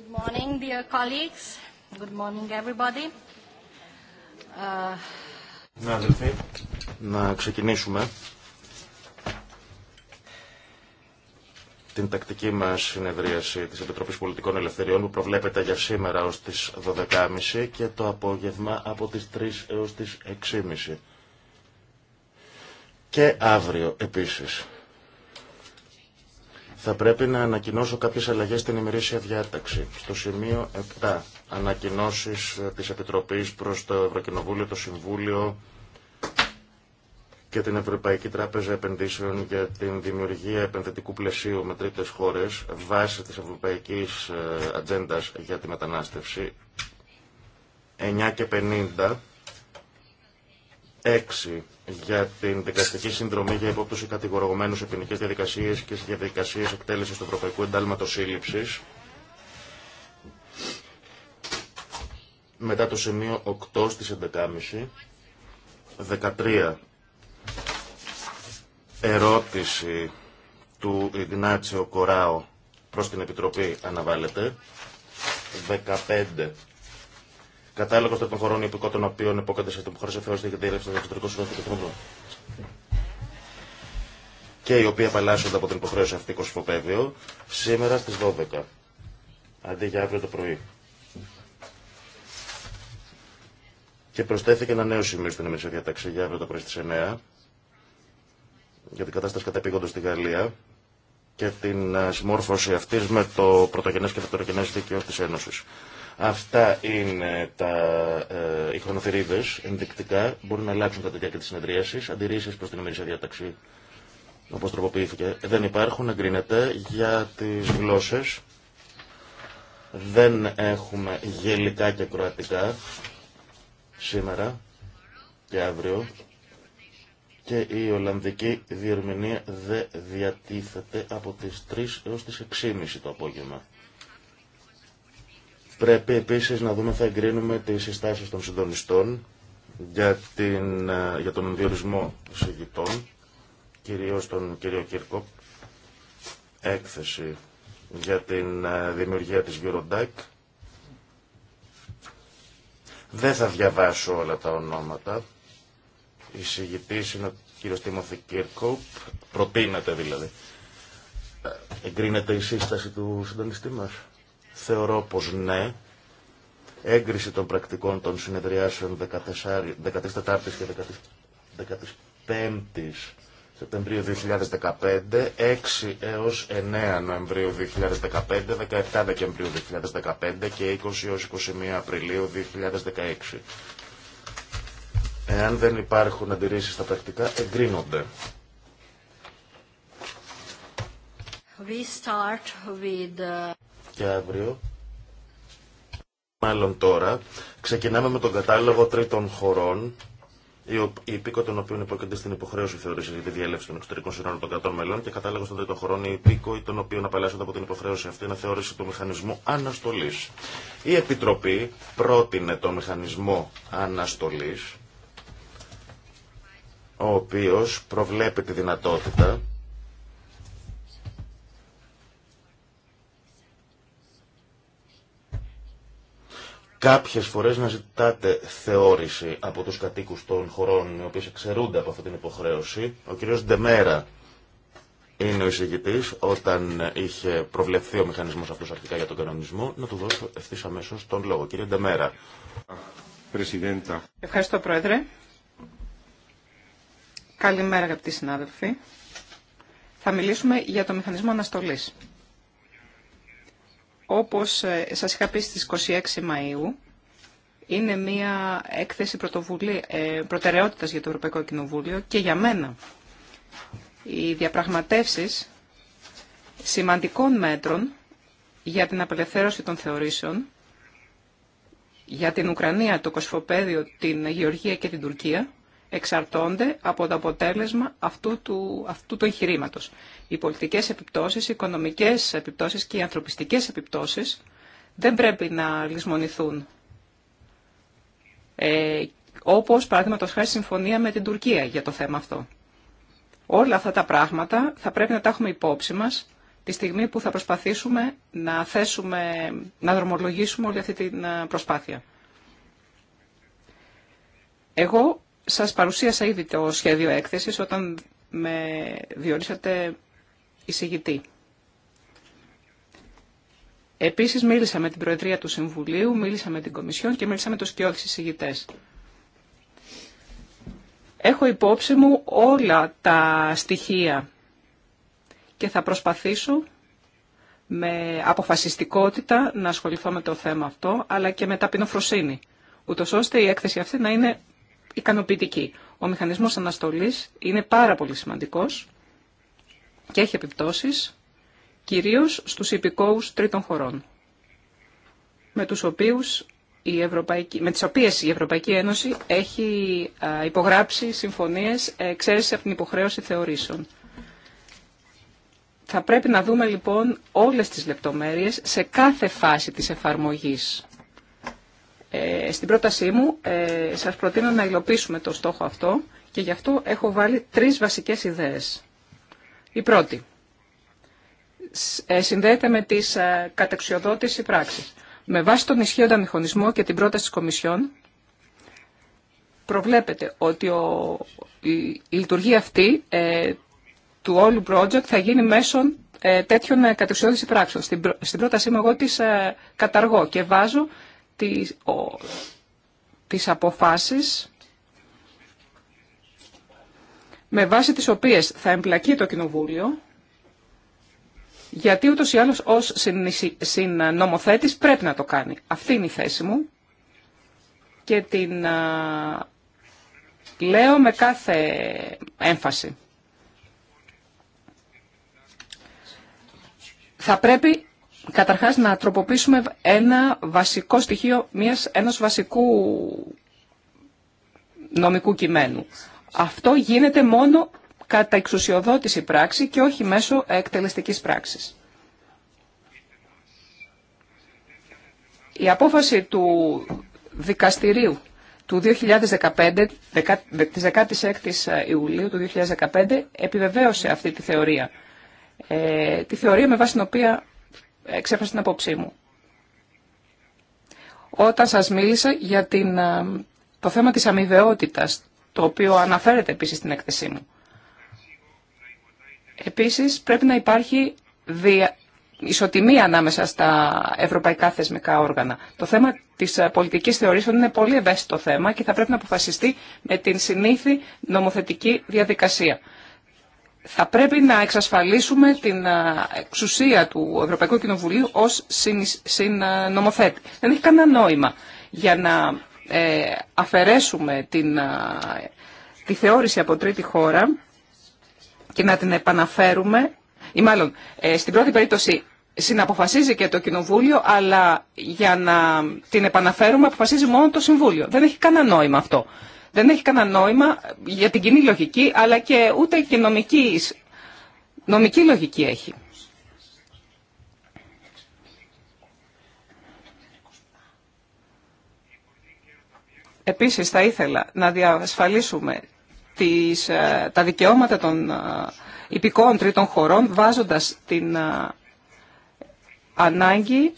Good morning, dear colleagues. Good morning, everybody. Uh, ναι, να, ξεκινήσουμε την τακτική μας συνεδρίαση της Επιτροπής Πολιτικών Ελευθεριών που προβλέπεται για σήμερα ως τις 12.30 και το απόγευμα από τις 3 έως τις 6.30. Και αύριο επίσης. Θα πρέπει να ανακοινώσω κάποιες αλλαγές στην ημερήσια διάταξη. Στο σημείο 7, ανακοινώσεις ε, της Επιτροπής προς το Ευρωκοινοβούλιο, το Συμβούλιο και την Ευρωπαϊκή Τράπεζα Επενδύσεων για την δημιουργία επενδυτικού πλαισίου με τρίτες χώρες βάσει της Ευρωπαϊκής ε, Ατζέντα για τη Μετανάστευση 9 και 50 6 για την δικαστική συνδρομή για υπόπτωση κατηγορογμένου σε ποινικέ διαδικασίε και σε διαδικασίε εκτέλεση του Ευρωπαϊκού Εντάλματο Σύλληψη. Μετά το σημείο 8 στι 11.30. 13. Ερώτηση του Ιγνάτσιο Κοράου προ την Επιτροπή αναβάλλεται. 15 Κατάλογο των χωρών υπηκό των οποίων υπόκειται σε χώρε για και διέλευση των εξωτερικών και οι οποίοι απαλλάσσονται από την υποχρέωση αυτή κοσφοπέδιο σήμερα στις 12 αντί για αύριο το πρωί. Και προσθέθηκε ένα νέο σημείο στην εμείς διαταξή για αύριο το πρωί στις 9 για την κατάσταση κατεπήγοντος στη Γαλλία και την ε, συμμόρφωση αυτής με το πρωτογενές και δευτερογενές δίκαιο τη Ένωση. Αυτά είναι τα, ε, οι χρονοθερίδες ενδεικτικά. Μπορούν να αλλάξουν κατά τη διάρκεια της συνεδρίασης. Αντιρρήσεις προς την ημερήσια διάταξη, όπως τροποποιήθηκε, δεν υπάρχουν. Εγκρίνεται για τις γλώσσες. Δεν έχουμε γελικά και κροατικά σήμερα και αύριο και η Ολλανδική διερμηνία δεν διατίθεται από τις 3 έως τις 6.30 το απόγευμα. Πρέπει επίσης να δούμε θα εγκρίνουμε τις συστάσεις των συντονιστών για, την, ε, για τον διορισμό συγητών, κυρίως τον κύριο Κύρκο, έκθεση για την ε, δημιουργία της Eurodac. Δεν θα διαβάσω όλα τα ονόματα. Η συγητής είναι ο κύριος Τίμωθη Κύρκο, προτείνεται δηλαδή. Ε, εγκρίνεται η σύσταση του συντονιστή μας. Θεωρώ πως ναι. Έγκριση των πρακτικών των συνεδριάσεων 14 και 15 Σεπτεμβρίου 2015, 6 έως 9 Νοεμβρίου 2015, 17 Δεκεμβρίου 2015 και 20 έως 21 Απριλίου 2016. Εάν δεν υπάρχουν αντιρρήσεις στα πρακτικά, εγκρίνονται και αύριο, μάλλον τώρα, ξεκινάμε με τον κατάλογο τρίτων χωρών, η υπήκο των οποίων υποκεντρεί στην υποχρέωση θεωρήση για τη διέλευση των εξωτερικών συνόρων των κρατών μελών και κατάλογο των τρίτων χωρών, η υπήκοοι των οποίων απαλλάσσονται από την υποχρέωση αυτή να θεώρηση του μηχανισμού αναστολή. Η Επιτροπή πρότεινε το μηχανισμό αναστολή, ο οποίος προβλέπει τη δυνατότητα κάποιες φορές να ζητάτε θεώρηση από τους κατοίκους των χωρών οι οποίες εξαιρούνται από αυτή την υποχρέωση. Ο κύριος Ντεμέρα είναι ο εισηγητής όταν είχε προβλεφθεί ο μηχανισμός αυτός αρχικά για τον κανονισμό. Να του δώσω ευθύ αμέσω τον λόγο. Κύριε Ντεμέρα. Ευχαριστώ Πρόεδρε. Καλημέρα αγαπητοί συνάδελφοι. Θα μιλήσουμε για το μηχανισμό αναστολής. Όπως ε, σας είχα πει στις 26 Μαΐου, είναι μια έκθεση ε, προτεραιότητας για το Ευρωπαϊκό Κοινοβούλιο και για μένα. Οι διαπραγματεύσεις σημαντικών μέτρων για την απελευθέρωση των θεωρήσεων για την Ουκρανία, το Κοσφοπέδιο, την Γεωργία και την Τουρκία εξαρτώνται από το αποτέλεσμα αυτού του, αυτού του εγχειρήματος. Οι πολιτικές επιπτώσεις, οι οικονομικές επιπτώσεις και οι ανθρωπιστικές επιπτώσεις δεν πρέπει να λησμονηθούν. Ε, όπως παράδειγμα χάρη συμφωνία με την Τουρκία για το θέμα αυτό. Όλα αυτά τα πράγματα θα πρέπει να τα έχουμε υπόψη μας τη στιγμή που θα προσπαθήσουμε να θέσουμε, να δρομολογήσουμε όλη αυτή την ε, προσπάθεια. Εγώ σας παρουσίασα ήδη το σχέδιο έκθεσης όταν με διορίσατε εισηγητή. Επίσης μίλησα με την Προεδρία του Συμβουλίου, μίλησα με την Κομισιόν και μίλησα με τους κοιόδης εισηγητές. Έχω υπόψη μου όλα τα στοιχεία και θα προσπαθήσω με αποφασιστικότητα να ασχοληθώ με το θέμα αυτό, αλλά και με ταπεινοφροσύνη, ούτως ώστε η έκθεση αυτή να είναι ικανοποιητική. Ο μηχανισμός αναστολής είναι πάρα πολύ σημαντικός και έχει επιπτώσεις κυρίως στους υπηκόους τρίτων χωρών, με, τους οποίους η Ευρωπαϊκή, με τις οποίες η Ευρωπαϊκή Ένωση έχει υπογράψει συμφωνίες εξαίρεση από την υποχρέωση θεωρήσεων. Θα πρέπει να δούμε λοιπόν όλες τις λεπτομέρειες σε κάθε φάση της εφαρμογής ε, στην πρότασή μου ε, σας προτείνω να υλοποιήσουμε το στόχο αυτό και γι' αυτό έχω βάλει τρεις βασικές ιδέες. Η πρώτη ε, συνδέεται με τις ε, κατεξιοδότηση Με βάση τον ισχύοντα μηχανισμό και την πρόταση της Κομισιόν, προβλέπεται ότι ο, η, λειτουργία αυτή ε, του όλου project θα γίνει μέσω ε, τέτοιων ε, πράξεων. Στην, στην πρότασή μου εγώ τις καταργώ και βάζω τις, ο, αποφάσεις με βάση τις οποίες θα εμπλακεί το Κοινοβούλιο, γιατί ούτως ή άλλως ως συνομοθέτης πρέπει να το κάνει. Αυτή είναι η θέση μου και την λέω με κάθε έμφαση. Θα πρέπει καταρχάς να τροποποιήσουμε ένα βασικό στοιχείο, μιας, ένας βασικού νομικού κειμένου. Αυτό γίνεται μόνο κατά εξουσιοδότηση πράξη και όχι μέσω εκτελεστικής πράξης. Η απόφαση του δικαστηρίου του 2015, της 16ης Ιουλίου του 2015, επιβεβαίωσε αυτή τη θεωρία. Ε, τη θεωρία με βάση την οποία εξέφρασε την απόψή μου. Όταν σας μίλησα για την, ε, το θέμα της αμοιβαιότητα, το οποίο αναφέρεται επίσης στην έκθεσή μου. Επίσης πρέπει να υπάρχει δια, ισοτιμία ανάμεσα στα ευρωπαϊκά θεσμικά όργανα. Το θέμα της ε, πολιτικής θεωρήσεων είναι πολύ ευαίσθητο θέμα και θα πρέπει να αποφασιστεί με την συνήθη νομοθετική διαδικασία θα πρέπει να εξασφαλίσουμε την εξουσία του Ευρωπαϊκού Κοινοβουλίου ως συνομοθέτη. Δεν έχει κανένα νόημα για να ε, αφαιρέσουμε την, τη θεώρηση από τρίτη χώρα και να την επαναφέρουμε, ή μάλλον ε, στην πρώτη περίπτωση συναποφασίζει και το Κοινοβούλιο, αλλά για να την επαναφέρουμε αποφασίζει μόνο το Συμβούλιο. Δεν έχει κανένα νόημα αυτό δεν έχει κανένα νόημα για την κοινή λογική, αλλά και ούτε και νομική, νομική λογική έχει. Επίσης θα ήθελα να διασφαλίσουμε τις, ε, τα δικαιώματα των ε, υπηκόων τρίτων χωρών βάζοντας την ε, ανάγκη,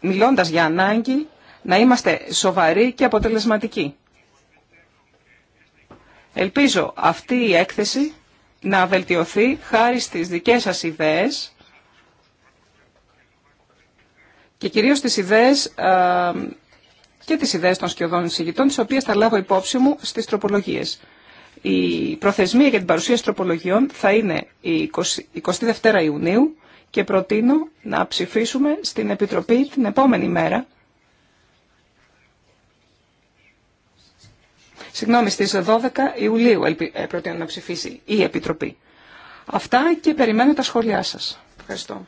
μιλώντας για ανάγκη να είμαστε σοβαροί και αποτελεσματικοί. Ελπίζω αυτή η έκθεση να βελτιωθεί χάρη στις δικές σας ιδέες και κυρίως στις ιδέες ε, και τις ιδέες των σκιωδών εισηγητών, τις οποίες θα λάβω υπόψη μου στις τροπολογίες. Η προθεσμία για την παρουσίαση τροπολογιών θα είναι η 22 Ιουνίου και προτείνω να ψηφίσουμε στην Επιτροπή την επόμενη μέρα συγγνώμη, στις 12 Ιουλίου ε, προτείνω να ψηφίσει η Επιτροπή. Αυτά και περιμένω τα σχόλιά σας. Ευχαριστώ.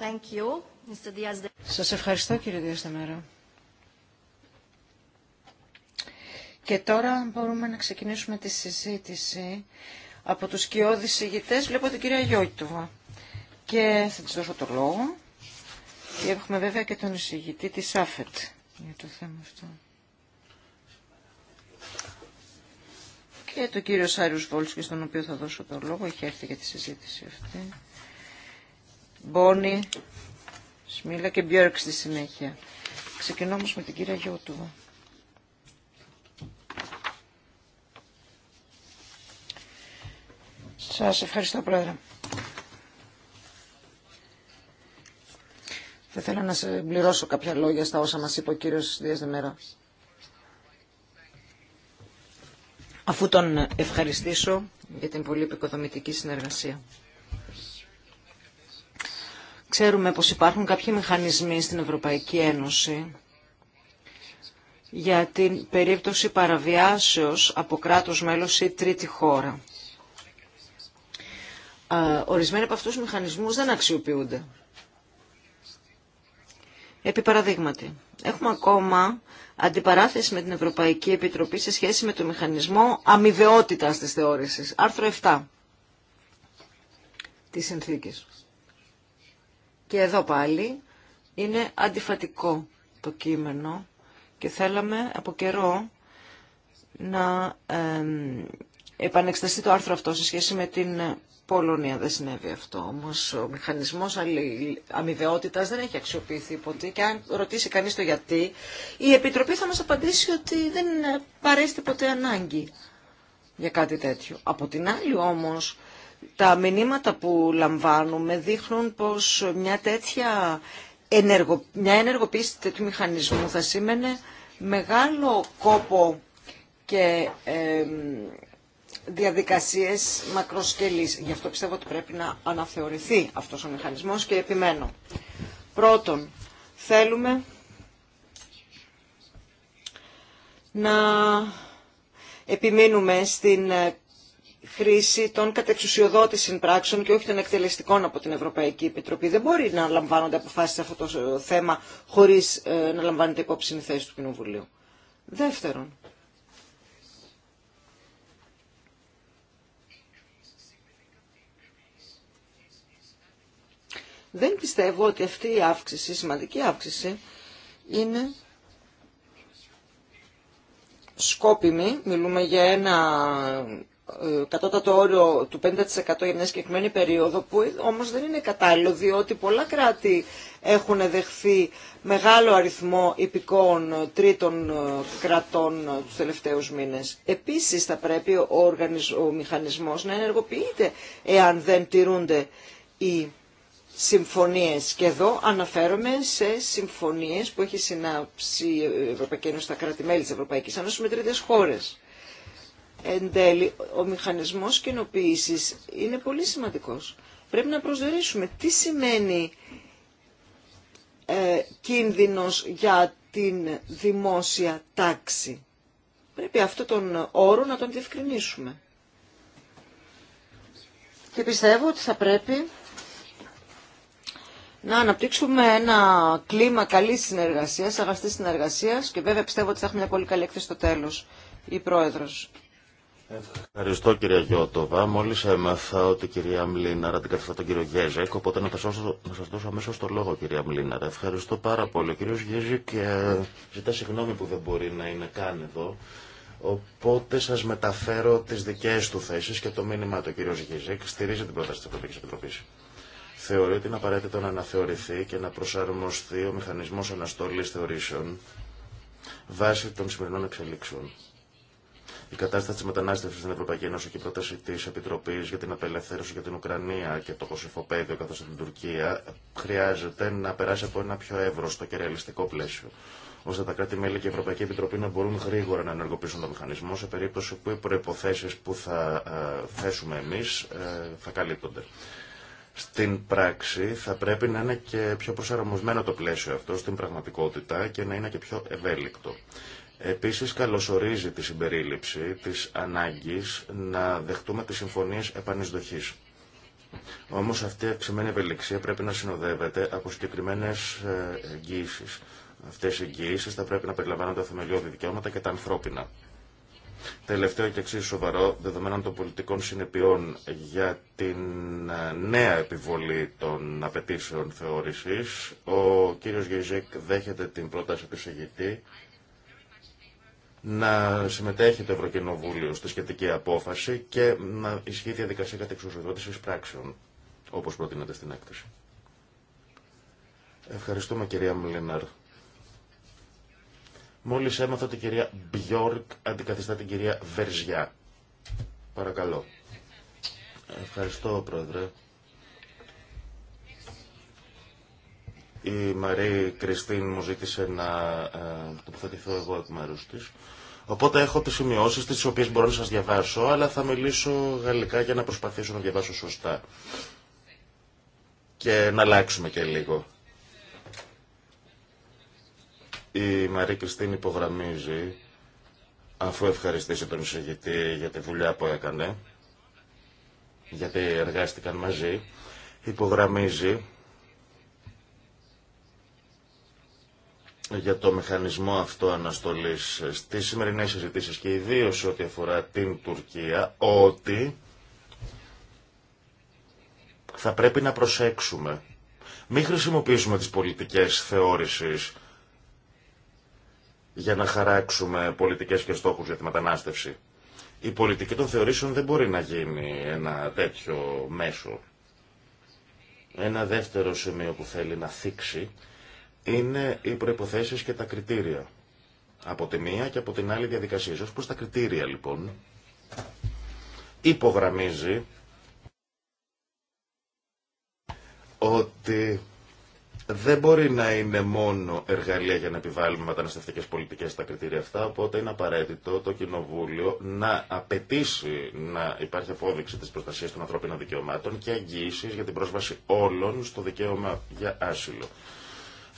Thank you, Mr. Σας ευχαριστώ κύριε Διασταμέρα. Και τώρα μπορούμε να ξεκινήσουμε τη συζήτηση από τους κοιόδης ηγητές. Βλέπω την κυρία Γιώητοβα και θα της δώσω το λόγο. Και έχουμε βέβαια και τον εισηγητή της ΑΦΕΤ για το θέμα αυτό. και το κύριο Σάριους Βόλσκι, στον οποίο θα δώσω το λόγο, έχει έρθει για τη συζήτηση αυτή. Μπόνι, Σμίλα και Μπιόρκ στη συνέχεια. Ξεκινώ όμως με την κυρία Γιώτου. Σας ευχαριστώ πρόεδρε. Θα ήθελα να πληρώσω κάποια λόγια στα όσα μας είπε ο κύριος Δίας Δεμέρα. αφού τον ευχαριστήσω για την πολύ επικοδομητική συνεργασία. Ξέρουμε πως υπάρχουν κάποιοι μηχανισμοί στην Ευρωπαϊκή Ένωση για την περίπτωση παραβιάσεως από κράτος μέλος ή τρίτη χώρα. Ορισμένοι από αυτούς τους μηχανισμούς δεν αξιοποιούνται. Επί έχουμε ακόμα αντιπαράθεση με την Ευρωπαϊκή Επιτροπή σε σχέση με το μηχανισμό αμοιβαιότητας της θεώρησης. Άρθρο 7 της συνθήκης. Και εδώ πάλι είναι αντιφατικό το κείμενο και θέλαμε από καιρό να επανεξεταστεί το άρθρο αυτό σε σχέση με την Πολωνία δεν συνέβη αυτό όμως. Ο μηχανισμός αμοιβαιότητα δεν έχει αξιοποιηθεί ποτέ και αν ρωτήσει κανεί το γιατί, η Επιτροπή θα μας απαντήσει ότι δεν παρέστη ποτέ ανάγκη για κάτι τέτοιο. Από την άλλη όμως, τα μηνύματα που λαμβάνουμε δείχνουν πως μια τέτοια ενεργο, μια ενεργοποίηση τέτοιου μηχανισμού θα σήμαινε μεγάλο κόπο και διαδικασίες μακροσκελής. Γι' αυτό πιστεύω ότι πρέπει να αναθεωρηθεί αυτός ο μηχανισμός και επιμένω. Πρώτον, θέλουμε να επιμείνουμε στην ε, χρήση των κατεξουσιοδότησης πράξεων και όχι των εκτελεστικών από την Ευρωπαϊκή Επιτροπή. Δεν μπορεί να λαμβάνονται αποφάσεις σε αυτό το θέμα χωρίς ε, να λαμβάνεται υπόψη η θέση του Κοινοβουλίου. Δεύτερον, δεν πιστεύω ότι αυτή η αύξηση, η σημαντική αύξηση, είναι σκόπιμη. Μιλούμε για ένα ε, κατώτατο όριο του 50% για μια συγκεκριμένη περίοδο που όμως δεν είναι κατάλληλο διότι πολλά κράτη έχουν δεχθεί μεγάλο αριθμό υπηκών τρίτων ε, κρατών ε, τους τελευταίους μήνες. Επίσης θα πρέπει ο, οργανισ... ο μηχανισμός να ενεργοποιείται εάν δεν τηρούνται οι συμφωνίες. Και εδώ αναφέρομαι σε συμφωνίες που έχει συνάψει η Ευρωπαϊκή Ένωση, τα κράτη-μέλη της Ευρωπαϊκής Ένωσης με τρίτες χώρες. Εν τέλει, ο μηχανισμός κοινοποίησης είναι πολύ σημαντικός. Πρέπει να προσδιορίσουμε τι σημαίνει ε, κίνδυνος για την δημόσια τάξη. Πρέπει αυτό τον όρο να τον διευκρινίσουμε. Και πιστεύω ότι θα πρέπει να αναπτύξουμε ένα κλίμα καλή συνεργασία, αγαστή συνεργασία, και βέβαια πιστεύω ότι θα έχουμε μια πολύ καλή έκθεση στο τέλο, Η πρόεδρο. Ευχαριστώ κυρία Γιώτοβα. Μόλι έμαθα ότι η κυρία Μλίναρα την καθιστά τον κύριο Γέζεκ, οπότε να, σα σας, δώσω αμέσω το λόγο κυρία Μλίναρα. Ευχαριστώ πάρα πολύ. Ο κύριο Γέζεκ ε, ζητά συγγνώμη που δεν μπορεί να είναι καν εδώ. Οπότε σα μεταφέρω τι δικέ του θέσει και το μήνυμα του κύριο Γέζεκ στηρίζει την πρόταση τη Ευρωπαϊκή Επιτροπή θεωρεί ότι είναι απαραίτητο να αναθεωρηθεί και να προσαρμοστεί ο μηχανισμός αναστολής θεωρήσεων βάσει των σημερινών εξελίξεων. Η κατάσταση τη μετανάστευση στην Ευρωπαϊκή Ένωση και η πρόταση τη Επιτροπή για την Απελευθέρωση για την Ουκρανία και το Κωσυφοπαίδιο καθώ και την Τουρκία χρειάζεται να περάσει από ένα πιο εύρωστο και ρεαλιστικό πλαίσιο, ώστε τα κράτη-μέλη και η Ευρωπαϊκή Επιτροπή να μπορούν γρήγορα να ενεργοποιήσουν τον μηχανισμό σε περίπτωση που οι προποθέσει που θα ε, θέσουμε εμεί ε, θα καλύπτονται. Στην πράξη θα πρέπει να είναι και πιο προσαρμοσμένο το πλαίσιο αυτό στην πραγματικότητα και να είναι και πιο ευέλικτο. Επίσης καλωσορίζει τη συμπερίληψη της ανάγκης να δεχτούμε τις συμφωνίες επανεισδοχής. Όμως αυτή η αυξημένη ευελιξία πρέπει να συνοδεύεται από συγκεκριμένες ε, εγγύησεις. Αυτές οι εγγύησεις θα πρέπει να περιλαμβάνονται τα θεμελιώδη δικαιώματα και τα ανθρώπινα. Τελευταίο και εξίσου σοβαρό, δεδομένων των πολιτικών συνεπειών για την ε, νέα επιβολή των απαιτήσεων θεώρησης, ο κύριος Γεζίκ δέχεται την πρόταση του συγητή να συμμετέχει το Ευρωκοινοβούλιο στη σχετική απόφαση και να ισχύει διαδικασία κατεξουσιοδότηση πράξεων, όπως προτείνεται στην έκθεση. Ευχαριστούμε κυρία Μλίναρ. Μόλις έμαθα ότι η κυρία Μπιόρκ αντικαθιστά την κυρία Βερζιά. Παρακαλώ. Ευχαριστώ, Πρόεδρε. Η Μαρή Κριστίν μου ζήτησε να ε, τοποθετηθώ εγώ εκ μέρου τη. Οπότε έχω τι σημειώσει τις οποίες μπορώ να σας διαβάσω, αλλά θα μιλήσω γαλλικά για να προσπαθήσω να διαβάσω σωστά. Και να αλλάξουμε και λίγο η Μαρή Κριστίν υπογραμμίζει, αφού ευχαριστήσει τον εισηγητή για τη δουλειά που έκανε, γιατί εργάστηκαν μαζί, υπογραμμίζει για το μηχανισμό αυτό αναστολής στις σημερινές συζητήσεις και ιδίως ό,τι αφορά την Τουρκία, ότι θα πρέπει να προσέξουμε. Μην χρησιμοποιήσουμε τις πολιτικές θεώρησεις για να χαράξουμε πολιτικές και στόχους για τη μετανάστευση. Η πολιτική των θεωρήσεων δεν μπορεί να γίνει ένα τέτοιο μέσο. Ένα δεύτερο σημείο που θέλει να θίξει είναι οι προϋποθέσεις και τα κριτήρια. Από τη μία και από την άλλη διαδικασία. Ως προς τα κριτήρια λοιπόν υπογραμμίζει ότι δεν μπορεί να είναι μόνο εργαλεία για να επιβάλλουμε μεταναστευτικέ πολιτικέ στα κριτήρια αυτά, οπότε είναι απαραίτητο το Κοινοβούλιο να απαιτήσει να υπάρχει απόδειξη τη προστασία των ανθρώπινων δικαιωμάτων και αγγίσεις για την πρόσβαση όλων στο δικαίωμα για άσυλο.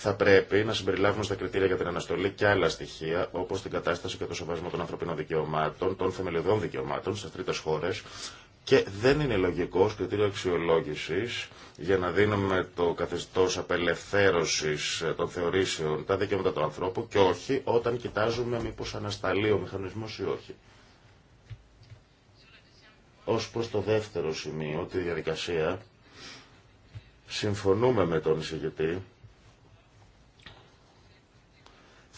Θα πρέπει να συμπεριλάβουμε στα κριτήρια για την αναστολή και άλλα στοιχεία, όπω την κατάσταση και το σεβασμό των ανθρωπίνων δικαιωμάτων, των θεμελιωδών δικαιωμάτων στι τρίτε χώρε, και δεν είναι λογικό ως κριτήριο αξιολόγηση για να δίνουμε το καθεστώ απελευθέρωση των θεωρήσεων τα δικαιώματα του ανθρώπου και όχι όταν κοιτάζουμε μήπω ανασταλεί ο μηχανισμό ή όχι. Ω προ το δεύτερο σημείο, τη διαδικασία, συμφωνούμε με τον εισηγητή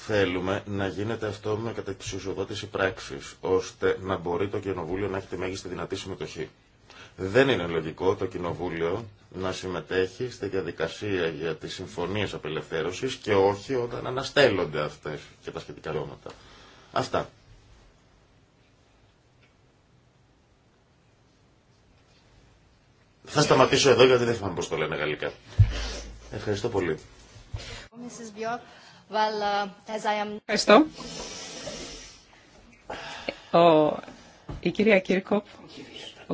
Θέλουμε να γίνεται αυτό με κατεξουσιοδότηση πράξη, ώστε να μπορεί το Κοινοβούλιο να έχει τη μέγιστη δυνατή συμμετοχή. Δεν είναι λογικό το Κοινοβούλιο να συμμετέχει στη διαδικασία για τι συμφωνίε απελευθέρωση και όχι όταν αναστέλλονται αυτές και τα σχετικά λόγματα. Αυτά. Θα σταματήσω εδώ γιατί δεν θυμάμαι πώς το λένε γαλλικά. Ευχαριστώ πολύ. Uh, Ευχαριστώ. Ο, η κυρία Κίρκοπ,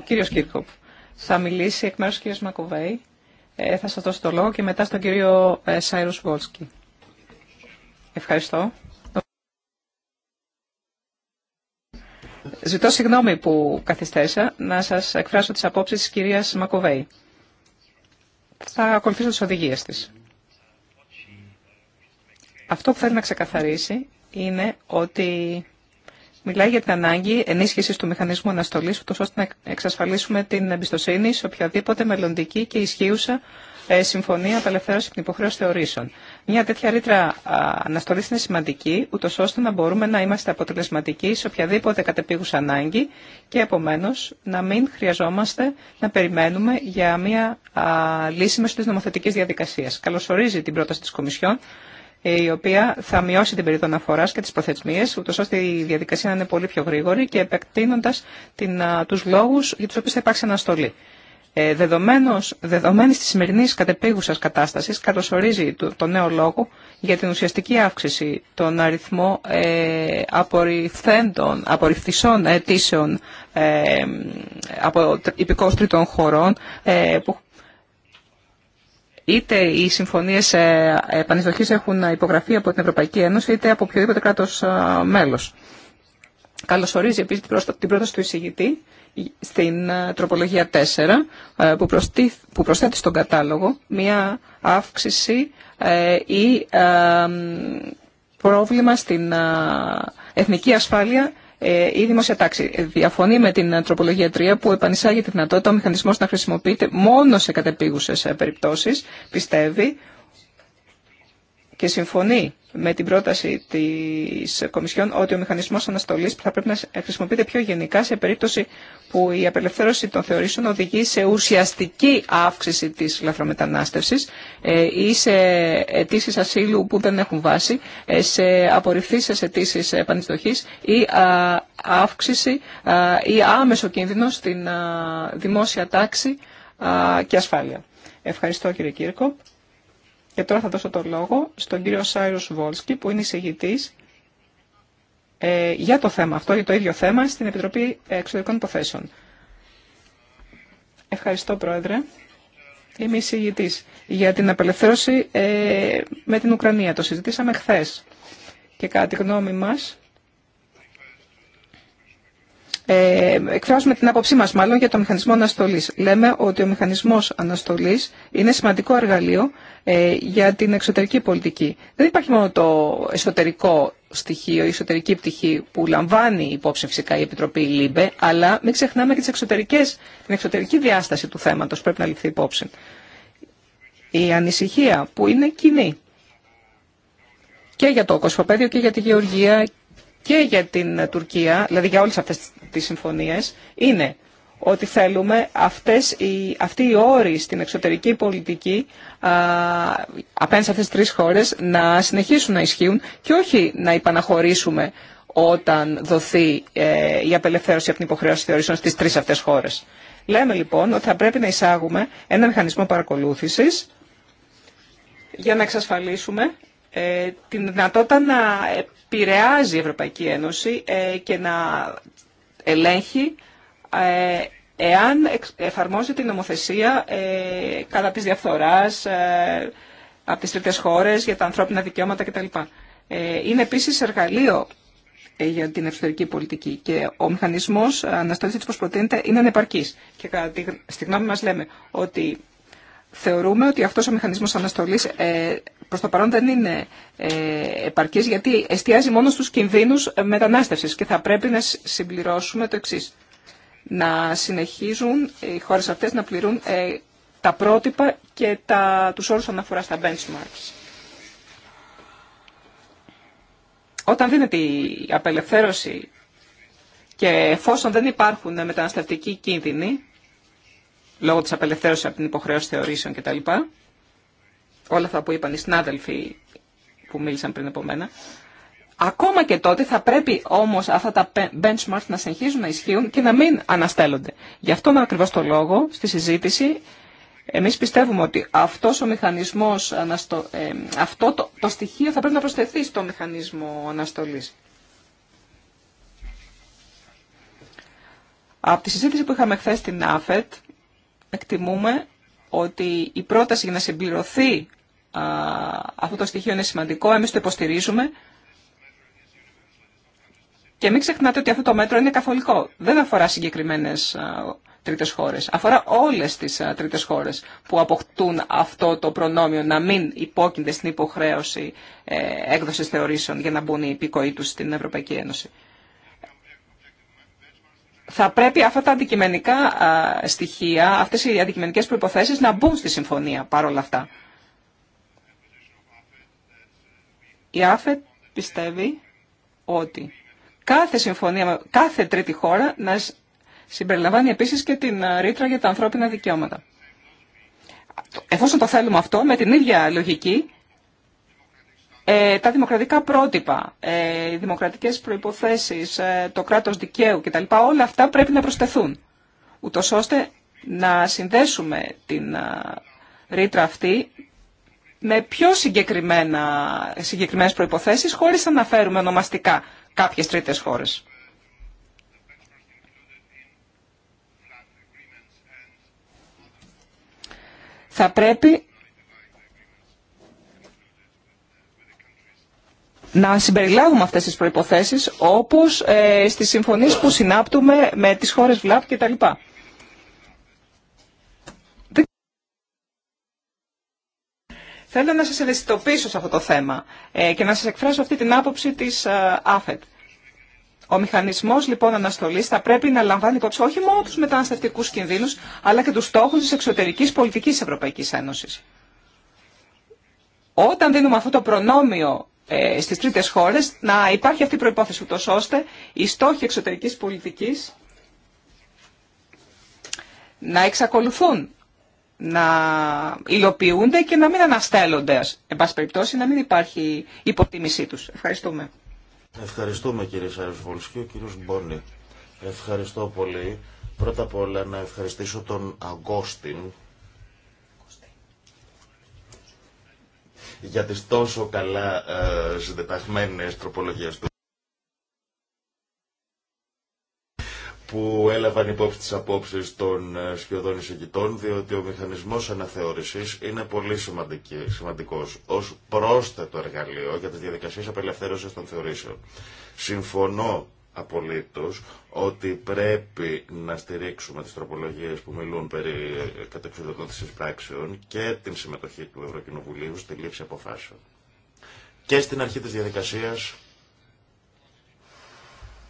κύριος Κίρκοπ, θα μιλήσει εκ μέρους της κυρίας Μακοβέη. Ε, θα σας δώσω το λόγο και μετά στον κύριο ε, Σάιρους Βόλσκι. Ευχαριστώ. Ζητώ συγγνώμη που καθυστέρησα να σας εκφράσω τις απόψεις της κυρίας Μακοβέη. Θα ακολουθήσω τις οδηγίες της. Αυτό που θέλει να ξεκαθαρίσει είναι ότι μιλάει για την ανάγκη ενίσχυση του μηχανισμού Αναστολή, ούτω ώστε να εξασφαλίσουμε την εμπιστοσύνη σε οποιαδήποτε μελλοντική και ισχύουσα ε, συμφωνία απελευθέρωση την υποχρέωση θεωρήσεων. Μια τέτοια ρήτρα αναστολή είναι σημαντική, ούτω ώστε να μπορούμε να είμαστε αποτελεσματικοί σε οποιαδήποτε κατεπίγουσα ανάγκη και επομένω να μην χρειαζόμαστε να περιμένουμε για μια λύση μέσω τη νομοθετική διαδικασία. Καλωσορίζει την πρόταση τη Κομισιόν, η οποία θα μειώσει την περίοδο αναφορά και τι προθεσμίε, ούτω ώστε η διαδικασία να είναι πολύ πιο γρήγορη και επεκτείνοντα του λόγου για του οποίου θα υπάρξει αναστολή. Ε, Δεδομένη τη σημερινή κατεπίγουσα κατάσταση, καλωσορίζει το, νέο λόγο για την ουσιαστική αύξηση των αριθμό ε, απορριφθισών αιτήσεων ε, από υπηκόους χωρών ε, που Είτε οι συμφωνίε επανεισδοχή έχουν υπογραφεί από την Ευρωπαϊκή Ένωση, είτε από οποιοδήποτε κράτο ε, μέλο. Καλωσορίζει επίση την πρόταση του εισηγητή στην ε, τροπολογία 4 ε, που προσθέτει στον κατάλογο μία αύξηση ή πρόβλημα στην εθνική ασφάλεια ε, η δημόσια τάξη διαφωνεί με την τροπολογία 3 που επανεισάγει τη δυνατότητα ο μηχανισμός να χρησιμοποιείται μόνο σε κατεπίγουσες ε, περιπτώσεις, Πιστεύει και συμφωνεί με την πρόταση της Κομισιόν ότι ο μηχανισμός αναστολή θα πρέπει να χρησιμοποιείται πιο γενικά σε περίπτωση που η απελευθέρωση των θεωρήσεων οδηγεί σε ουσιαστική αύξηση της λαθρομετανάστευσης ε, ή σε αιτήσει ασύλου που δεν έχουν βάση, ε, σε απορριφθήσεις αιτήσει επανειστοχής ή αύξηση ή άμεσο κίνδυνο στην δημόσια τάξη και ασφάλεια. Ευχαριστώ κύριε Κύρκο. Και τώρα θα δώσω το λόγο στον κύριο Σάιρος Βόλσκι, που είναι εισηγητής ε, για το θέμα αυτό, για το ίδιο θέμα, στην Επιτροπή Εξωτερικών Υποθέσεων. Ευχαριστώ, Πρόεδρε. Είμαι εισηγητή για την απελευθέρωση ε, με την Ουκρανία. Το συζητήσαμε χθε. Και κατά τη γνώμη μας, ε, εκφράζουμε την άποψή μας μάλλον για το μηχανισμό αναστολής. Λέμε ότι ο μηχανισμός αναστολής είναι σημαντικό εργαλείο ε, για την εξωτερική πολιτική. Δεν υπάρχει μόνο το εσωτερικό στοιχείο, η εσωτερική πτυχή που λαμβάνει υπόψη φυσικά η Επιτροπή ΛΥΜΠΕ, αλλά μην ξεχνάμε και τις εξωτερικές, την εξωτερική διάσταση του θέματος πρέπει να ληφθεί υπόψη. Η ανησυχία που είναι κοινή και για το κοσμοπέδιο και για τη Γεωργία και για την Τουρκία, δηλαδή για όλες αυτές τις συμφωνίες είναι ότι θέλουμε αυτές οι, αυτοί οι όροι στην εξωτερική πολιτική α, απέναντι σε αυτές τις τρεις χώρες να συνεχίσουν να ισχύουν και όχι να υπαναχωρήσουμε όταν δοθεί ε, η απελευθέρωση από την υποχρέωση θεωρήσεων στις τρεις αυτές χώρες. Λέμε λοιπόν ότι θα πρέπει να εισάγουμε ένα μηχανισμό παρακολούθησης για να εξασφαλίσουμε ε, την δυνατότητα να επηρεάζει η Ευρωπαϊκή Ένωση ε, και να ελέγχει ε, εάν εφαρμόζεται η νομοθεσία ε, κατά της διαφθοράς ε, από τις τρίτες χώρες για τα ανθρώπινα δικαιώματα κτλ. Είναι επίσης εργαλείο για την εξωτερική πολιτική και ο μηχανισμός αναστολής της προσπροτείνεται είναι ανεπαρκής. Και κατά γνώμη μας λέμε ότι θεωρούμε ότι αυτός ο μηχανισμός αναστολής προς το παρόν δεν είναι ε, επαρκής γιατί εστιάζει μόνο στους κινδύνους μετανάστευσης και θα πρέπει να συμπληρώσουμε το εξής. Να συνεχίζουν οι χώρες αυτές να πληρούν ε, τα πρότυπα και τα, τους όρους αναφορά στα benchmarks. Όταν δίνεται η απελευθέρωση και εφόσον δεν υπάρχουν μεταναστευτικοί κίνδυνοι, λόγω της απελευθέρωσης από την υποχρέωση θεωρήσεων κτλ, όλα αυτά που είπαν οι συνάδελφοι που μίλησαν πριν από μένα. Ακόμα και τότε θα πρέπει όμως αυτά τα benchmarks να συνεχίζουν να ισχύουν και να μην αναστέλλονται. Γι' αυτόν ακριβώ το λόγο στη συζήτηση εμείς πιστεύουμε ότι αυτός ο μηχανισμός, ε, αυτό το, το στοιχείο θα πρέπει να προσθεθεί στο μηχανισμό αναστολής. Από τη συζήτηση που είχαμε χθε στην ΑΦΕΤ, εκτιμούμε ότι η πρόταση για να συμπληρωθεί αυτό το στοιχείο είναι σημαντικό, εμείς το υποστηρίζουμε. Και μην ξεχνάτε ότι αυτό το μέτρο είναι καθολικό. Δεν αφορά συγκεκριμένες τρίτες χώρες. Αφορά όλες τις τρίτες χώρες που αποκτούν αυτό το προνόμιο να μην υπόκεινται στην υποχρέωση ε, έκδοσης θεωρήσεων για να μπουν οι υπηκοοί τους στην Ευρωπαϊκή Ένωση. Θα πρέπει αυτά τα αντικειμενικά στοιχεία, αυτές οι αντικειμενικές προϋποθέσεις να μπουν στη συμφωνία παρόλα αυτά. Η ΑΦΕΤ πιστεύει ότι κάθε συμφωνία κάθε τρίτη χώρα να συμπεριλαμβάνει επίσης και την ε, ρήτρα για τα ανθρώπινα δικαιώματα. Εφόσον το θέλουμε αυτό, με την ίδια λογική, ε, τα δημοκρατικά πρότυπα, ε, οι δημοκρατικές προϋποθέσεις, ε, το κράτος δικαίου κτλ. Όλα αυτά πρέπει να προσθεθούν, ούτω ώστε να συνδέσουμε την ρήτρα αυτή με πιο συγκεκριμένα, συγκεκριμένες προϋποθέσεις χωρίς να αναφέρουμε ονομαστικά κάποιες τρίτες χώρες. Θα πρέπει να συμπεριλάβουμε αυτές τις προϋποθέσεις όπως ε, στις συμφωνίες που συνάπτουμε με τις χώρες ΒΛΑΠ κτλ. Θέλω να σας ευαισθητοποιήσω σε αυτό το θέμα ε, και να σας εκφράσω αυτή την άποψη της ε, ΑΦΕΤ. Ο μηχανισμός λοιπόν αναστολής θα πρέπει να λαμβάνει υπόψη όχι μόνο τους μεταναστευτικούς κινδύνους, αλλά και τους στόχους της εξωτερικής πολιτικής της Ευρωπαϊκής Ένωσης. Όταν δίνουμε αυτό το προνόμιο ε, στις τρίτες χώρες, να υπάρχει αυτή η προϋπόθεση ούτως ώστε οι στόχοι εξωτερικής πολιτικής να εξακολουθούν να υλοποιούνται και να μην αναστέλλονται. Εν πάση περιπτώσει, να μην υπάρχει υποτίμησή τους. Ευχαριστούμε. Ευχαριστούμε κύριε Σάριος και ο κύριος Μπόνι. Ευχαριστώ πολύ. Πρώτα απ' όλα να ευχαριστήσω τον Αγκώστην για τις τόσο καλά ε, συντεταγμένες τροπολογίες του. που έλαβαν υπόψη τις απόψεις των ε, σκιωδών εισηγητών, διότι ο μηχανισμός αναθεώρησης είναι πολύ σημαντικός ως πρόσθετο εργαλείο για τις διαδικασίες απελευθέρωσης των θεωρήσεων. Συμφωνώ απολύτως ότι πρέπει να στηρίξουμε τις τροπολογίες που μιλούν περί ε, κατεξοδοτήτησης πράξεων και την συμμετοχή του Ευρωκοινοβουλίου στη λήψη αποφάσεων. Και στην αρχή της διαδικασίας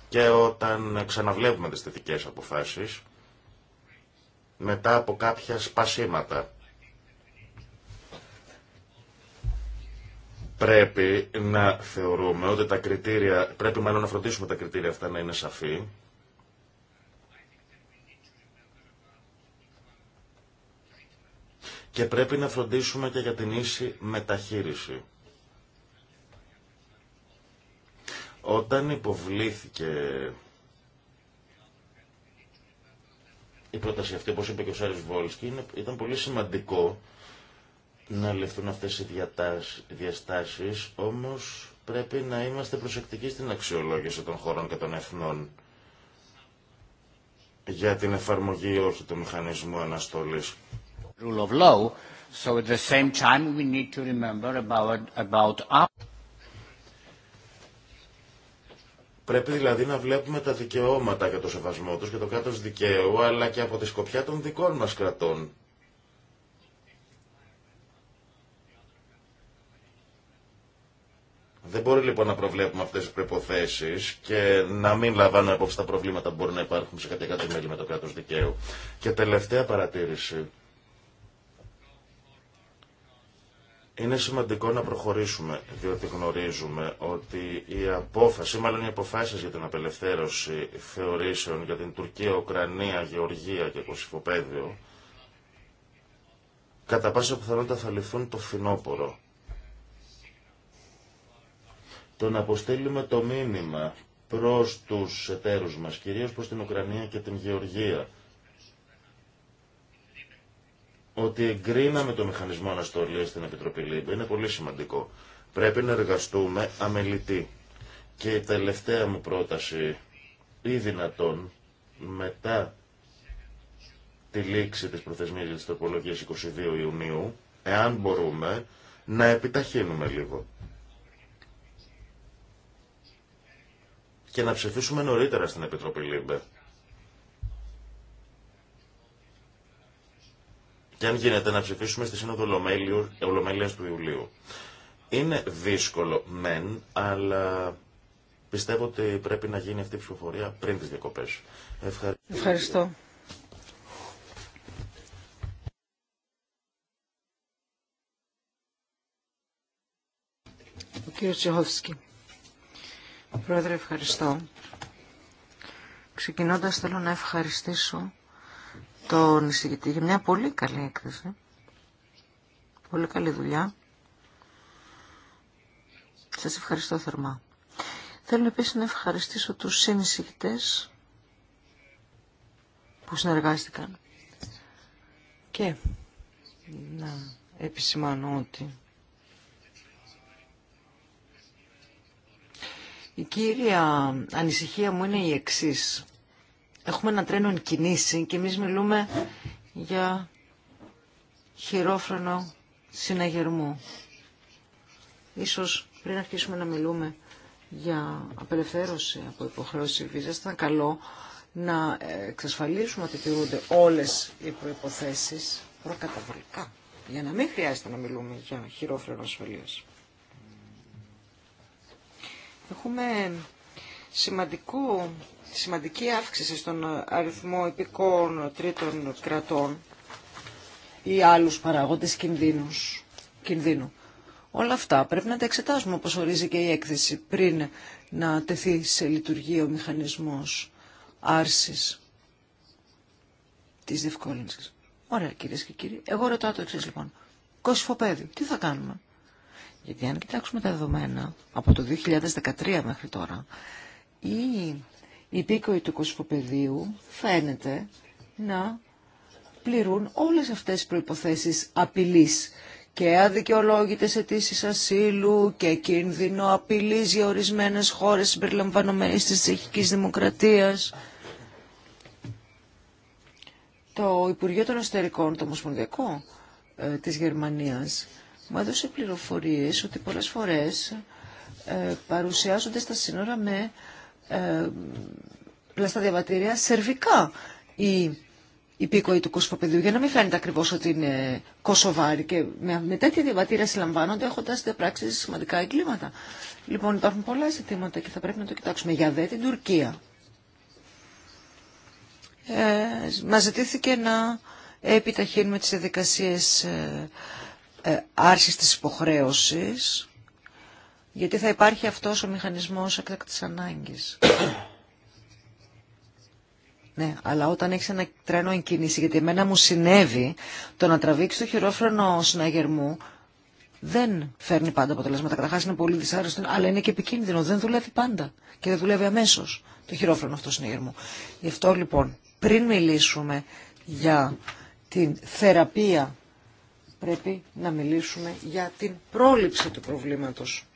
και όταν ξαναβλέπουμε τις θετικές αποφάσεις, μετά από κάποια σπασίματα, πρέπει να θεωρούμε ότι τα κριτήρια, πρέπει μάλλον να φροντίσουμε τα κριτήρια αυτά να είναι σαφή. Και πρέπει να φροντίσουμε και για την ίση μεταχείριση. Όταν υποβλήθηκε η πρόταση αυτή, όπως είπε και ο Σάρις Βόλσκι, ήταν πολύ σημαντικό να λεφτούν αυτές οι διαστάσεις, όμως πρέπει να είμαστε προσεκτικοί στην αξιολόγηση των χωρών και των εθνών για την εφαρμογή όχι του μηχανισμού αναστολής. Rule So at the same time we need to remember about, about... Πρέπει δηλαδή να βλέπουμε τα δικαιώματα και το σεβασμό τους και το κράτος δικαίου, αλλά και από τη σκοπιά των δικών μας κρατών. Δεν μπορεί λοιπόν να προβλέπουμε αυτές τις προϋποθέσεις και να μην λαμβάνουμε υπόψη τα προβλήματα που μπορεί να υπάρχουν σε κάποια κάτι με το κράτος δικαίου. Και τελευταία παρατήρηση. Είναι σημαντικό να προχωρήσουμε, διότι γνωρίζουμε ότι η απόφαση, μάλλον οι αποφάσεις για την απελευθέρωση θεωρήσεων για την Τουρκία, Ουκρανία, Γεωργία και Κωσυφοπαίδιο, κατά πάσα πιθανότητα θα ληφθούν το φθινόπωρο. Το να αποστείλουμε το μήνυμα προς τους εταίρους μας, κυρίως προς την Ουκρανία και την Γεωργία, ότι εγκρίναμε το μηχανισμό αναστολή στην Επιτροπή ΛΥΜΠΕ. Είναι πολύ σημαντικό. Πρέπει να εργαστούμε αμελητή. Και η τελευταία μου πρόταση, ή δυνατόν, μετά τη λήξη της προθεσμίας της τροπολογίας 22 Ιουνίου, εάν μπορούμε, να επιταχύνουμε λίγο. Και να ψηφίσουμε νωρίτερα στην Επιτροπή ΛΥΜΠΕ. και αν γίνεται να ψηφίσουμε στη Σύνοδο Ολομέλειας του Ιουλίου. Είναι δύσκολο, μεν, αλλά πιστεύω ότι πρέπει να γίνει αυτή η ψηφοφορία πριν τις διακοπές. Ευχαριστώ. Ευχαριστώ. Ο κύριος Τσεχόφσκι. Πρόεδρε, ευχαριστώ. Ξεκινώντας θέλω να ευχαριστήσω τον εισηγητή για μια πολύ καλή έκθεση. Πολύ καλή δουλειά. Σας ευχαριστώ θερμά. Θέλω επίσης να ευχαριστήσω τους συνεισηγητές που συνεργάστηκαν. Και να επισημάνω ότι η κύρια ανησυχία μου είναι η εξής έχουμε ένα τρένο εν κινήσει και εμείς μιλούμε για χειρόφρονο συναγερμό. Ίσως πριν αρχίσουμε να μιλούμε για απελευθέρωση από υποχρέωση βίζας, ήταν καλό να εξασφαλίσουμε ότι τηρούνται όλες οι προϋποθέσεις προκαταβολικά, για να μην χρειάζεται να μιλούμε για χειρόφρονο ασφαλείας. Έχουμε σημαντικό σημαντική αύξηση στον αριθμό επικών τρίτων κρατών ή άλλους παράγοντες κινδύνους, κινδύνου. Όλα αυτά πρέπει να τα εξετάσουμε όπως ορίζει και η έκθεση πριν να τεθεί σε λειτουργία ο μηχανισμός άρσης της διευκόλυνσης. Ωραία κυρίες και κύριοι. Εγώ ρωτάω το εξής λοιπόν. Κοσυφοπέδι, τι θα κάνουμε. Γιατί αν κοιτάξουμε τα δεδομένα από το 2013 μέχρι τώρα, η οι υπήκοοι του κοσμοπεδίου φαίνεται να πληρούν όλες αυτές τις προϋποθέσεις απειλής και αδικαιολόγητες αιτήσει ασύλου και κίνδυνο απειλής για ορισμένες χώρες συμπεριλαμβανομένες της τσεχικής δημοκρατίας. Το Υπουργείο των Αστερικών, το Μοσπονδιακό ε, της Γερμανίας, μου έδωσε πληροφορίες ότι πολλές φορές ε, παρουσιάζονται στα σύνορα με ε, πλαστά διαβατήρια σερβικά η υπήκοοι του Κοσμοπεδίου, για να μην φαίνεται ακριβώ ότι είναι κόσοβάρι και με, τέτοια διαβατήρια συλλαμβάνονται έχοντα διαπράξει σημαντικά εγκλήματα. Λοιπόν, υπάρχουν πολλά ζητήματα και θα πρέπει να το κοιτάξουμε. Για δε την Τουρκία. Ε, μας ζητήθηκε να επιταχύνουμε τις διαδικασίε ε, ε, άρσης γιατί θα υπάρχει αυτός ο μηχανισμός εκτακτής ανάγκης. Ναι, αλλά όταν έχει ένα τρένο εν κίνηση, γιατί εμένα μου συνέβη το να τραβήξει το χειρόφρενο συναγερμού, δεν φέρνει πάντα αποτελέσματα. Καταρχά είναι πολύ δυσάρεστο, αλλά είναι και επικίνδυνο. Δεν δουλεύει πάντα και δεν δουλεύει αμέσω το χειρόφρενο αυτό συναγερμού. Γι' αυτό λοιπόν, πριν μιλήσουμε για την θεραπεία, πρέπει να μιλήσουμε για την πρόληψη του προβλήματος.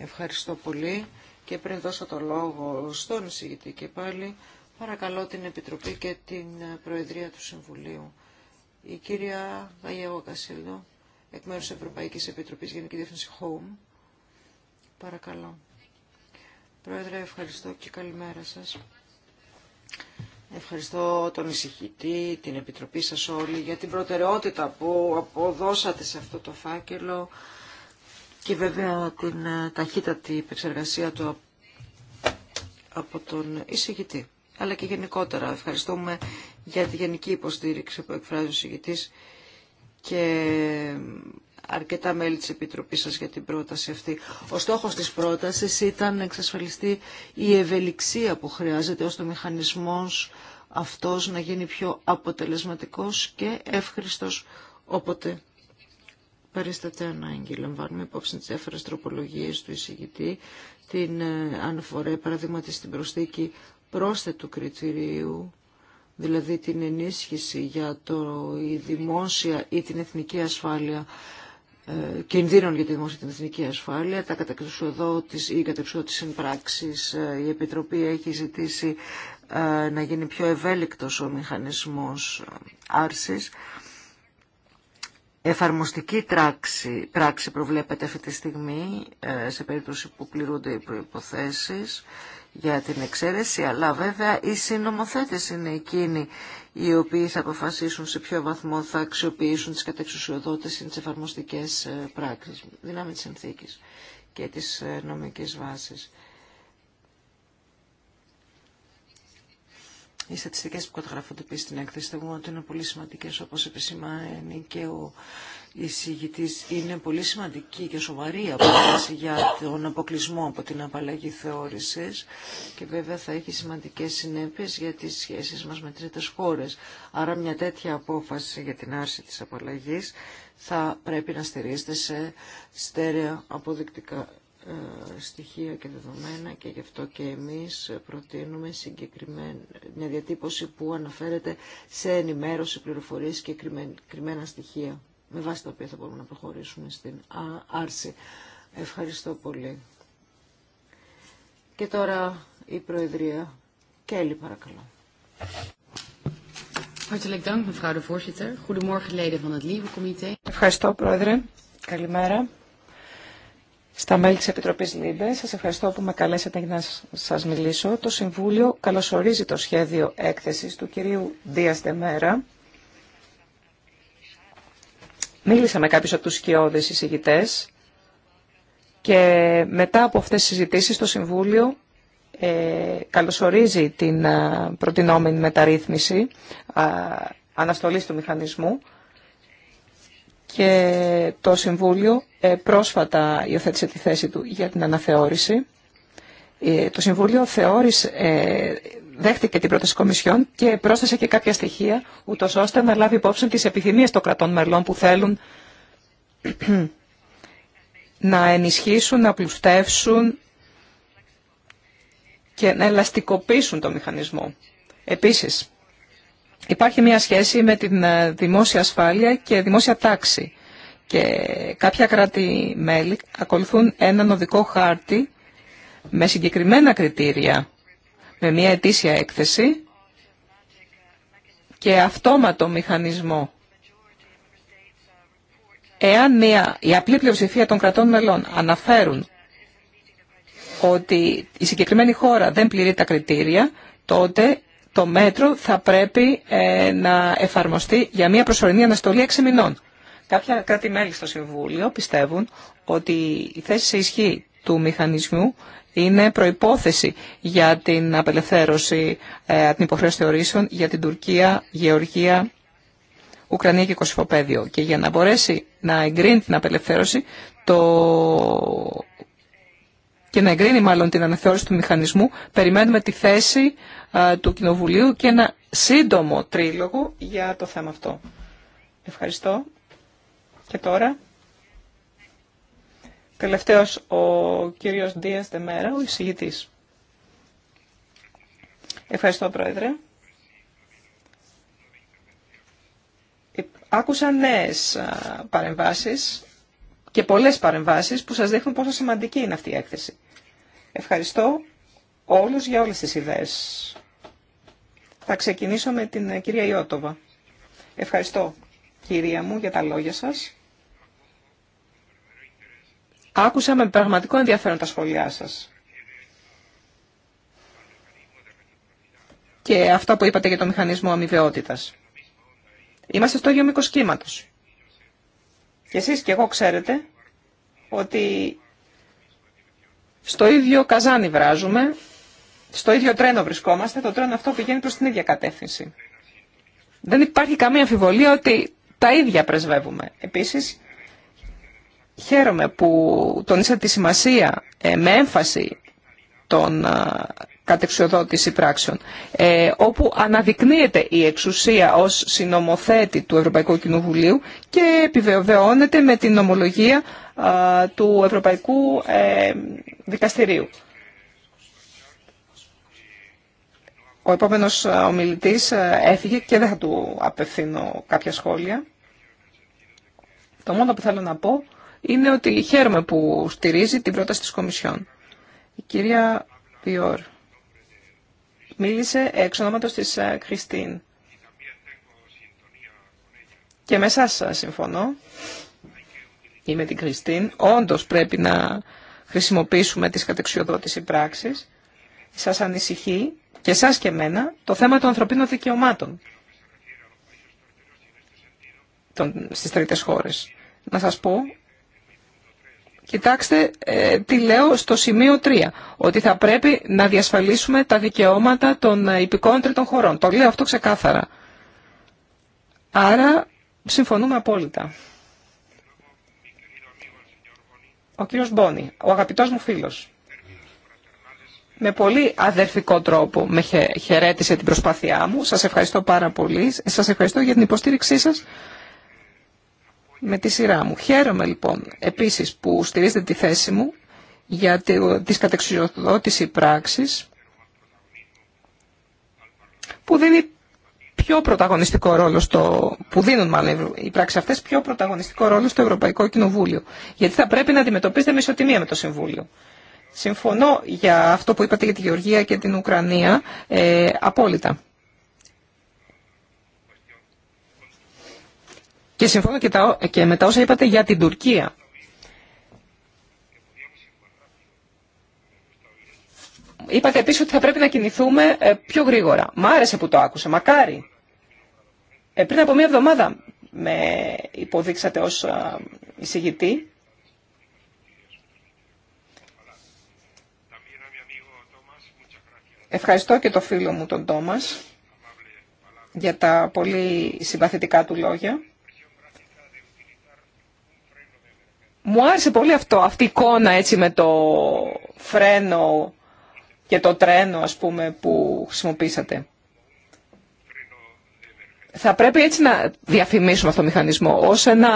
Ευχαριστώ πολύ. Και πριν δώσω το λόγο στον εισηγητή και πάλι, παρακαλώ την Επιτροπή και την Προεδρία του Συμβουλίου. Η κυρία Βαγιαγό Κασίλδο, εκ μέρου της Ευρωπαϊκής Επιτροπής Γενική Διεύθυνση Home. Παρακαλώ. Πρόεδρε, ευχαριστώ και καλημέρα σας. Ευχαριστώ τον εισηγητή, την Επιτροπή σας όλοι για την προτεραιότητα που αποδώσατε σε αυτό το φάκελο και βέβαια την ε, ταχύτατη επεξεργασία του από τον εισηγητή. Αλλά και γενικότερα ευχαριστούμε για τη γενική υποστήριξη που εκφράζει ο εισηγητής και ε, αρκετά μέλη της Επιτροπής σας για την πρόταση αυτή. Ο στόχος της πρότασης ήταν να εξασφαλιστεί η ευελιξία που χρειάζεται ώστε ο μηχανισμός αυτός να γίνει πιο αποτελεσματικός και εύχριστος όποτε Παρίσταται ανάγκη. Λαμβάνουμε υπόψη τι διάφορε τροπολογίε του εισηγητή, την ε, αναφορά, παραδείγματι, στην προσθήκη πρόσθετου κριτηρίου, δηλαδή την ενίσχυση για το, η δημόσια ή την εθνική ασφάλεια ε, κινδύνων για τη δημόσια την εθνική ασφάλεια, τα κατεξοδότης ή κατεξοδότηση πράξης. Ε, η Επιτροπή έχει ζητήσει να γίνει πιο ευέλικτος ο μηχανισμός άρσης εφαρμοστική τράξη, πράξη προβλέπεται αυτή τη στιγμή ε, σε περίπτωση που πληρούνται οι προϋποθέσεις για την εξαίρεση, αλλά βέβαια οι συνομοθέτες είναι εκείνοι οι οποίοι θα αποφασίσουν σε ποιο βαθμό θα αξιοποιήσουν τις κατεξουσιοδότες ή εφαρμοστικές ε, πράξεις, δυνάμει της συνθήκης και της ε, νομικής βάσης. Οι στατιστικές που καταγράφονται επίσης στην έκθεση θεωρούν ότι είναι πολύ σημαντικές όπως επισημαίνει και ο εισηγητής. Είναι πολύ σημαντική και σοβαρή απόφαση για τον αποκλεισμό από την απαλλαγή θεώρησης και βέβαια θα έχει σημαντικές συνέπειες για τις σχέσεις μας με τρίτες χώρες. Άρα μια τέτοια απόφαση για την άρση της απαλλαγής θα πρέπει να στηρίζεται σε στέρεα αποδεικτικά ε, στοιχεία και δεδομένα και γι' αυτό και εμείς προτείνουμε συγκεκριμένη, μια διατύπωση που αναφέρεται σε ενημέρωση, πληροφορίες και κρυμμένα στοιχεία με βάση τα οποία θα μπορούμε να προχωρήσουμε στην άρση. Ευχαριστώ πολύ. Και τώρα η Προεδρία. Κέλλη παρακαλώ. Ευχαριστώ Πρόεδρε. Καλημέρα στα μέλη της Επιτροπής ΛΥΜΠΕ. Σας ευχαριστώ που με καλέσατε για να σας μιλήσω. Το Συμβούλιο καλωσορίζει το σχέδιο έκθεσης του κυρίου Δίας Δεμέρα. Μίλησα με κάποιους από τους σκιώδες εισηγητές και μετά από αυτές τις συζητήσεις το Συμβούλιο ε, καλωσορίζει την ε, προτινόμενη μεταρρύθμιση ε, αναστολής του μηχανισμού και το Συμβούλιο ε, πρόσφατα υιοθέτησε τη θέση του για την αναθεώρηση. Ε, το Συμβούλιο θεώρησε, ε, δέχτηκε την πρόταση Κομισιόν και πρόσθεσε και κάποια στοιχεία, ούτω ώστε να λάβει υπόψη τις επιθυμίες των κρατών μελών που θέλουν να ενισχύσουν, να πλουστεύσουν και να ελαστικοποιήσουν το μηχανισμό. Επίσης, Υπάρχει μια σχέση με την ε, δημόσια ασφάλεια και δημόσια τάξη. Και κάποια κράτη-μέλη ακολουθούν έναν οδικό χάρτη με συγκεκριμένα κριτήρια, με μια ετήσια έκθεση και αυτόματο μηχανισμό. Εάν μια, η απλή πλειοψηφία των κρατών μελών αναφέρουν ότι η συγκεκριμένη χώρα δεν πληρεί τα κριτήρια, τότε το μέτρο θα πρέπει ε, να εφαρμοστεί για μια προσωρινή αναστολή 6 μηνών. Κάποια κράτη-μέλη στο Συμβούλιο πιστεύουν ότι η θέση σε ισχύ του μηχανισμού είναι προϋπόθεση για την απελευθέρωση, ε, την υποχρέωση θεωρήσεων για την Τουρκία, Γεωργία, Ουκρανία και Κωσυφοπαίδιο. Και για να μπορέσει να εγκρίνει την απελευθέρωση, το και να εγκρίνει μάλλον την αναθεώρηση του μηχανισμού, περιμένουμε τη θέση του Κοινοβουλίου και ένα σύντομο τρίλογο για το θέμα αυτό. Ευχαριστώ. Και τώρα, τελευταίος ο κύριος Ντίας Δεμέρα, ο εισηγητής. Ευχαριστώ, Πρόεδρε. Άκουσα νέες παρεμβάσεις και πολλές παρεμβάσεις που σας δείχνουν πόσο σημαντική είναι αυτή η έκθεση. Ευχαριστώ όλους για όλες τις ιδέες. Θα ξεκινήσω με την ε, κυρία Ιώτοβα. Ευχαριστώ κυρία μου για τα λόγια σας. Άκουσα με πραγματικό ενδιαφέρον τα σχόλιά σας. Και αυτό που είπατε για το μηχανισμό αμοιβαιότητας. Είμαστε στο ίδιο μήκος κύματος. Και εσείς και εγώ ξέρετε ότι στο ίδιο καζάνι βράζουμε, στο ίδιο τρένο βρισκόμαστε, το τρένο αυτό πηγαίνει προς την ίδια κατεύθυνση. Δεν υπάρχει καμία αμφιβολία ότι τα ίδια πρεσβεύουμε. Επίσης, χαίρομαι που τονίσατε τη σημασία ε, με έμφαση των ε, κατεξοδότηση πράξεων, ε, όπου αναδεικνύεται η εξουσία ως συνομοθέτη του Ευρωπαϊκού Κοινοβουλίου και επιβεβαιώνεται με την ομολογία του Ευρωπαϊκού ε, Δικαστηρίου. Ο επόμενος ε, ομιλητής έφυγε και δεν θα του απευθύνω κάποια σχόλια. Το μόνο που θέλω να πω είναι ότι χαίρομαι που στηρίζει την πρόταση της Κομισιόν. Η κυρία Βιόρ μίλησε εξ ονόματος της ε, Κριστίν. Και με σας ε, συμφωνώ ή με την Κριστίν. Όντως πρέπει να χρησιμοποιήσουμε τις κατεξιοδότηση πράξεις. Σας ανησυχεί και σας και εμένα το θέμα των ανθρωπίνων δικαιωμάτων των, στις τρίτες χώρες. Να σας πω Κοιτάξτε ε, τι λέω στο σημείο 3, ότι θα πρέπει να διασφαλίσουμε τα δικαιώματα των ε, υπηκών τρίτων χωρών. Το λέω αυτό ξεκάθαρα. Άρα συμφωνούμε απόλυτα. Ο κύριος Μπόνι, ο αγαπητός μου φίλος, με πολύ αδερφικό τρόπο με χαιρέτησε την προσπάθειά μου. Σας ευχαριστώ πάρα πολύ. Σας ευχαριστώ για την υποστήριξή σας με τη σειρά μου. Χαίρομαι λοιπόν επίσης που στηρίζετε τη θέση μου για τις κατεξιοδότηση πράξης που δίνει πιο πρωταγωνιστικό ρόλο στο, που δίνουν μάλλον οι πράξεις αυτές πιο πρωταγωνιστικό ρόλο στο Ευρωπαϊκό Κοινοβούλιο. Γιατί θα πρέπει να αντιμετωπίσετε με ισοτιμία με το Συμβούλιο. Συμφωνώ για αυτό που είπατε για τη Γεωργία και την Ουκρανία ε, απόλυτα. Και συμφωνώ και, τα, και με τα όσα είπατε για την Τουρκία. Είπατε επίσης ότι θα πρέπει να κινηθούμε ε, πιο γρήγορα. Μ' άρεσε που το άκουσα, μακάρι. Ε, πριν από μία εβδομάδα με υποδείξατε ως ε, εισηγητή. Ευχαριστώ και το φίλο μου τον Τόμας για τα πολύ συμπαθητικά του λόγια. Μου άρεσε πολύ αυτό, αυτή η εικόνα έτσι με το φρένο και το τρένο ας πούμε που χρησιμοποίησατε. Θα πρέπει έτσι να διαφημίσουμε αυτό το μηχανισμό ως ένα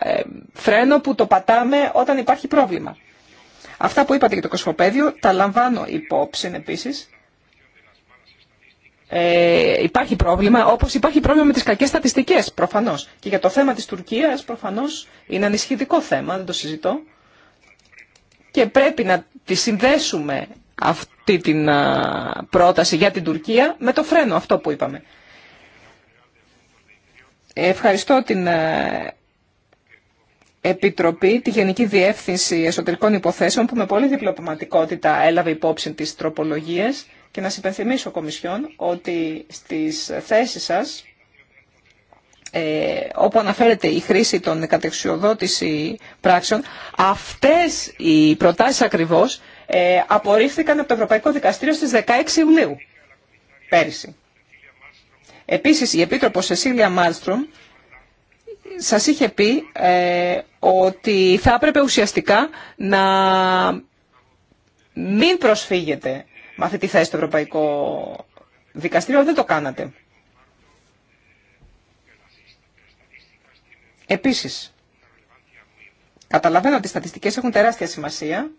ε, φρένο που το πατάμε όταν υπάρχει πρόβλημα. Αυτά που είπατε για το κοσμοπέδιο τα λαμβάνω υπόψη επίσης ε, υπάρχει πρόβλημα, όπως υπάρχει πρόβλημα με τις κακέ στατιστικέ προφανώς. Και για το θέμα της Τουρκίας, προφανώς, είναι ανησυχητικό θέμα, δεν το συζητώ. Και πρέπει να τη συνδέσουμε αυτή την πρόταση για την Τουρκία με το φρένο αυτό που είπαμε. Ευχαριστώ την Επιτροπή, τη Γενική Διεύθυνση Εσωτερικών Υποθέσεων που με πολύ διπλωματικότητα έλαβε υπόψη τις τροπολογίες και να σας υπενθυμίσω, Κομισιόν, ότι στις θέσεις σας, ε, όπου αναφέρεται η χρήση των κατεξιοδότηση πράξεων, αυτές οι προτάσεις ακριβώς ε, απορρίφθηκαν από το Ευρωπαϊκό Δικαστήριο στις 16 Ιουλίου πέρυσι. Επίσης, η Επίτροπος Σεσίλια Μάλστρομ σας είχε πει ε, ότι θα έπρεπε ουσιαστικά να μην προσφύγετε με αυτή τη θέση στο Ευρωπαϊκό Δικαστήριο, δεν το κάνατε. Επίσης, καταλαβαίνω ότι οι στατιστικές έχουν τεράστια σημασία.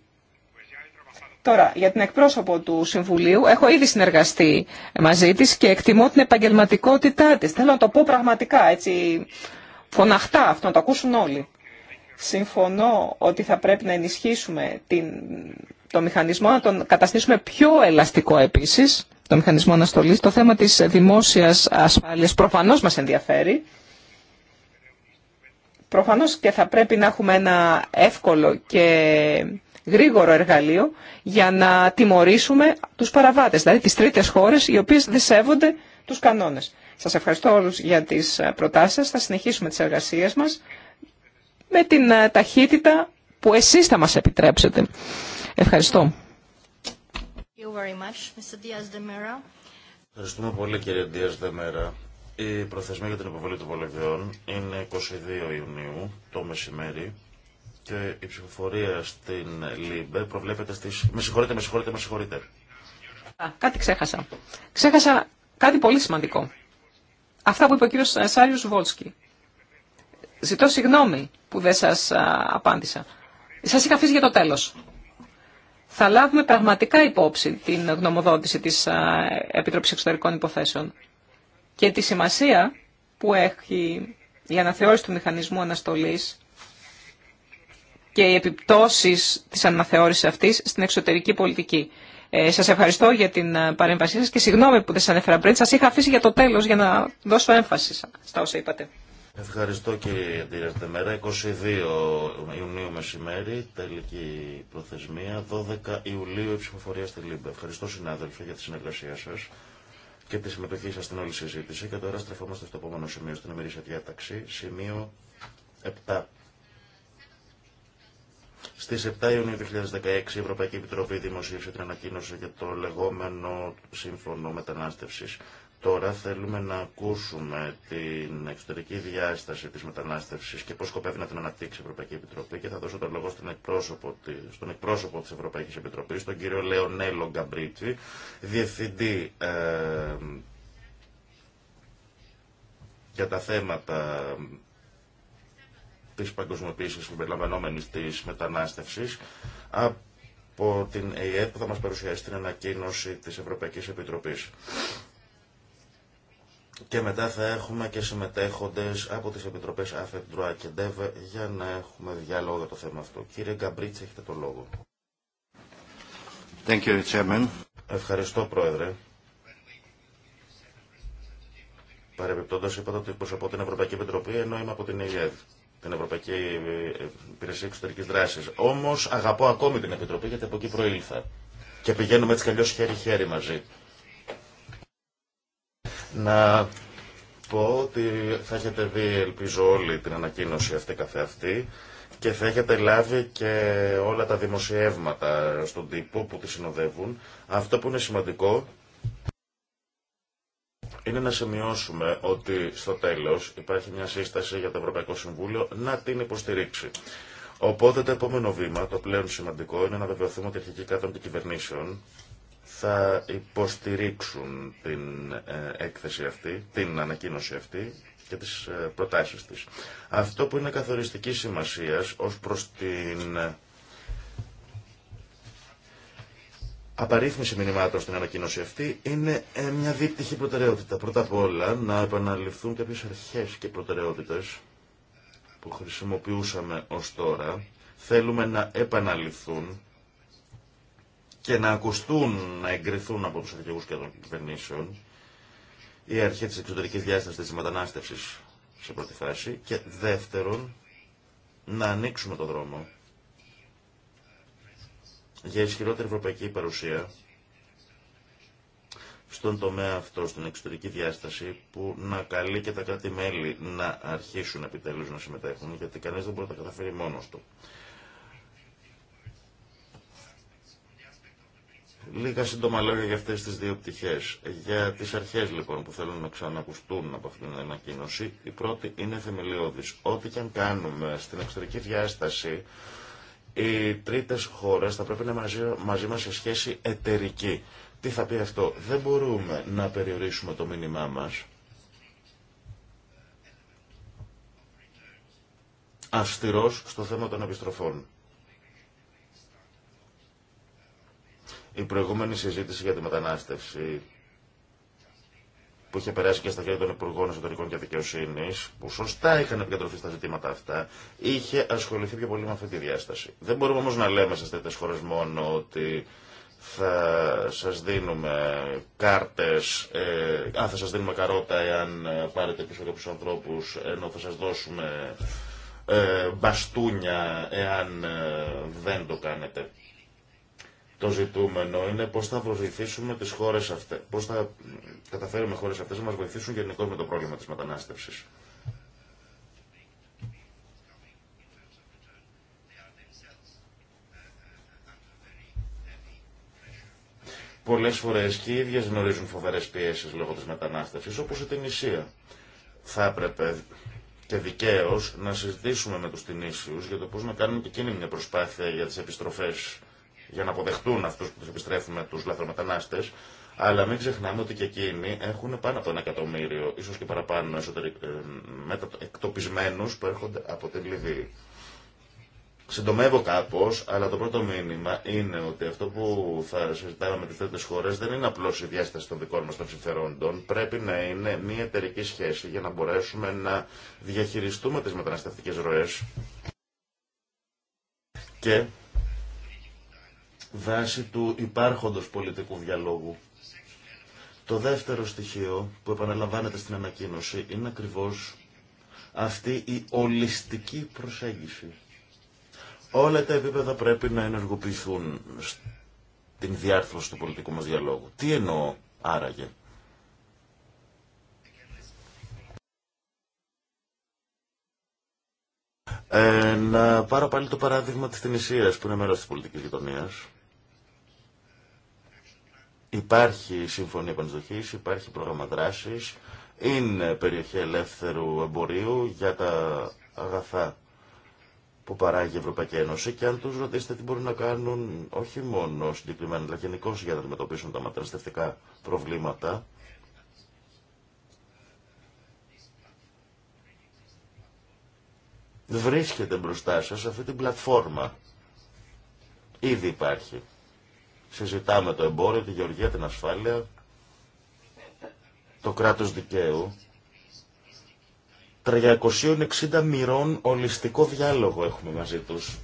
Τώρα, για την εκπρόσωπο του Συμβουλίου, έχω ήδη συνεργαστεί μαζί της και εκτιμώ την επαγγελματικότητά της. Θέλω να το πω πραγματικά, έτσι, φωναχτά αυτό, να το ακούσουν όλοι. Συμφωνώ ότι θα πρέπει να ενισχύσουμε την το μηχανισμό να τον καταστήσουμε πιο ελαστικό επίσης, το μηχανισμό αναστολή. Το θέμα της δημόσιας ασφάλεια προφανώς μας ενδιαφέρει. Προφανώς και θα πρέπει να έχουμε ένα εύκολο και γρήγορο εργαλείο για να τιμωρήσουμε τους παραβάτες, δηλαδή τις τρίτες χώρες οι οποίες δεν σέβονται τους κανόνες. Σας ευχαριστώ όλου για τι προτάσει, σα. Θα συνεχίσουμε τι εργασίε μα με την ταχύτητα που εσείς θα μας επιτρέψετε. Ευχαριστώ. Ευχαριστούμε πολύ κύριε Ντίας Δεμέρα. Η προθεσμία για την υποβολή των πολεμιών είναι 22 Ιουνίου το μεσημέρι και η ψηφοφορία στην ΛΥΜΠΕ προβλέπεται στις... Με συγχωρείτε, με συγχωρείτε, με συγχωρείτε. Α, κάτι ξέχασα. Ξέχασα κάτι πολύ σημαντικό. Αυτά που είπε ο κύριος ε, Σάριος Βόλσκι. Ζητώ συγγνώμη που δεν σας απάντησα. Σας είχα αφήσει για το τέλος θα λάβουμε πραγματικά υπόψη την γνωμοδότηση της Επιτροπής Εξωτερικών Υποθέσεων και τη σημασία που έχει η αναθεώρηση του μηχανισμού αναστολής και οι επιπτώσεις της αναθεώρησης αυτής στην εξωτερική πολιτική. Ε, σας ευχαριστώ για την παρέμβασή σας και συγγνώμη που δεν σας ανέφερα πριν. Σας είχα αφήσει για το τέλος για να δώσω έμφαση στα όσα είπατε. Ευχαριστώ κύριε Αντίρευτε Μέρα. 22 Ιουνίου μεσημέρι, τελική προθεσμία, 12 Ιουλίου η ψηφοφορία στη Λίμπε. Ευχαριστώ συνάδελφοι για τη συνεργασία σας και τη συμμετοχή σας στην όλη συζήτηση και τώρα στρεφόμαστε στο επόμενο σημείο, στην ημερήσια διάταξη, σημείο 7. Στι 7 Ιουνίου 2016 η Ευρωπαϊκή Επιτροπή δημοσίευσε την ανακοίνωση για το λεγόμενο Σύμφωνο Μετανάστευση. Τώρα θέλουμε να ακούσουμε την εξωτερική διάσταση της μετανάστευσης και πώς σκοπεύει να την αναπτύξει η Ευρωπαϊκή Επιτροπή και θα δώσω τον λόγο στον εκπρόσωπο της, στον εκπρόσωπο της Ευρωπαϊκής Επιτροπής, τον κύριο Λεωνέλο Γκαμπρίτσι, διευθυντή ε, για τα θέματα της παγκοσμιοποίησης συμπεριλαμβανόμενης της μετανάστευσης από την ΕΕ που θα μας παρουσιάσει την ανακοίνωση της Ευρωπαϊκής Επιτροπής. Και μετά θα έχουμε και συμμετέχοντες από τις Επιτροπές ΑΦΕΠ, και ΔΕΒΕ για να έχουμε διάλογο για το θέμα αυτό. Κύριε Γκαμπρίτς, έχετε το λόγο. Thank you, Chairman. Ευχαριστώ, Πρόεδρε. Παρεμπιπτόντως, είπατε ότι προσωπώ την Ευρωπαϊκή Επιτροπή, ενώ είμαι από την ΕΕ, την Ευρωπαϊκή Υπηρεσία Εξωτερική Δράση. Όμως αγαπώ ακόμη την Επιτροπή, γιατί από εκεί προήλθα. Και πηγαίνουμε έτσι κι χερι χέρι-χέρι μαζί. Να πω ότι θα έχετε δει, ελπίζω όλοι, την ανακοίνωση αυτή καθεαυτή και θα έχετε λάβει και όλα τα δημοσιεύματα στον τύπο που τη συνοδεύουν. Αυτό που είναι σημαντικό είναι να σημειώσουμε ότι στο τέλος υπάρχει μια σύσταση για το Ευρωπαϊκό Συμβούλιο να την υποστηρίξει. Οπότε το επόμενο βήμα, το πλέον σημαντικό, είναι να βεβαιωθούμε ότι η αρχική κάτω των κυβερνήσεων θα υποστηρίξουν την ε, έκθεση αυτή, την ανακοίνωση αυτή και τις ε, προτάσεις της. Αυτό που είναι καθοριστική σημασίας ως προς την ε, απαρίθμηση μηνυμάτων στην ανακοίνωση αυτή είναι μια δίπτυχη προτεραιότητα. Πρώτα απ' όλα να επαναληφθούν κάποιες αρχές και προτεραιότητες που χρησιμοποιούσαμε ως τώρα. Θέλουμε να επαναληφθούν και να ακουστούν, να εγκριθούν από τους αρχηγούς και των κυβερνήσεων η αρχή της εξωτερικής διάστασης της μετανάστευσης σε πρώτη φάση και δεύτερον να ανοίξουμε το δρόμο για ισχυρότερη ευρωπαϊκή παρουσία στον τομέα αυτό, στην εξωτερική διάσταση, που να καλεί και τα κράτη-μέλη να αρχίσουν επιτέλους να συμμετέχουν, γιατί κανείς δεν μπορεί να τα καταφέρει μόνος του. Λίγα σύντομα λόγια για αυτές τις δύο πτυχές. Για τις αρχές λοιπόν που θέλουν να ξανακουστούν από αυτήν την ανακοίνωση, η πρώτη είναι θεμελιώδης. Ό,τι και αν κάνουμε στην εξωτερική διάσταση, οι τρίτες χώρες θα πρέπει να μαζί, μαζί μας σε σχέση εταιρική. Τι θα πει αυτό. Δεν μπορούμε να περιορίσουμε το μήνυμά μας. Αυστηρός στο θέμα των επιστροφών. Η προηγούμενη συζήτηση για τη μετανάστευση που είχε περάσει και στα χέρια των Υπουργών Εσωτερικών και Δικαιοσύνη, που σωστά είχαν επικεντρωθεί στα ζητήματα αυτά, είχε ασχοληθεί πιο πολύ με αυτή τη διάσταση. Δεν μπορούμε όμω να λέμε σε τέτοιε χώρε μόνο ότι θα σα δίνουμε κάρτε, ε, αν θα σα δίνουμε καρότα εάν ε, πάρετε πίσω κάποιου ανθρώπου, ενώ θα σα δώσουμε ε, μπαστούνια εάν ε, δεν το κάνετε. Το ζητούμενο είναι πώς θα βοηθήσουμε τις χώρες αυτές, πώς θα καταφέρουμε χώρες αυτές να μας βοηθήσουν γενικώ με το πρόβλημα της μετανάστευσης. Πολλές φορές και οι ίδιες γνωρίζουν φοβερές πιέσεις λόγω της μετανάστευσης, όπως η Τινησία. Θα έπρεπε και δικαίω να συζητήσουμε με τους Τινήσιους για το πώς να κάνουν εκείνη μια προσπάθεια για τις επιστροφές για να αποδεχτούν αυτού που του επιστρέφουμε, του λαθρομετανάστε. Αλλά μην ξεχνάμε ότι και εκείνοι έχουν πάνω από ένα εκατομμύριο, ίσω και παραπάνω, ε, εκτοπισμένου που έρχονται από την Λιβύη. Συντομεύω κάπω, αλλά το πρώτο μήνυμα είναι ότι αυτό που θα συζητάμε με τι τρίτε χώρε δεν είναι απλώ η διάσταση των δικών μα των συμφερόντων. Πρέπει να είναι μια εταιρική σχέση για να μπορέσουμε να διαχειριστούμε τι μεταναστευτικέ ροέ και βάση του υπάρχοντος πολιτικού διαλόγου. Το δεύτερο στοιχείο που επαναλαμβάνεται στην ανακοίνωση είναι ακριβώς αυτή η ολιστική προσέγγιση. Όλα τα επίπεδα πρέπει να ενεργοποιηθούν στην διάρθρωση του πολιτικού μας διαλόγου. Τι εννοώ άραγε. Ε, να πάρω πάλι το παράδειγμα της Τινησίας που είναι μέρος της πολιτικής γειτονίας. Υπάρχει συμφωνία επανεισδοχής, υπάρχει πρόγραμμα δράσης, είναι περιοχή ελεύθερου εμπορίου για τα αγαθά που παράγει η Ευρωπαϊκή Ένωση και αν τους ρωτήσετε τι μπορούν να κάνουν όχι μόνο συγκεκριμένα αλλά γενικώ για να αντιμετωπίσουν τα μεταναστευτικά προβλήματα βρίσκεται μπροστά σας αυτή την πλατφόρμα ήδη υπάρχει Συζητάμε το εμπόριο, τη γεωργία, την ασφάλεια, το κράτος δικαίου. 360 μοιρών ολιστικό διάλογο έχουμε μαζί τους.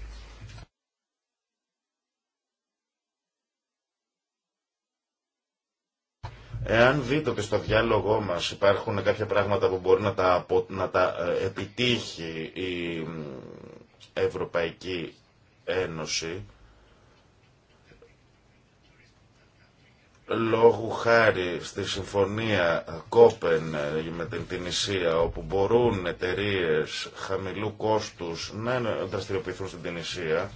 Εάν δείτε ότι στο διάλογό μας υπάρχουν κάποια πράγματα που μπορεί να τα, να τα ε, επιτύχει η Ευρωπαϊκή Ένωση, λόγου χάρη στη συμφωνία Κόπεν ε, με την Τινησία όπου μπορούν εταιρείε χαμηλού κόστους να δραστηριοποιηθούν στην Τινησία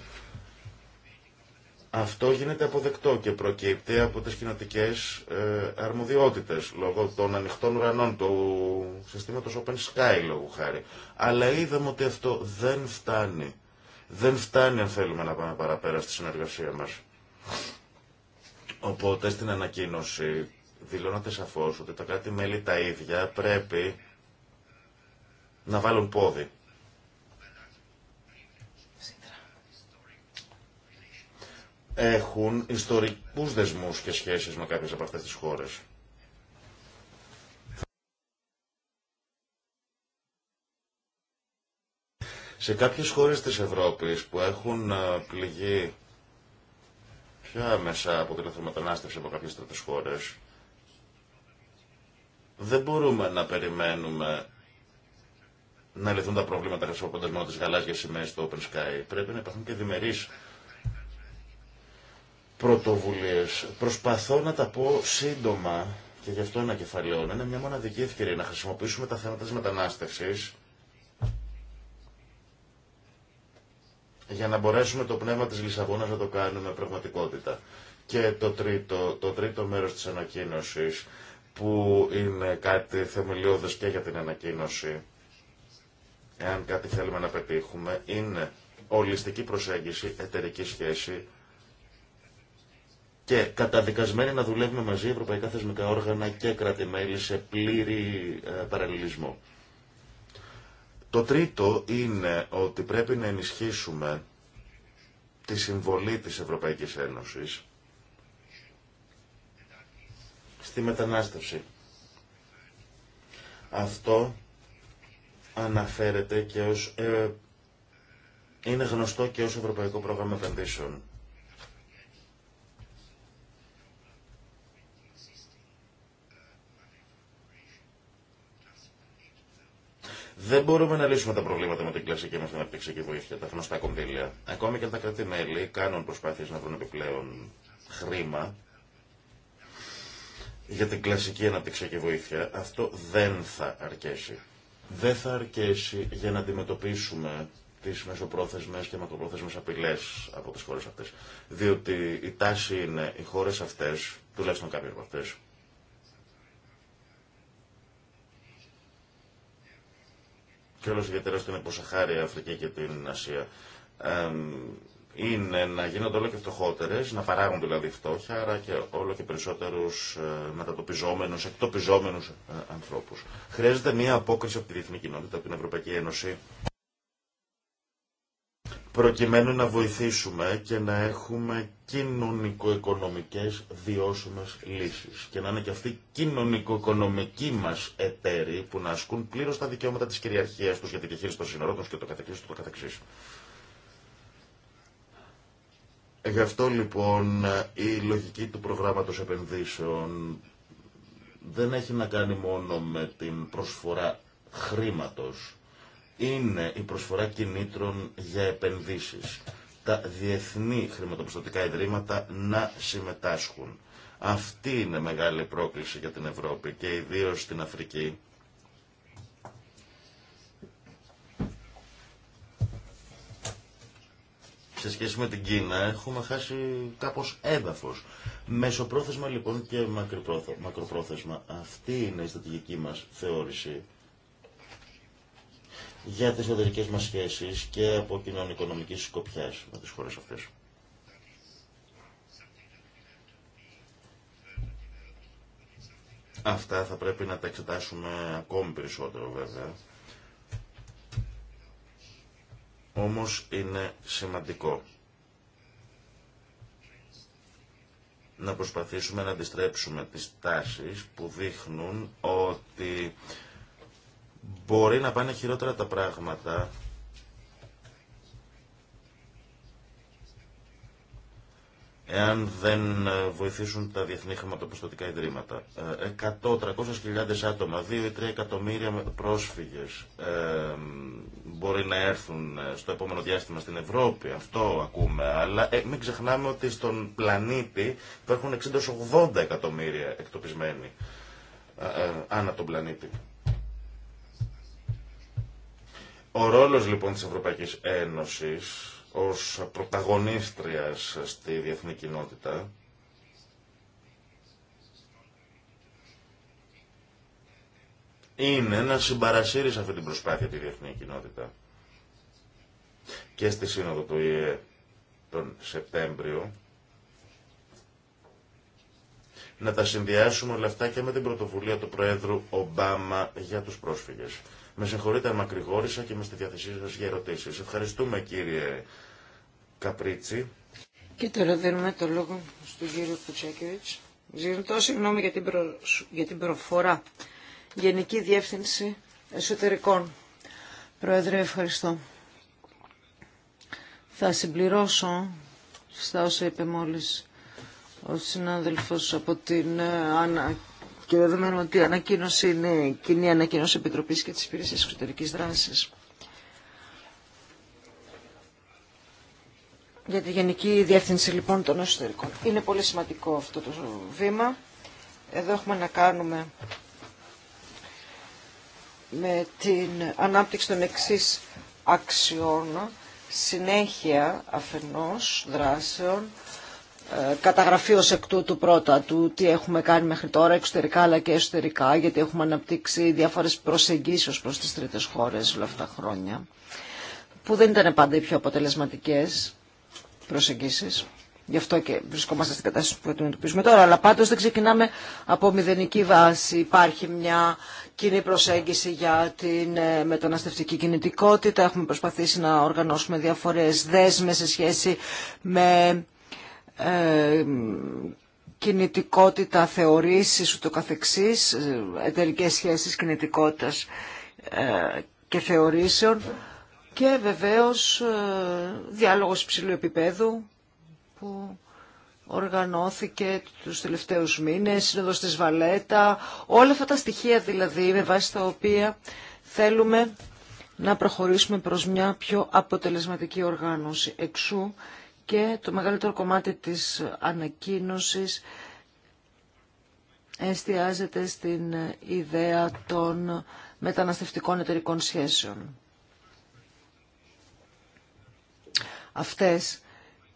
αυτό γίνεται αποδεκτό και προκύπτει από τις κοινοτικέ ε, αρμοδιότητες λόγω των ανοιχτών ουρανών του συστήματος Open Sky λόγου χάρη. Αλλά είδαμε ότι αυτό δεν φτάνει. Δεν φτάνει αν θέλουμε να πάμε παραπέρα στη συνεργασία μας. Οπότε στην ανακοίνωση δηλώνατε σαφώ ότι τα κράτη-μέλη τα ίδια πρέπει να βάλουν πόδι. Έχουν ιστορικούς δεσμούς και σχέσεις με κάποιες από αυτές τις χώρες. Σε κάποιες χώρες της Ευρώπης που έχουν ε, πληγεί ποια μέσα την μετανάστευση από κάποιες τέτοιες χώρες, δεν μπορούμε να περιμένουμε να λυθούν τα προβλήματα χρησιμοποιώντας μόνο τις γαλάζιε σημαίες στο Open Sky. Πρέπει να υπάρχουν και διμερείς πρωτοβουλίες. Προσπαθώ να τα πω σύντομα και γι' αυτό ένα κεφαλαίο. Είναι μια μοναδική ευκαιρία να χρησιμοποιήσουμε τα θέματα τη μετανάστευση για να μπορέσουμε το πνεύμα της Λισαβόνας να το κάνουμε πραγματικότητα. Και το τρίτο, το τρίτο μέρος της ανακοίνωσης, που είναι κάτι θεμελιώδες και για την ανακοίνωση, εάν κάτι θέλουμε να πετύχουμε, είναι ολιστική προσέγγιση, εταιρική σχέση και καταδικασμένη να δουλεύουμε μαζί ευρωπαϊκά θεσμικά όργανα και κράτη-μέλη σε πλήρη ε, παραλληλισμό. Το τρίτο είναι ότι πρέπει να ενισχύσουμε τη συμβολή της Ευρωπαϊκής Ένωσης στη μετανάστευση. Αυτό αναφέρεται και ως, ε, είναι γνωστό και ως Ευρωπαϊκό Πρόγραμμα Επενδύσεων. Δεν μπορούμε να λύσουμε τα προβλήματα με την κλασική μα αναπτυξιακή βοήθεια, τα γνωστά κονδύλια. Ακόμη και τα κρατημέλη κάνουν προσπάθειε να βρουν επιπλέον χρήμα για την κλασική αναπτυξιακή βοήθεια. Αυτό δεν θα αρκέσει. Δεν θα αρκέσει για να αντιμετωπίσουμε τι μεσοπρόθεσμε και μακροπρόθεσμε απειλέ από τι χώρε αυτέ. Διότι η τάση είναι οι χώρε αυτέ, τουλάχιστον κάποιε από αυτέ, και όλο ιδιαίτερα στην Εποσαχάρια, Αφρική και την Ασία, είναι να γίνονται όλο και φτωχότερε, να παράγουν δηλαδή φτώχεια, άρα και όλο και περισσότερου ε, μετατοπιζόμενου, εκτοπιζόμενου ε, ανθρώπου. Χρειάζεται μια απόκριση από τη διεθνή κοινότητα, από την Ευρωπαϊκή Ένωση, προκειμένου να βοηθήσουμε και να έχουμε κοινωνικο-οικονομικές βιώσιμες λύσεις και να είναι και αυτοί κοινωνικο-οικονομικοί μας εταίροι που να ασκούν πλήρως τα δικαιώματα της κυριαρχίας τους για τη διαχείριση των σύνορων και το καθεξής του το καθεξής. Γι' αυτό λοιπόν η λογική του προγράμματος επενδύσεων δεν έχει να κάνει μόνο με την προσφορά χρήματος είναι η προσφορά κινήτρων για επενδύσεις. Τα διεθνή χρηματοπιστωτικά ιδρύματα να συμμετάσχουν. Αυτή είναι μεγάλη πρόκληση για την Ευρώπη και ιδίως στην Αφρική. σε σχέση με την Κίνα έχουμε χάσει κάπως έδαφος. Μεσοπρόθεσμα λοιπόν και μακροπρόθεσμα. Αυτή είναι η στρατηγική μας θεώρηση για τις εταιρικές μας σχέσεις και από κοινωνικονομικής σκοπιάς με τις χώρες αυτές. Αυτά θα πρέπει να τα εξετάσουμε ακόμη περισσότερο βέβαια. Όμως είναι σημαντικό να προσπαθήσουμε να αντιστρέψουμε τις τάσεις που δείχνουν ότι Μπορεί να πάνε χειρότερα τα πράγματα. εάν δεν ε, βοηθήσουν τα διεθνή χρηματοπιστωτικά ιδρύματα. 100-300.000 ε, άτομα, 2 3 εκατομμύρια πρόσφυγες ε, μπορεί να έρθουν ε, στο επόμενο διάστημα στην Ευρώπη, αυτό ακούμε, αλλά ε, μην ξεχνάμε ότι στον πλανήτη υπάρχουν 60-80 εκατομμύρια εκτοπισμένοι ε, ανά τον πλανήτη. Ο ρόλος λοιπόν της Ευρωπαϊκής Ένωσης ως πρωταγωνίστριας στη διεθνή κοινότητα είναι να συμπαρασύρει σε αυτή την προσπάθεια τη διεθνή κοινότητα. Και στη σύνοδο του ΙΕ τον Σεπτέμβριο να τα συνδυάσουμε όλα αυτά και με την πρωτοβουλία του Προέδρου Ομπάμα για τους πρόσφυγες. Με συγχωρείτε αν μακρηγόρησα και είμαι στη διάθεσή σα για ερωτήσει. Ευχαριστούμε κύριε Καπρίτσι. Και τώρα δίνουμε το λόγο στον κύριο Κουτσέκεβιτ. Ζητώ συγγνώμη για την, προ... για την προφορά. Γενική Διεύθυνση Εσωτερικών. Πρόεδρε, ευχαριστώ. Θα συμπληρώσω στα όσα είπε μόλις ο συνάδελφος από την ε, και δεδομένου ότι η ανακοίνωση είναι κοινή ανακοίνωση Επιτροπή και της Υπηρεσία Εξωτερική δράση. Για τη Γενική Διεύθυνση λοιπόν των Εσωτερικών. Είναι πολύ σημαντικό αυτό το βήμα. Εδώ έχουμε να κάνουμε με την ανάπτυξη των εξή αξιών, συνέχεια αφενός δράσεων, καταγραφεί ως εκ τούτου πρώτα του τι έχουμε κάνει μέχρι τώρα εξωτερικά αλλά και εσωτερικά γιατί έχουμε αναπτύξει διάφορες προσεγγίσεις προς τις τρίτες χώρες όλα αυτά τα χρόνια που δεν ήταν πάντα οι πιο αποτελεσματικές προσεγγίσεις. Γι' αυτό και βρισκόμαστε στην κατάσταση που αντιμετωπίζουμε τώρα. Αλλά πάντως δεν ξεκινάμε από μηδενική βάση. Υπάρχει μια κοινή προσέγγιση για την ε, μεταναστευτική κινητικότητα. Έχουμε προσπαθήσει να οργανώσουμε διαφορές δέσμες σε σχέση με κινητικότητα, θεωρήσεις, ούτω καθεξής, εταιρικές σχέσεις κινητικότητας ε, και θεωρήσεων και βεβαίως ε, διάλογος ψηλού επίπεδου που οργανώθηκε τους τελευταίους μήνες, σύνοδος της Βαλέτα, όλα αυτά τα στοιχεία δηλαδή με βάση τα οποία θέλουμε να προχωρήσουμε προς μια πιο αποτελεσματική οργάνωση. Εξού και το μεγαλύτερο κομμάτι της ανακοίνωσης εστιάζεται στην ιδέα των μεταναστευτικών εταιρικών σχέσεων. Αυτές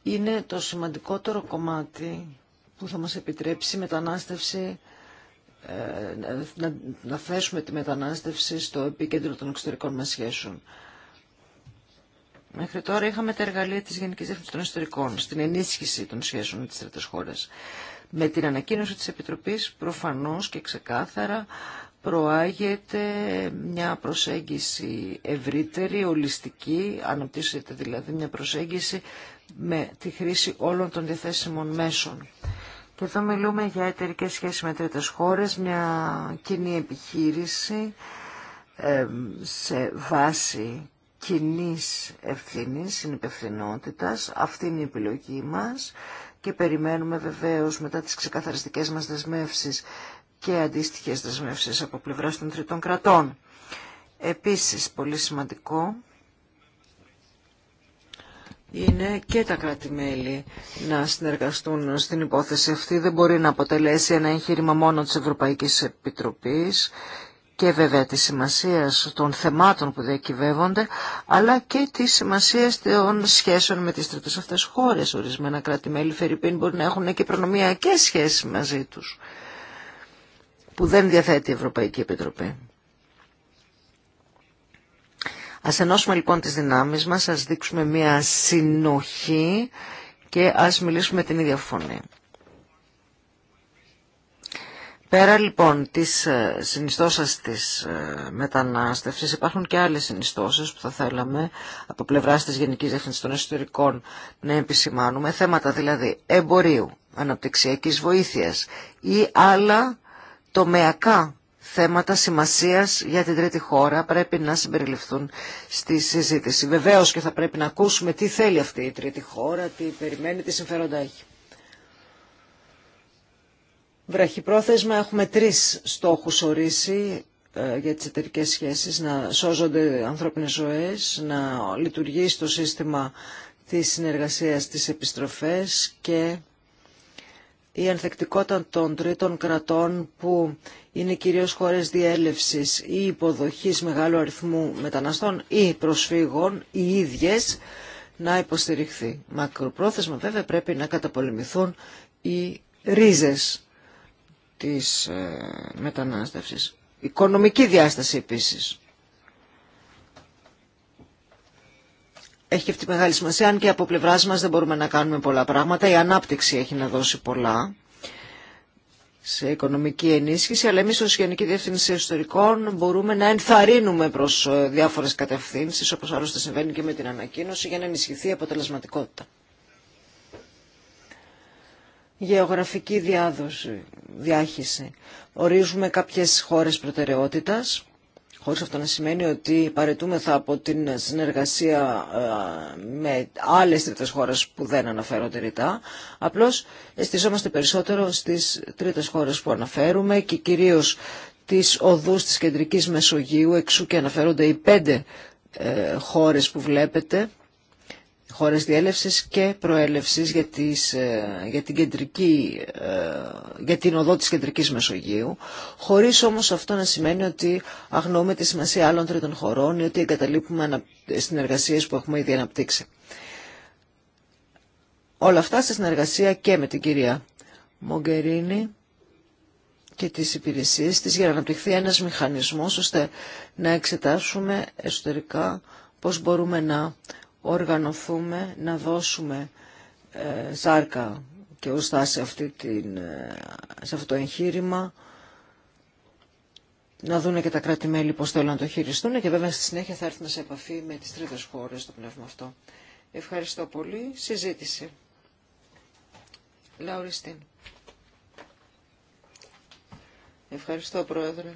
είναι το σημαντικότερο κομμάτι που θα μας επιτρέψει μετανάστευση ε, να θέσουμε τη μετανάστευση στο επίκεντρο των εξωτερικών μας σχέσεων. Μέχρι τώρα είχαμε τα εργαλεία της Γενικής Διεύθυνσης των Ιστορικών στην ενίσχυση των σχέσεων με τις τρίτες χώρες. Με την ανακοίνωση της Επιτροπής προφανώς και ξεκάθαρα προάγεται μια προσέγγιση ευρύτερη, ολιστική, αναπτύσσεται δηλαδή μια προσέγγιση με τη χρήση όλων των διαθέσιμων μέσων. Και εδώ μιλούμε για εταιρικές σχέσεις με τρίτες χώρες, μια κοινή επιχείρηση σε βάση κοινή ευθύνη, συνυπευθυνότητα. Αυτή είναι η επιλογή μα και περιμένουμε βεβαίω μετά τις ξεκαθαριστικές μας δεσμεύσει και αντίστοιχε δεσμεύσει από πλευρά των τριτών κρατών. Επίσης, πολύ σημαντικό, είναι και τα κράτη-μέλη να συνεργαστούν στην υπόθεση αυτή. Δεν μπορεί να αποτελέσει ένα εγχείρημα μόνο της Ευρωπαϊκής Επιτροπής και βέβαια της σημασίας των θεμάτων που διακυβεύονται, αλλά και της σημασίας των σχέσεων με τις τρίτες αυτές χώρες. Ορισμένα κράτη-μέλη Φερρυπίν μπορεί να έχουν και προνομιακές σχέσεις μαζί τους, που δεν διαθέτει η Ευρωπαϊκή Επιτροπή. Ας ενώσουμε λοιπόν τις δυνάμεις μας, ας δείξουμε μια συνοχή και ας μιλήσουμε την ίδια φωνή. Πέρα λοιπόν της ε, συνιστώσας της ε, μετανάστευσης υπάρχουν και άλλες συνιστώσεις που θα θέλαμε από πλευράς της Γενικής Διεύθυνσης των Εσωτερικών να επισημάνουμε, θέματα δηλαδή εμπορίου, αναπτυξιακής βοήθειας ή άλλα τομεακά θέματα σημασίας για την τρίτη χώρα πρέπει να συμπεριληφθούν στη συζήτηση. Βεβαίως και θα πρέπει να ακούσουμε τι θέλει αυτή η τρίτη χώρα, τι περιμένει, τι συμφέροντα έχει. Βραχυπρόθεσμα έχουμε τρεις στόχους ορίσει ε, για τις εταιρικέ σχέσεις, να σώζονται ανθρώπινες ζωές, να λειτουργήσει το σύστημα της συνεργασίας της επιστροφές και η ανθεκτικότητα των τρίτων κρατών που είναι κυρίως χώρες διέλευσης ή υποδοχής μεγάλου αριθμού μεταναστών ή προσφύγων, οι ίδιες, να υποστηριχθεί. Μακροπρόθεσμα βέβαια πρέπει να καταπολεμηθούν οι ρίζες της ε, μετανάστευσης. Οικονομική διάσταση επίσης. Έχει αυτή μεγάλη σημασία, αν και από πλευράς μας δεν μπορούμε να κάνουμε πολλά πράγματα. Η ανάπτυξη έχει να δώσει πολλά σε οικονομική ενίσχυση, αλλά εμείς ως Γενική Διεύθυνση Ιστορικών μπορούμε να ενθαρρύνουμε προς ε, διάφορες κατευθύνσεις, όπως άλλωστε συμβαίνει και με την ανακοίνωση, για να ενισχυθεί η αποτελεσματικότητα γεωγραφική διάδοση, διάχυση. Ορίζουμε κάποιες χώρες προτεραιότητας, χωρίς αυτό να σημαίνει ότι παρετούμεθα από την συνεργασία ε, με άλλες τρίτες χώρες που δεν αναφέρονται ρητά. Απλώς εστιζόμαστε περισσότερο στις τρίτες χώρες που αναφέρουμε και κυρίως τις οδούς της κεντρικής Μεσογείου, εξού και αναφέρονται οι πέντε ε, χώρες που βλέπετε χώρες διέλευσης και προέλευσης για, τις, ε, για, την, κεντρική, ε, για την οδό της κεντρικής Μεσογείου, χωρίς όμως αυτό να σημαίνει ότι αγνοούμε τη σημασία άλλων τρίτων χωρών ή ότι εγκαταλείπουμε συνεργασίες που έχουμε ήδη αναπτύξει. Όλα αυτά σε συνεργασία και με την κυρία Μογκερίνη και τις υπηρεσίες της για να αναπτυχθεί ένας μηχανισμός ώστε να εξετάσουμε εσωτερικά πώς μπορούμε να οργανωθούμε να δώσουμε ε, σάρκα και ουστά σε, αυτή την, ε, σε αυτό το εγχείρημα να δούνε και τα κράτη-μέλη πώς θέλουν να το χειριστούν και βέβαια στη συνέχεια θα έρθουμε σε επαφή με τις τρίτες χώρες το πνεύμα αυτό. Ευχαριστώ πολύ. Συζήτηση. Λαουριστίν. Ευχαριστώ, Πρόεδρε.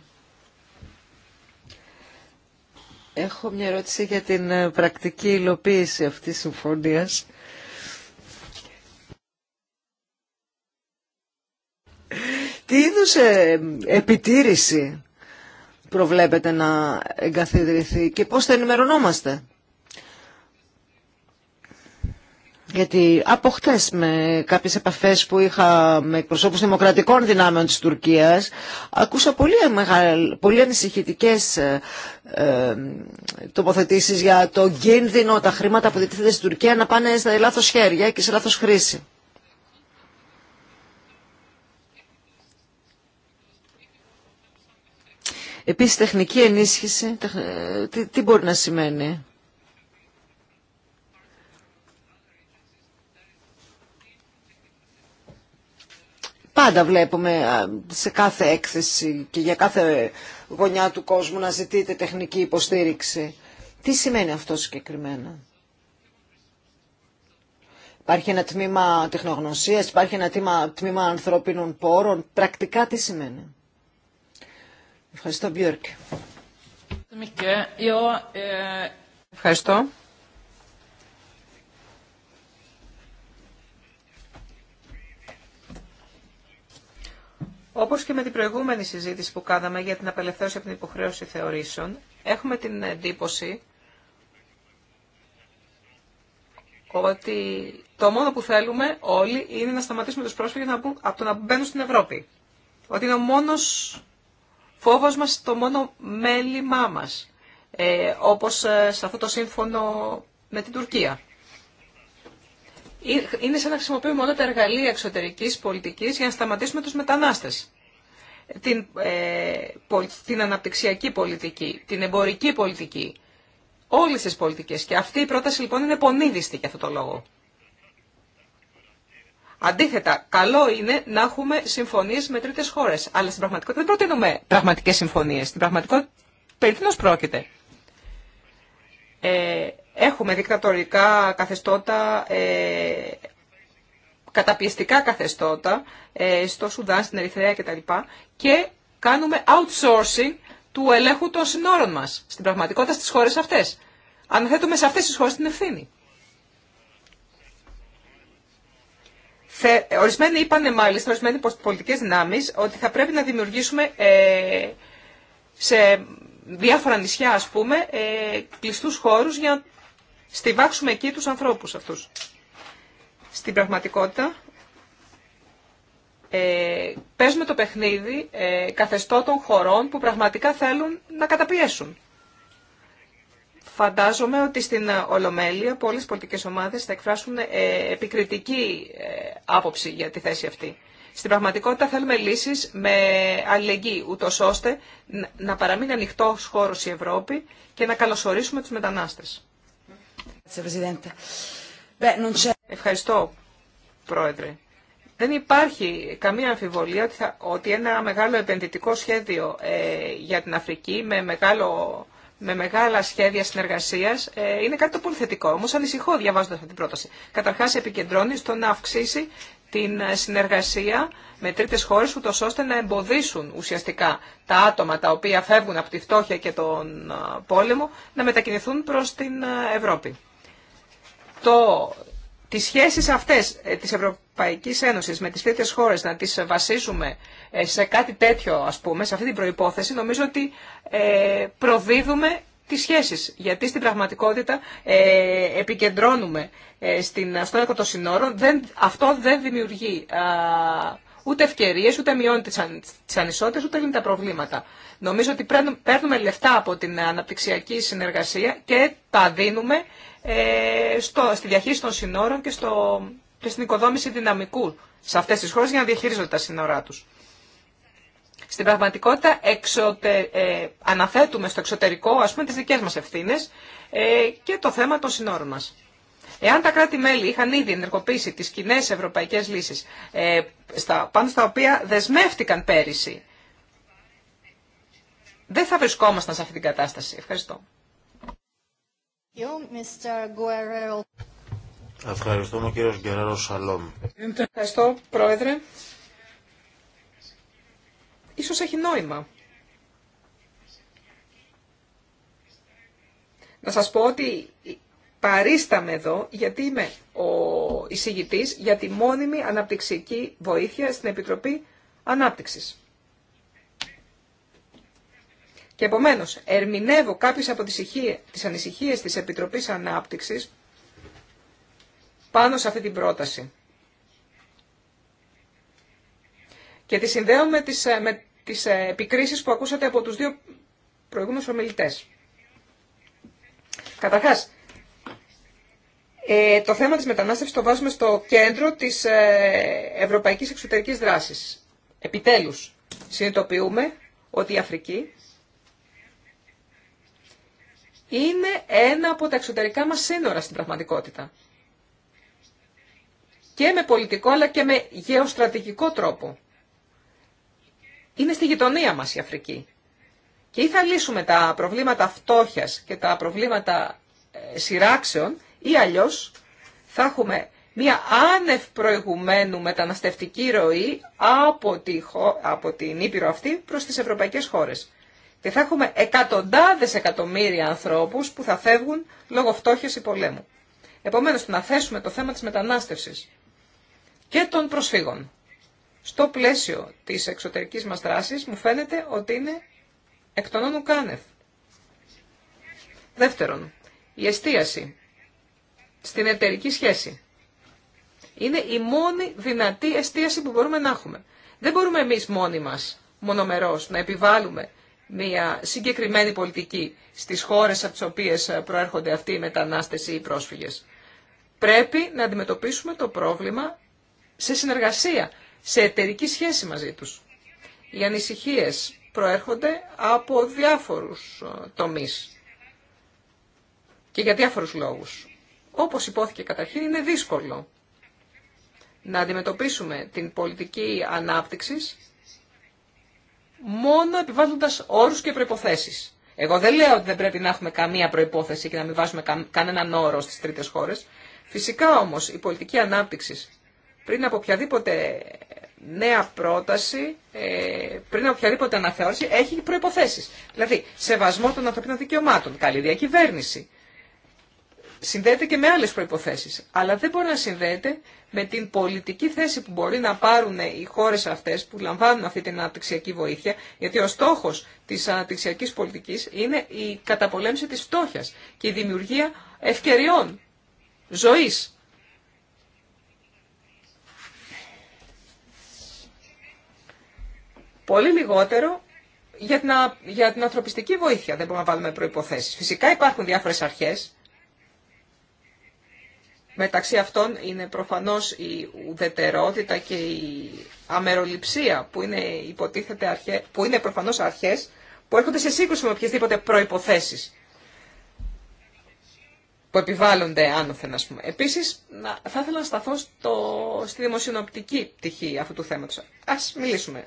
Έχω μια ερώτηση για την ε, πρακτική υλοποίηση αυτής της συμφωνίας. Τι είδους ε, επιτήρηση προβλέπετε να εγκαθιδρυθεί και πώς θα ενημερωνόμαστε. γιατί από χτε με κάποιες επαφές που είχα με προσώπους δημοκρατικών δυνάμεων της Τουρκίας ακούσα πολύ, μεγάλη, πολύ ανησυχητικές ε, ε, τοποθετήσεις για το κίνδυνο τα χρήματα που διτίθεται στην Τουρκία να πάνε στα λάθος χέρια και σε λάθος χρήση. Επίσης τεχνική ενίσχυση, τι μπορεί να σημαίνει. Πάντα βλέπουμε σε κάθε έκθεση και για κάθε γωνιά του κόσμου να ζητείτε τεχνική υποστήριξη. Τι σημαίνει αυτό συγκεκριμένα. Υπάρχει ένα τμήμα τεχνογνωσίας, υπάρχει ένα τμήμα, τμήμα ανθρώπινων πόρων. Πρακτικά τι σημαίνει. Ευχαριστώ, Μπιόρκ. Ευχαριστώ. Όπως και με την προηγούμενη συζήτηση που κάναμε για την απελευθέρωση από την υποχρέωση θεωρήσεων, έχουμε την εντύπωση ότι το μόνο που θέλουμε όλοι είναι να σταματήσουμε του πρόσφυγες από το να μπαίνουν στην Ευρώπη. Ότι είναι ο μόνος φόβος μας, το μόνο μέλημά μας. Ε, όπως ε, σε αυτό το σύμφωνο με την Τουρκία είναι σαν να χρησιμοποιούμε όλα τα εργαλεία εξωτερικής πολιτικής για να σταματήσουμε τους μετανάστες. Ε, την, αναπτυξιακή πολιτική, την εμπορική πολιτική, όλες τις πολιτικές. Και αυτή η πρόταση λοιπόν είναι πονίδιστη για αυτό το λόγο. Αντίθετα, καλό είναι να έχουμε συμφωνίες με τρίτες χώρες. Αλλά στην πραγματικότητα δεν προτείνουμε πραγματικές συμφωνίες. Στην πραγματικότητα περί πρόκειται. Ε, έχουμε δικτατορικά καθεστώτα, ε, καταπιεστικά καθεστώτα ε, στο Σουδάν, στην Ερυθρέα κτλ. Και κάνουμε outsourcing του ελέγχου των συνόρων μας, στην πραγματικότητα στις χώρες αυτές. Αναθέτουμε σε αυτές τις χώρες την ευθύνη. Θε, ορισμένοι είπαν μάλιστα, ορισμένοι πολιτικές δυνάμεις, ότι θα πρέπει να δημιουργήσουμε ε, σε διάφορα νησιά, ας πούμε, ε, κλειστούς χώρους για να στηβάξουμε εκεί τους ανθρώπους αυτούς. Στην πραγματικότητα, ε, παίζουμε το παιχνίδι ε, καθεστώτων χωρών που πραγματικά θέλουν να καταπιέσουν. Φαντάζομαι ότι στην Ολομέλεια πολλές πολιτικές ομάδες θα εκφράσουν ε, επικριτική ε, άποψη για τη θέση αυτή. Στην πραγματικότητα θέλουμε λύσει με αλληλεγγύη, ούτω ώστε να παραμείνει ανοιχτό χώρο η Ευρώπη και να καλωσορίσουμε τους μετανάστε. Ευχαριστώ, Πρόεδρε. Δεν υπάρχει καμία αμφιβολία ότι, θα, ότι ένα μεγάλο επενδυτικό σχέδιο ε, για την Αφρική με, μεγάλο, με μεγάλα σχέδια συνεργασία ε, είναι κάτι το πολύ θετικό. Όμω, ανησυχώ διαβάζοντα αυτή την πρόταση. Καταρχάς επικεντρώνει στο να αυξήσει την ε, συνεργασία με τρίτες χώρες, ούτως ώστε να εμποδίσουν ουσιαστικά τα άτομα τα οποία φεύγουν από τη φτώχεια και τον ε, πόλεμο να μετακινηθούν προς την ε, Ευρώπη. Το, τις σχέσεις αυτές της Ευρωπαϊκής Ένωσης με τις τρίτες χώρες να τις βασίσουμε σε κάτι τέτοιο, ας πούμε, σε αυτή την προϋπόθεση, νομίζω ότι προδίδουμε τις σχέσεις. Γιατί στην πραγματικότητα ε, επικεντρώνουμε ε, στην, των συνόρων. Δεν, αυτό δεν δημιουργεί ούτε ευκαιρίες, ούτε μειώνει τις, αν, ανισότητες, ούτε λύνει τα προβλήματα. Νομίζω ότι παίρνουμε, παίρνουμε λεφτά από την αναπτυξιακή συνεργασία και τα δίνουμε ε, στο, στη διαχείριση των συνόρων και, στο, και στην οικοδόμηση δυναμικού σε αυτές τις χώρες για να διαχειρίζονται τα σύνορά τους. Στην πραγματικότητα εξωτε, ε, αναθέτουμε στο εξωτερικό ας πούμε τις δικές μας ευθύνες ε, και το θέμα των συνόρων μας. Εάν τα κράτη-μέλη είχαν ήδη ενεργοποιήσει τις κοινέ ευρωπαϊκές λύσεις ε, στα, πάνω στα οποία δεσμεύτηκαν πέρυσι, δεν θα βρισκόμασταν σε αυτή την κατάσταση. Ευχαριστώ. Ευχαριστούμε κύριο Γκερέρο Σαλόμ. Ευχαριστώ πρόεδρε ίσως έχει νόημα. Να σας πω ότι παρίσταμαι εδώ γιατί είμαι ο εισηγητής για τη μόνιμη αναπτυξική βοήθεια στην Επιτροπή Ανάπτυξης. Και επομένως ερμηνεύω κάποιες από τις, τις ανησυχίες της Επιτροπής Ανάπτυξης πάνω σε αυτή την πρόταση. Και τη συνδέω με, τις, ε, με τις ε, επικρίσεις που ακούσατε από τους δύο προηγούμενους ομιλητές. Καταρχάς, ε, το θέμα της μετανάστευσης το βάζουμε στο κέντρο της ε, ευρωπαϊκής εξωτερικής δράσης. Επιτέλους, συνειδητοποιούμε ότι η Αφρική είναι ένα από τα εξωτερικά μας σύνορα στην πραγματικότητα. Και με πολιτικό αλλά και με γεωστρατηγικό τρόπο είναι στη γειτονία μας η Αφρική. Και ή θα λύσουμε τα προβλήματα φτώχειας και τα προβλήματα ε, σειράξεων ή αλλιώς θα έχουμε μια άνευ προηγουμένου μεταναστευτική ροή από, από την Ήπειρο αυτή προς τις ευρωπαϊκές χώρες. Και θα έχουμε εκατοντάδες εκατομμύρια ανθρώπους που θα φεύγουν λόγω φτώχειας ή πολέμου. Επομένως, να θέσουμε το θέμα της μετανάστευσης και των προσφύγων στο πλαίσιο της εξωτερικής μας δράσης μου φαίνεται ότι είναι εκ των όνων Δεύτερον, η εστίαση στην εταιρική σχέση είναι η μόνη δυνατή εστίαση που μπορούμε να έχουμε. Δεν μπορούμε εμείς μόνοι μας μονομερός να επιβάλλουμε μια συγκεκριμένη πολιτική στις χώρες από τις οποίες προέρχονται αυτοί οι μετανάστες ή οι πρόσφυγες. Πρέπει να αντιμετωπίσουμε το πρόβλημα σε συνεργασία σε εταιρική σχέση μαζί τους. Οι ανησυχίες προέρχονται από διάφορους ε, τομείς και για διάφορους λόγους. Όπως υπόθηκε καταρχήν είναι δύσκολο να αντιμετωπίσουμε την πολιτική ανάπτυξη μόνο επιβάλλοντας όρους και προϋποθέσεις. Εγώ δεν λέω ότι δεν πρέπει να έχουμε καμία προϋπόθεση και να μην βάζουμε κανέναν όρο στις τρίτες χώρες. Φυσικά όμως η πολιτική ανάπτυξη πριν από οποιαδήποτε νέα πρόταση, ε, πριν από οποιαδήποτε αναθεώρηση, έχει προϋποθέσεις. Δηλαδή, σεβασμό των ανθρωπίνων δικαιωμάτων, καλή διακυβέρνηση. Συνδέεται και με άλλες προϋποθέσεις, αλλά δεν μπορεί να συνδέεται με την πολιτική θέση που μπορεί να πάρουν οι χώρες αυτές που λαμβάνουν αυτή την αναπτυξιακή βοήθεια, γιατί ο στόχο τη αναπτυξιακή πολιτική είναι η καταπολέμηση τη φτώχεια και η δημιουργία ευκαιριών ζωή. πολύ λιγότερο για την, για την ανθρωπιστική βοήθεια. Δεν μπορούμε να βάλουμε προϋποθέσεις. Φυσικά υπάρχουν διάφορες αρχές. Μεταξύ αυτών είναι προφανώς η ουδετερότητα και η αμεροληψία που είναι, υποτίθεται αρχέ, που είναι προφανώς αρχές που έρχονται σε σύγκρουση με οποιασδήποτε προϋποθέσεις που επιβάλλονται άνωθεν, ας πούμε. Επίσης, θα ήθελα να σταθώ στο, στη δημοσιονοπτική πτυχή αυτού του θέματος. Ας μιλήσουμε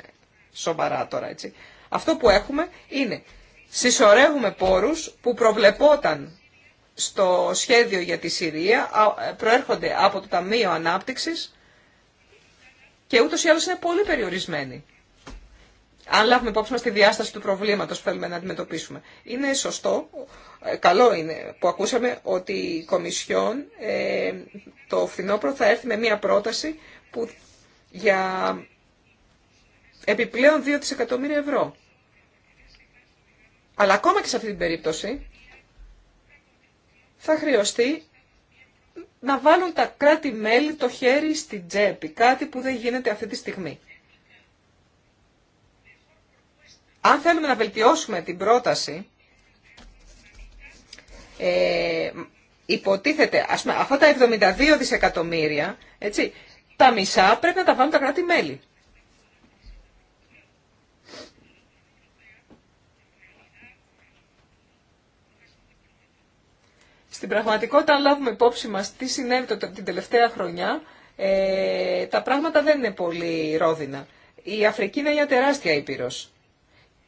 σοβαρά τώρα, έτσι. Αυτό που έχουμε είναι, συσσωρεύουμε πόρους που προβλεπόταν στο σχέδιο για τη Συρία, προέρχονται από το Ταμείο Ανάπτυξης και ούτως ή άλλως είναι πολύ περιορισμένοι. Αν λάβουμε υπόψη μας τη διάσταση του προβλήματος που θέλουμε να αντιμετωπίσουμε. Είναι σωστό, ε, καλό είναι που ακούσαμε ότι η Κομισιόν ε, το φθινόπωρο θα έρθει με μία πρόταση που για επιπλέον 2 δισεκατομμύρια ευρώ. Αλλά ακόμα και σε αυτή την περίπτωση θα χρειαστεί να βάλουν τα κράτη-μέλη το χέρι στην τσέπη, κάτι που δεν γίνεται αυτή τη στιγμή. Αν θέλουμε να βελτιώσουμε την πρόταση, ε, υποτίθεται, ας πούμε, αυτά τα 72 δισεκατομμύρια, έτσι, τα μισά πρέπει να τα βάλουν τα κράτη-μέλη. Στην πραγματικότητα, αν λάβουμε υπόψη μας τι συνέβη την τελευταία χρονιά, ε, τα πράγματα δεν είναι πολύ ρόδινα. Η Αφρική είναι μια τεράστια ήπειρο.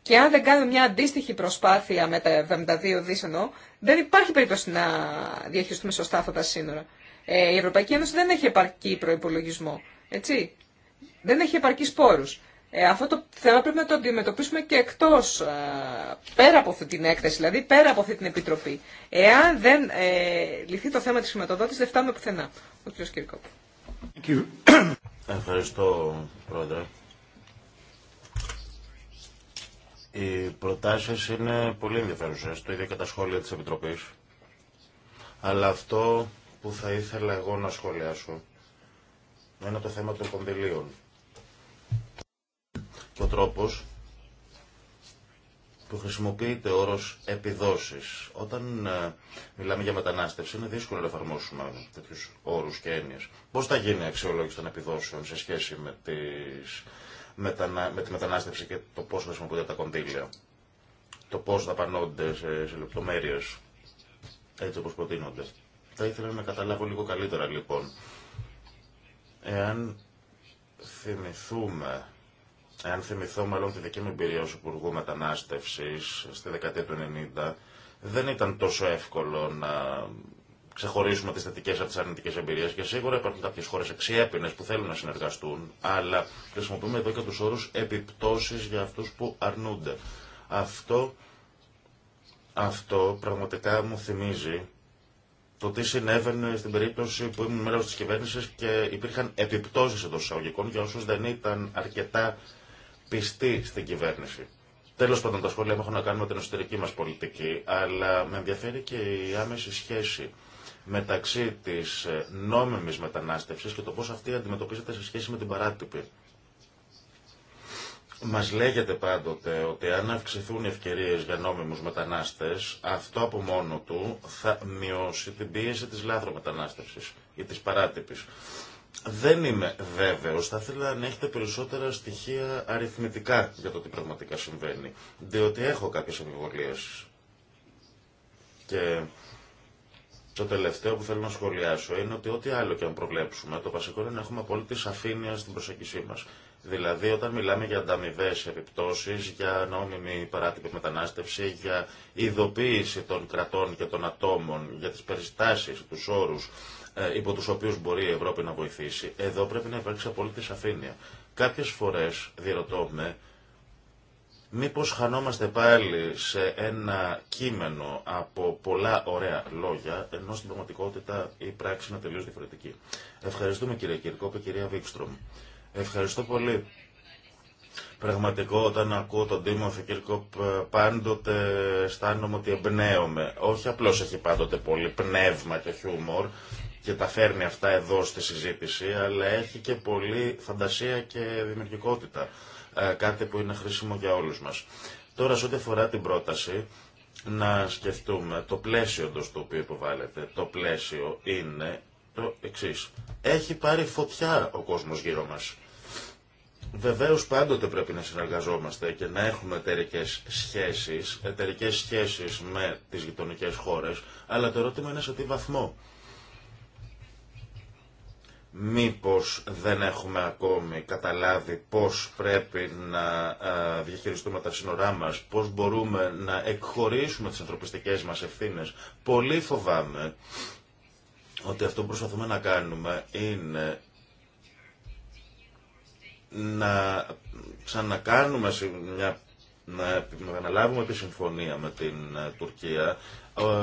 Και αν δεν κάνουμε μια αντίστοιχη προσπάθεια με τα 72 δίσενο, δεν υπάρχει περίπτωση να διαχειριστούμε σωστά αυτά τα σύνορα. Ε, η Ευρωπαϊκή Ένωση δεν έχει επαρκή προπολογισμό. Έτσι. Δεν έχει επαρκή πόρους. Ε, αυτό το θέμα πρέπει να το αντιμετωπίσουμε και εκτός, ε, πέρα από αυτή την έκθεση, δηλαδή πέρα από αυτή την επιτροπή. Εάν δεν ε, λυθεί το θέμα της χρηματοδότησης, δεν φτάνουμε πουθενά. Ο κ. Κυρικόπου. Ευχαριστώ, Πρόεδρε. Οι προτάσεις είναι πολύ ενδιαφέρουσες, το ίδιο και τα σχόλια της Επιτροπής. Αλλά αυτό που θα ήθελα εγώ να σχολιάσω είναι το θέμα των κονδυλίων και ο τρόπος που χρησιμοποιείται ο όρος επιδόσεις. Όταν ε, μιλάμε για μετανάστευση είναι δύσκολο να εφαρμόσουμε τέτοιους όρους και έννοιες. Πώς θα γίνει η αξιολόγηση των επιδόσεων σε σχέση με, τις, τα με τη μετανάστευση και το πώς χρησιμοποιούνται τα κονδύλια. Το πώς δαπανώνται σε, σε λεπτομέρειες έτσι όπως προτείνονται. Θα ήθελα να καταλάβω λίγο καλύτερα λοιπόν. Εάν θυμηθούμε αν θυμηθώ μάλλον τη δική μου εμπειρία ως Υπουργού Μετανάστευσης στη δεκαετία του 90, δεν ήταν τόσο εύκολο να ξεχωρίσουμε τις θετικέ από τις αρνητικέ εμπειρίε και σίγουρα υπάρχουν κάποιε χώρε εξίεπινες που θέλουν να συνεργαστούν, αλλά χρησιμοποιούμε εδώ και του όρου επιπτώσει για αυτούς που αρνούνται. Αυτό, αυτό πραγματικά μου θυμίζει το τι συνέβαινε στην περίπτωση που ήμουν μέλος τη κυβέρνηση και υπήρχαν επιπτώσει εντό εισαγωγικών για όσου δεν ήταν αρκετά πιστή στην κυβέρνηση. Τέλο πάντων, τα σχόλια έχουν να κάνουν με την εσωτερική μα πολιτική, αλλά με ενδιαφέρει και η άμεση σχέση μεταξύ τη ε, νόμιμη μετανάστευση και το πώ αυτή αντιμετωπίζεται σε σχέση με την παράτυπη. Μα λέγεται πάντοτε ότι αν αυξηθούν οι ευκαιρίε για νόμιμου μετανάστε, αυτό από μόνο του θα μειώσει την πίεση τη λάθρο μετανάστευση ή τη παράτυπη. Δεν είμαι βέβαιο. Θα ήθελα να έχετε περισσότερα στοιχεία αριθμητικά για το τι πραγματικά συμβαίνει. Διότι έχω κάποιε αμφιβολίε. Και το τελευταίο που θέλω να σχολιάσω είναι ότι ό,τι άλλο και αν προβλέψουμε, το βασικό είναι να έχουμε απόλυτη σαφήνεια στην προσέγγιση μα. Δηλαδή, όταν μιλάμε για ανταμοιβέ επιπτώσει, για νόμιμη παράτυπη μετανάστευση, για ειδοποίηση των κρατών και των ατόμων, για τι περιστάσει, του όρου, ε, υπό του οποίου μπορεί η Ευρώπη να βοηθήσει. Εδώ πρέπει να υπάρξει απόλυτη σαφήνεια. Κάποιες φορές διερωτώ με μήπω χανόμαστε πάλι σε ένα κείμενο από πολλά ωραία λόγια ενώ στην πραγματικότητα η πράξη είναι τελείω διαφορετική. Ευχαριστούμε κύριε και κυρία Βίξτρομ. Ευχαριστώ πολύ. Πραγματικό όταν ακούω τον Τίμωθη Κύρκοπ πάντοτε αισθάνομαι ότι εμπνέομαι. Όχι απλώς έχει πάντοτε πολύ πνεύμα και χιούμορ, και τα φέρνει αυτά εδώ στη συζήτηση, αλλά έχει και πολύ φαντασία και δημιουργικότητα. Ε, κάτι που είναι χρήσιμο για όλους μας. Τώρα, σε ό,τι αφορά την πρόταση, να σκεφτούμε το πλαίσιο εντό του οποίου υποβάλλεται. Το πλαίσιο είναι το εξή. Έχει πάρει φωτιά ο κόσμος γύρω μας. Βεβαίως πάντοτε πρέπει να συνεργαζόμαστε και να έχουμε εταιρικέ σχέσεις, εταιρικέ σχέσεις με τις γειτονικές χώρες, αλλά το ερώτημα είναι σε τι βαθμό μήπως δεν έχουμε ακόμη καταλάβει πώς πρέπει να ε, διαχειριστούμε τα σύνορά μας, πώς μπορούμε να εκχωρήσουμε τις ανθρωπιστικές μας ευθύνες. Πολύ φοβάμαι ότι αυτό που προσπαθούμε να κάνουμε είναι να ξανακάνουμε μια να αναλάβουμε τη συμφωνία με την ε, Τουρκία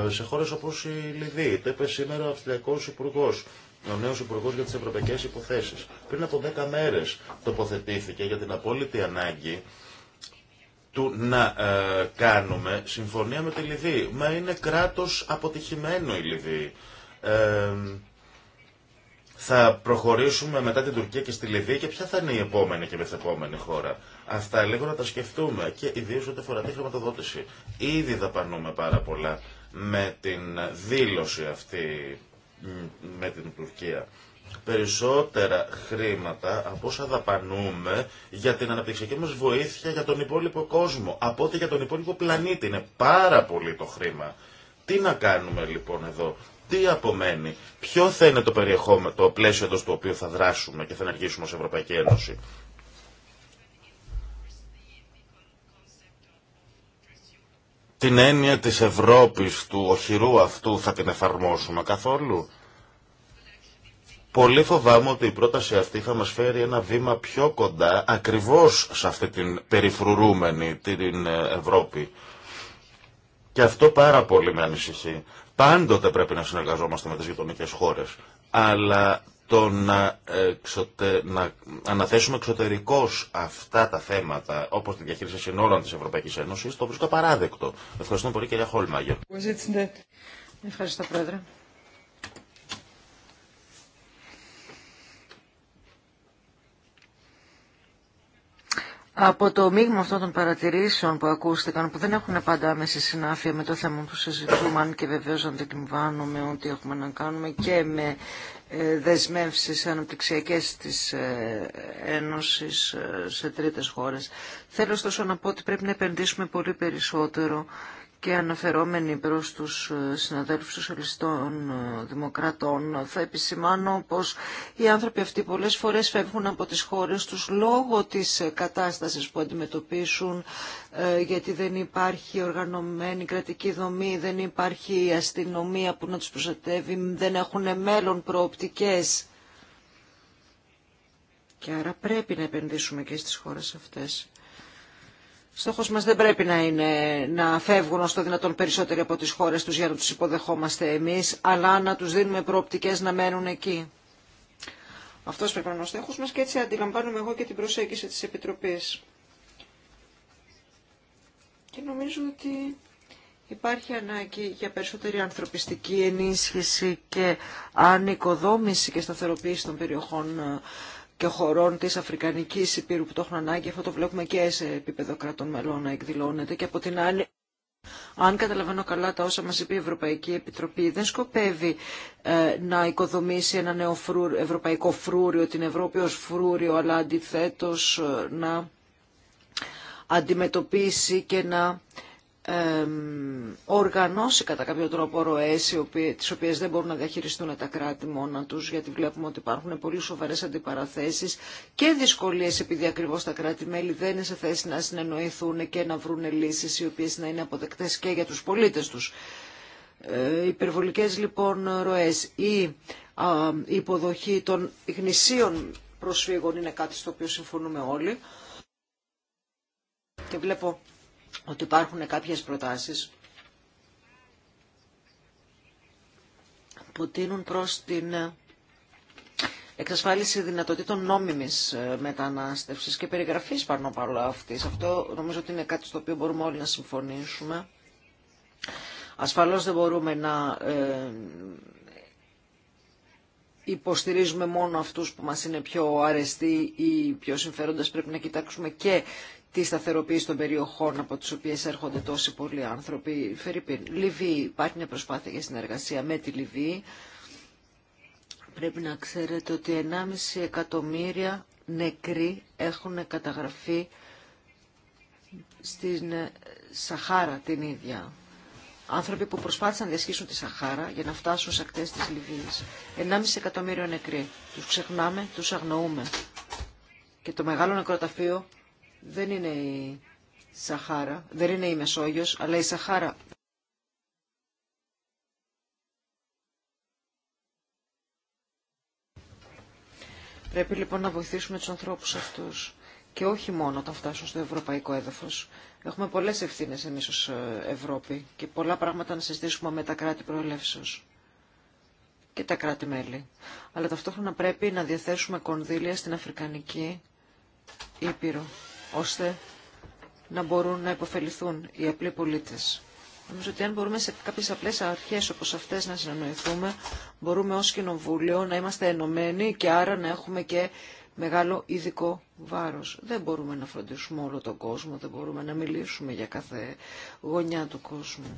ε, σε χώρες όπως η Λιβύη. Το είπε σήμερα ο Αυστριακός Υπουργός ο νέο Υπουργό για τι Ευρωπαϊκές Υποθέσεις. Πριν από 10 μέρες τοποθετήθηκε για την απόλυτη ανάγκη του να ε, κάνουμε συμφωνία με τη Λιβύη. Μα είναι κράτος αποτυχημένο η Λιβύη. Ε, θα προχωρήσουμε μετά την Τουρκία και στη Λιβύη και ποια θα είναι η επόμενη και μεθεπόμενη χώρα. Αυτά λίγο να τα σκεφτούμε και ιδίω ό,τι αφορά τη χρηματοδότηση. Ήδη δαπανούμε πάρα πολλά με την δήλωση αυτή με την Τουρκία. Περισσότερα χρήματα από όσα δαπανούμε για την αναπτυξιακή μας βοήθεια για τον υπόλοιπο κόσμο, από ό,τι για τον υπόλοιπο πλανήτη. Είναι πάρα πολύ το χρήμα. Τι να κάνουμε λοιπόν εδώ, τι απομένει, ποιο θα είναι το περιεχόμενο, το πλαίσιο εντό του οποίου θα δράσουμε και θα ενεργήσουμε ως Ευρωπαϊκή Ένωση. την έννοια της Ευρώπης του οχυρού αυτού θα την εφαρμόσουμε καθόλου. Πολύ φοβάμαι ότι η πρόταση αυτή θα μας φέρει ένα βήμα πιο κοντά ακριβώς σε αυτή την περιφρουρούμενη την Ευρώπη. Και αυτό πάρα πολύ με ανησυχεί. Πάντοτε πρέπει να συνεργαζόμαστε με τις γειτονικές χώρες. Αλλά το να, αναθέσουμε εξωτερικώ αυτά τα θέματα, όπω τη διαχείριση συνόρων τη Ευρωπαϊκή Ένωση, το βρίσκω παράδεκτο. ευχαριστώ πολύ, κυρία Χόλμαγερ. Ευχαριστώ, Πρόεδρε. Από το μείγμα αυτών των παρατηρήσεων που ακούστηκαν, που δεν έχουν πάντα άμεση συνάφεια με το θέμα που συζητούμε, αν και βεβαίω αντιλαμβάνομαι ότι έχουμε να κάνουμε και με ε, δεσμεύσεις αναπτυξιακές της ε, Ένωσης ε, σε τρίτες χώρες. Θέλω ωστόσο να πω ότι πρέπει να επενδύσουμε πολύ περισσότερο και αναφερόμενοι προς τους ε, συναδέλφους σοσιαλιστών ε, δημοκρατών θα επισημάνω πως οι άνθρωποι αυτοί πολλές φορές φεύγουν από τις χώρες τους λόγω της ε, κατάστασης που αντιμετωπίσουν γιατί δεν υπάρχει οργανωμένη κρατική δομή, δεν υπάρχει αστυνομία που να τους προστατεύει, δεν έχουν μέλλον προοπτικές. Και άρα πρέπει να επενδύσουμε και στις χώρες αυτές. Στόχος μας δεν πρέπει να είναι να φεύγουν ως το δυνατόν περισσότεροι από τις χώρες τους για να τους υποδεχόμαστε εμείς, αλλά να τους δίνουμε προοπτικές να μένουν εκεί. Αυτός πρέπει να είναι ο στόχος μας και έτσι αντιλαμβάνομαι εγώ και την προσέγγιση της Επιτροπής. Και νομίζω ότι υπάρχει ανάγκη για περισσότερη ανθρωπιστική ενίσχυση και ανοικοδόμηση και σταθεροποίηση των περιοχών και χωρών της Αφρικανικής Υπήρου που το έχουν ανάγκη. Αυτό το βλέπουμε και σε επίπεδο κρατών μελών να εκδηλώνεται. Και από την άλλη, αν καταλαβαίνω καλά τα όσα μας είπε η Ευρωπαϊκή Επιτροπή, δεν σκοπεύει ε, να οικοδομήσει ένα νέο ευρωπαϊκό φρούριο, την Ευρώπη ως φρούριο, αλλά αντιθέτως ε, να αντιμετωπίσει και να οργανώσει κατά κάποιο τρόπο ροές τις οποίες δεν μπορούν να διαχειριστούν τα κράτη μόνα τους γιατί βλέπουμε ότι υπάρχουν πολύ σοβαρές αντιπαραθέσεις και δυσκολίες επειδή ακριβώς τα κράτη-μέλη δεν είναι σε θέση να συνεννοηθούν και να βρουν λύσεις οι οποίες να είναι αποδεκτές και για τους πολίτες τους. Ε, υπερβολικές λοιπόν ροές ή η υποδοχή των γνησίων προσφύγων είναι κάτι στο οποίο συμφωνούμε όλοι και βλέπω ότι υπάρχουν κάποιες προτάσεις που τείνουν προς την εξασφάλιση δυνατοτήτων νόμιμης ε, μετανάστευσης και περιγραφής πάνω από όλα αυτής. Αυτό νομίζω ότι είναι κάτι στο οποίο μπορούμε όλοι να συμφωνήσουμε. Ασφαλώς δεν μπορούμε να ε, υποστηρίζουμε μόνο αυτούς που μας είναι πιο αρεστοί ή πιο συμφέροντας. Πρέπει να κοιτάξουμε και τη σταθεροποίηση των περιοχών από τις οποίες έρχονται τόσοι πολλοί άνθρωποι. Φερρυπίν, Λιβύη, υπάρχει μια προσπάθεια για συνεργασία με τη Λιβύη. Πρέπει να ξέρετε ότι 1,5 εκατομμύρια νεκροί έχουν καταγραφεί στην ε, Σαχάρα την ίδια. Άνθρωποι που προσπάθησαν να διασχίσουν τη Σαχάρα για να φτάσουν σε ακτές της Λιβύης. 1,5 εκατομμύριο νεκροί. Τους ξεχνάμε, τους αγνοούμε. Και το μεγάλο νεκροταφείο δεν είναι η Σαχάρα, δεν είναι η Μεσόγειος, αλλά η Σαχάρα Πρέπει λοιπόν να βοηθήσουμε τους ανθρώπους αυτούς και όχι μόνο όταν φτάσουν στο ευρωπαϊκό έδαφος. Έχουμε πολλές ευθύνες εμείς ως ε, Ευρώπη και πολλά πράγματα να συζητήσουμε με τα κράτη προελεύσεως και τα κράτη-μέλη. Αλλά ταυτόχρονα πρέπει να διαθέσουμε κονδύλια στην Αφρικανική Ήπειρο ώστε να μπορούν να υποφεληθούν οι απλοί πολίτες. Νομίζω ότι αν μπορούμε σε κάποιε απλές αρχές όπως αυτές να συνεννοηθούμε, μπορούμε ω κοινοβούλιο να είμαστε ενωμένοι και άρα να έχουμε και μεγάλο ειδικό βάρος. Δεν μπορούμε να φροντίσουμε όλο τον κόσμο, δεν μπορούμε να μιλήσουμε για κάθε γωνιά του κόσμου.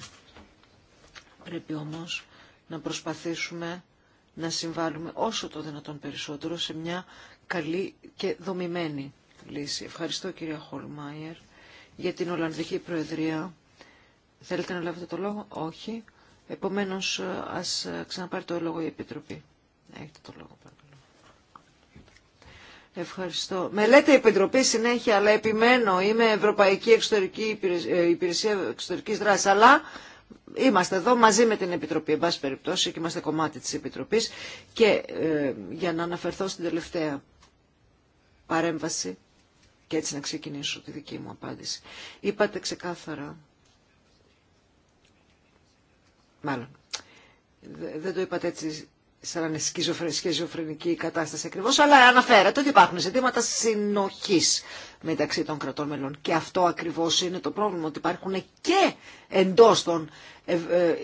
Πρέπει όμως να προσπαθήσουμε να συμβάλλουμε όσο το δυνατόν περισσότερο σε μια καλή και δομημένη Ευχαριστώ κυρία Χολμάιερ για την Ολλανδική Προεδρία. Θέλετε να λάβετε το λόγο? Όχι. Επομένως, ας ξαναπάρει το λόγο η Επιτροπή. Έχετε το λόγο, παρακαλώ. Ευχαριστώ. Με λέτε η Επιτροπή συνέχεια, αλλά επιμένω, είμαι Ευρωπαϊκή Εξωτερική ε, Υπηρεσία Εξωτερικής Δράσης, αλλά είμαστε εδώ μαζί με την Επιτροπή, εν πάση περιπτώσει, και είμαστε κομμάτι της Επιτροπής. Και ε, για να αναφερθώ στην τελευταία παρέμβαση, και έτσι να ξεκινήσω τη δική μου απάντηση. Είπατε ξεκάθαρα, μάλλον, δεν το είπατε έτσι σαν σκιζοφρενική κατάσταση ακριβώς, αλλά αναφέρατε ότι υπάρχουν ζητήματα συνοχής μεταξύ των κρατών μελών. Και αυτό ακριβώς είναι το πρόβλημα, ότι υπάρχουν και εντός των ε,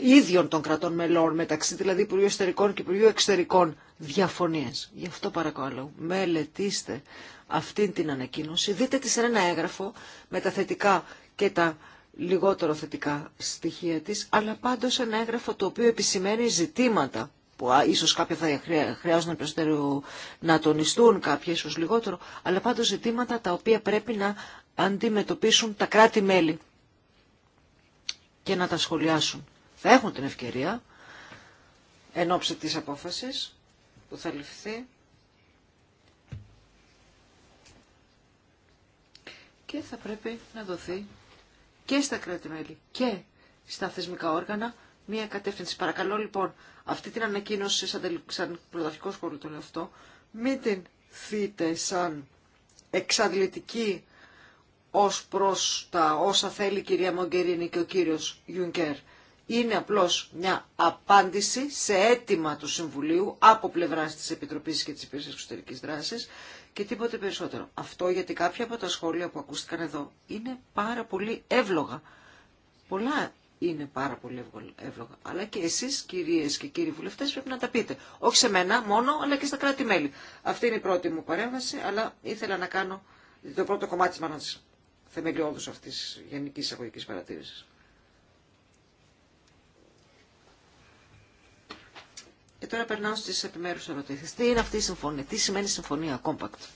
ίδιων των κρατών μελών, μεταξύ δηλαδή Υπουργείου Εσωτερικών και Υπουργείου Εξωτερικών, διαφωνίες. Γι' αυτό παρακαλώ, μελετήστε αυτή την ανακοίνωση. Δείτε τη σε ένα έγγραφο με τα θετικά και τα λιγότερο θετικά στοιχεία της, αλλά πάντως ένα έγγραφο το οποίο επισημαίνει ζητήματα που ίσως κάποια θα χρειάζονται περισσότερο να τονιστούν, κάποια ίσως λιγότερο, αλλά πάντως ζητήματα τα οποία πρέπει να αντιμετωπίσουν τα κράτη-μέλη και να τα σχολιάσουν. Θα έχουν την ευκαιρία εν ώψη της απόφασης που θα ληφθεί και θα πρέπει να δοθεί και στα κράτη-μέλη και στα θεσμικά όργανα μία κατεύθυνση. Παρακαλώ λοιπόν αυτή την ανακοίνωση σαν, σαν πρωταρχικό σχόλιο το λέω αυτό, μην την θείτε σαν εξαντλητική ως προς τα όσα θέλει η κυρία Μογκερίνη και ο κύριος Γιουνκέρ. Είναι απλώς μια απάντηση σε αίτημα του Συμβουλίου από πλευράς της Επιτροπής και της Υπηρεσία Εξωτερικής Δράσης και τίποτε περισσότερο. Αυτό γιατί κάποια από τα σχόλια που ακούστηκαν εδώ είναι πάρα πολύ εύλογα. Πολλά είναι πάρα πολύ εύλογα. Αλλά και εσείς κυρίες και κύριοι βουλευτές πρέπει να τα πείτε. Όχι σε μένα μόνο, αλλά και στα κράτη-μέλη. Αυτή είναι η πρώτη μου παρέμβαση, αλλά ήθελα να κάνω το πρώτο κομμάτι της μάνας θεμελιώδους αυτής της γενικής εισαγωγικής παρατήρησης. Και τώρα περνάω στις επιμέρους ερωτήσει. Τι είναι αυτή η συμφωνία, τι σημαίνει συμφωνία, compact.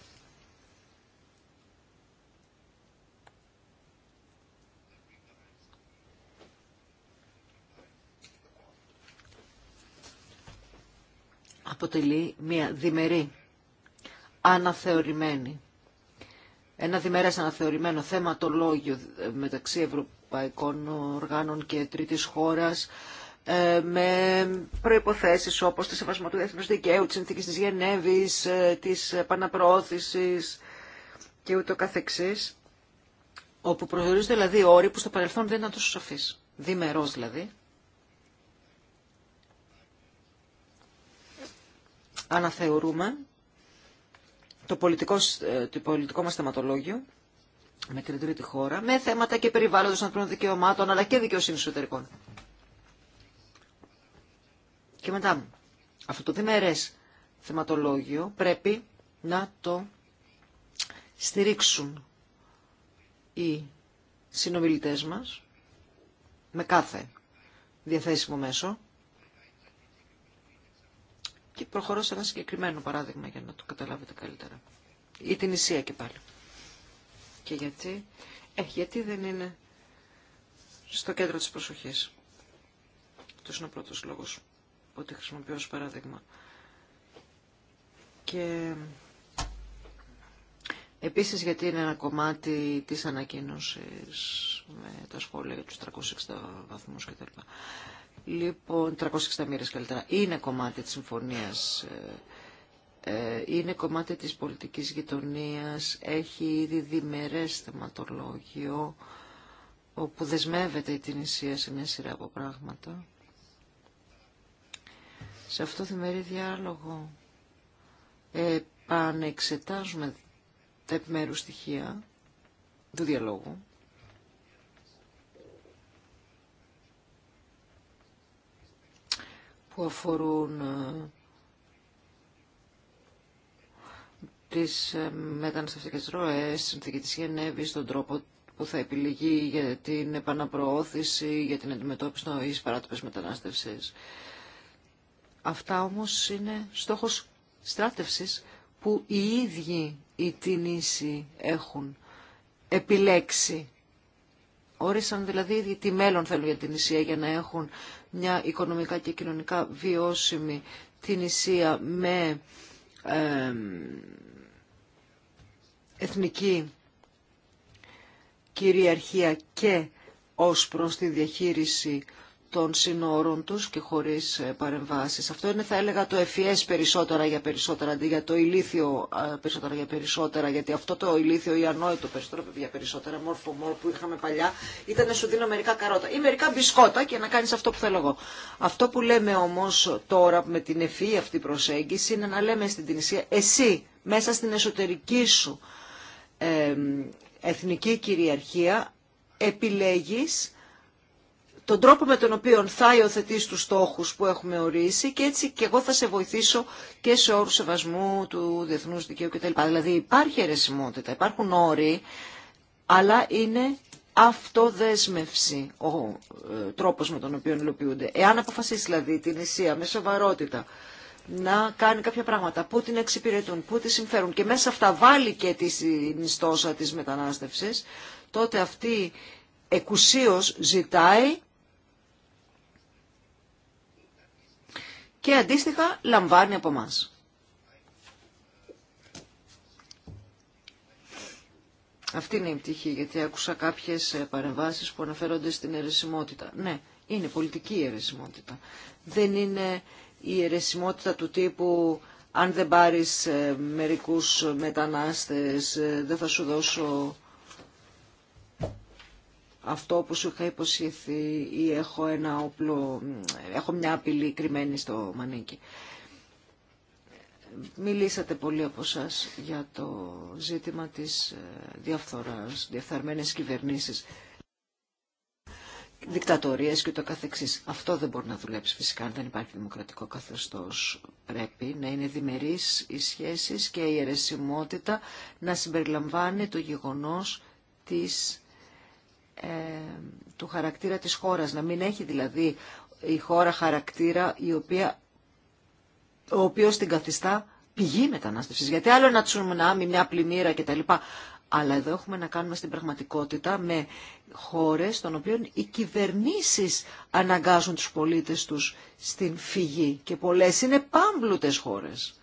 αποτελεί μια διμερή, αναθεωρημένη, ένα διμερές αναθεωρημένο θεματολόγιο μεταξύ ευρωπαϊκών οργάνων και τρίτης χώρας, ε, με προϋποθέσεις όπως τη σεβασμό του διεθνούς δικαίου, της συνθήκης της Γενέβης, ε, της επαναπροώθησης και ούτω καθεξής, όπου προσδιορίζονται δηλαδή όροι που στο παρελθόν δεν ήταν τόσο σοφείς. διμερός δηλαδή. Αναθεωρούμε το πολιτικό, ε, το πολιτικό μας θεματολόγιο με την τρίτη χώρα, με θέματα και περιβάλλοντος ανθρωπίνων δικαιωμάτων, αλλά και δικαιοσύνης εσωτερικών. Και μετά, αυτό το διμερές θεματολόγιο πρέπει να το στηρίξουν οι συνομιλητές μας με κάθε διαθέσιμο μέσο και προχωρώ σε ένα συγκεκριμένο παράδειγμα για να το καταλάβετε καλύτερα. Ή την Ισία και πάλι. Και γιατί, ε, γιατί δεν είναι στο κέντρο της προσοχής. Αυτός είναι ο πρώτος λόγος ότι χρησιμοποιώ ως παράδειγμα. Και επίσης γιατί είναι ένα κομμάτι της ανακοίνωσης με τα σχόλια για τους 360 βαθμούς κτλ. Λοιπόν, 360 μοίρες καλύτερα. Είναι κομμάτι της συμφωνίας ε, ε, είναι κομμάτι της πολιτικής γειτονίας, έχει ήδη διμερές θεματολόγιο, όπου δεσμεύεται η Τινησία σε μια σειρά από πράγματα σε αυτό ημερή διάλογο επανεξετάζουμε τα επιμέρους στοιχεία του διαλόγου. που αφορούν ε, τις ε, μεταναστευτικές ροές, τη συνθήκη της Γενέβης, τον τρόπο που θα επιλεγεί για την επαναπροώθηση, για την αντιμετώπιση της παράτυπες μετανάστευσης. Αυτά όμως είναι στόχος στράτευσης που οι ίδιοι οι Τινήσοι έχουν επιλέξει. Όρισαν δηλαδή τι μέλλον θέλουν για την Ισία για να έχουν μια οικονομικά και κοινωνικά βιώσιμη την Ισία με εθνική κυριαρχία και ως προς τη διαχείριση των συνόρων τους και χωρίς ε, παρεμβάσεις. Αυτό είναι θα έλεγα το εφιές e περισσότερα για περισσότερα, αντί για το ηλίθιο ε, περισσότερα για περισσότερα, γιατί αυτό το ηλίθιο ή ανόητο περισσότερο για περισσότερα, μόρφο μόρφο που είχαμε παλιά, ήταν να σου δίνω μερικά καρότα ή μερικά μπισκότα και να κάνεις αυτό που θέλω εγώ. Αυτό που λέμε όμως τώρα με την ευφυή e αυτή προσέγγιση είναι να λέμε στην Τινησία εσύ μέσα στην εσωτερική σου εθνική κυριαρχία επιλέγεις τον τρόπο με τον οποίο θα υιοθετεί τους στόχους που έχουμε ορίσει και έτσι και εγώ θα σε βοηθήσω και σε όρους σεβασμού του διεθνούς δικαίου κτλ. Δηλαδή υπάρχει αιρεσιμότητα, υπάρχουν όροι, αλλά είναι αυτοδέσμευση ο ε, τρόπος με τον οποίο υλοποιούνται. Εάν αποφασίσει δηλαδή την Ισία με σοβαρότητα να κάνει κάποια πράγματα που την εξυπηρετούν, που τη συμφέρουν και μέσα αυτά βάλει και τη συνιστόσα της μετανάστευσης, τότε αυτή εκουσίως ζητάει και αντίστοιχα λαμβάνει από εμά. Αυτή είναι η πτυχή, γιατί άκουσα κάποιες ε, παρεμβάσεις που αναφέρονται στην αιρεσιμότητα. Ναι, είναι πολιτική η αιρεσιμότητα. Δεν είναι η αιρεσιμότητα του τύπου αν δεν πάρεις ε, μερικούς μετανάστες ε, δεν θα σου δώσω αυτό που σου είχα υποσχεθεί ή έχω, ένα όπλο, έχω μια απειλή κρυμμένη στο μανίκι. Μιλήσατε πολύ από εσά για το ζήτημα της ε, διαφθοράς, διαφθαρμένες κυβερνήσεις, δικτατορίες και το καθεξής. Αυτό δεν μπορεί να δουλέψει φυσικά αν δεν υπάρχει δημοκρατικό καθεστώς. Πρέπει να είναι διμερείς οι σχέσεις και η αιρεσιμότητα να συμπεριλαμβάνει το γεγονός της ε, του χαρακτήρα της χώρας. Να μην έχει δηλαδή η χώρα χαρακτήρα η οποία, ο οποίος την καθιστά πηγή μετανάστευσης. Γιατί άλλο να να άμει μια πλημμύρα κτλ. Αλλά εδώ έχουμε να κάνουμε στην πραγματικότητα με χώρες των οποίων οι κυβερνήσεις αναγκάζουν τους πολίτες τους στην φυγή. Και πολλές είναι πάμπλουτες χώρες.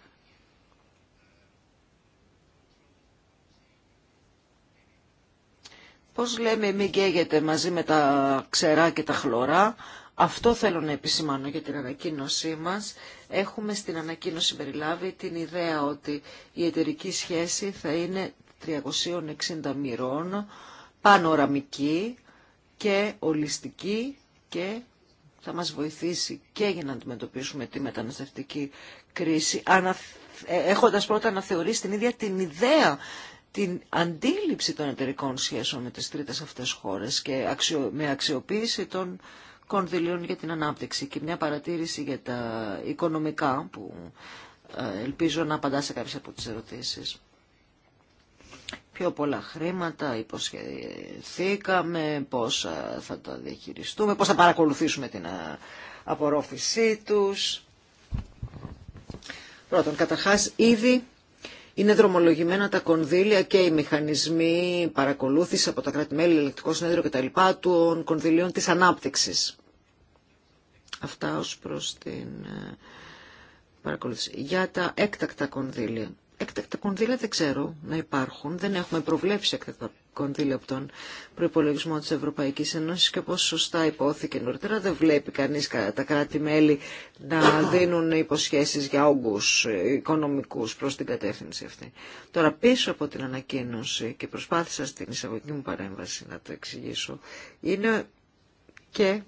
Πώς λέμε μην καίγεται μαζί με τα ξερά και τα χλωρά. Αυτό θέλω να επισημάνω για την ανακοίνωσή μας. Έχουμε στην ανακοίνωση περιλάβει την ιδέα ότι η εταιρική σχέση θα είναι 360 μοιρών, πανοραμική και ολιστική και θα μας βοηθήσει και για να αντιμετωπίσουμε τη μεταναστευτική κρίση, ε, έχοντας πρώτα να θεωρήσει την ίδια την ιδέα την αντίληψη των εταιρικών σχέσεων με τις τρίτες αυτές χώρες και με αξιοποίηση των κονδυλίων για την ανάπτυξη. Και μια παρατήρηση για τα οικονομικά που ε, ελπίζω να απαντά σε κάποιες από τις ερωτήσεις. Πιο πολλά χρήματα, υποσχεθήκαμε, πώς ε, θα τα διαχειριστούμε, πώς θα παρακολουθήσουμε την ε, απορρόφησή τους. Πρώτον, καταρχάς, ήδη είναι δρομολογημένα τα κονδύλια και οι μηχανισμοί παρακολούθηση από τα κράτη-μέλη, ηλεκτρικό συνέδριο κτλ. των κονδυλίων της ανάπτυξη. Αυτά ω προς την ε, παρακολούθηση. Για τα έκτακτα κονδύλια. Έκτακτα κονδύλια δεν ξέρω να υπάρχουν. Δεν έχουμε προβλέψει έκτακτα κονδύλια από τον προπολογισμό τη Ευρωπαϊκή Ένωση και όπω σωστά υπόθηκε νωρίτερα, δεν βλέπει κανεί τα κράτη-μέλη να δίνουν υποσχέσει για όγκου οικονομικού προ την κατεύθυνση αυτή. Τώρα, πίσω από την ανακοίνωση και προσπάθησα στην εισαγωγική μου παρέμβαση να το εξηγήσω, είναι και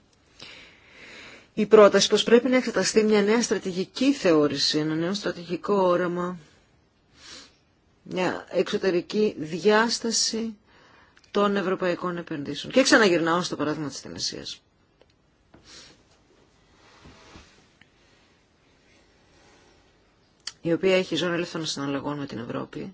η πρόταση πως πρέπει να εξεταστεί μια νέα στρατηγική θεώρηση, ένα νέο στρατηγικό όραμα μια εξωτερική διάσταση των ευρωπαϊκών επενδύσεων. Και ξαναγυρνάω στο παράδειγμα της Τινεσίας. Η οποία έχει ζώνη ελεύθερων συναλλαγών με την Ευρώπη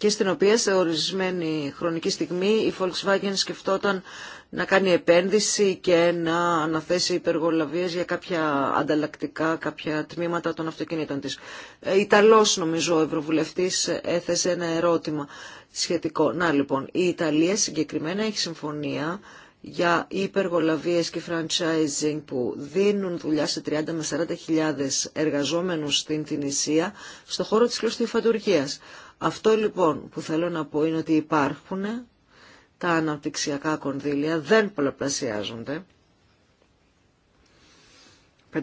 και στην οποία σε ορισμένη χρονική στιγμή η Volkswagen σκεφτόταν να κάνει επένδυση και να αναθέσει υπεργολαβίες για κάποια ανταλλακτικά, κάποια τμήματα των αυτοκινήτων της. Ε, Ιταλός νομίζω ο Ευρωβουλευτής έθεσε ένα ερώτημα σχετικό. Να λοιπόν, η Ιταλία συγκεκριμένα έχει συμφωνία για υπεργολαβίες και franchising που δίνουν δουλειά σε 30 με 40 χιλιάδες εργαζόμενους στην Τινησία στον χώρο της κλωστή φαντουργίας. Αυτό λοιπόν που θέλω να πω είναι ότι υπάρχουν τα αναπτυξιακά κονδύλια, δεν πολλαπλασιάζονται.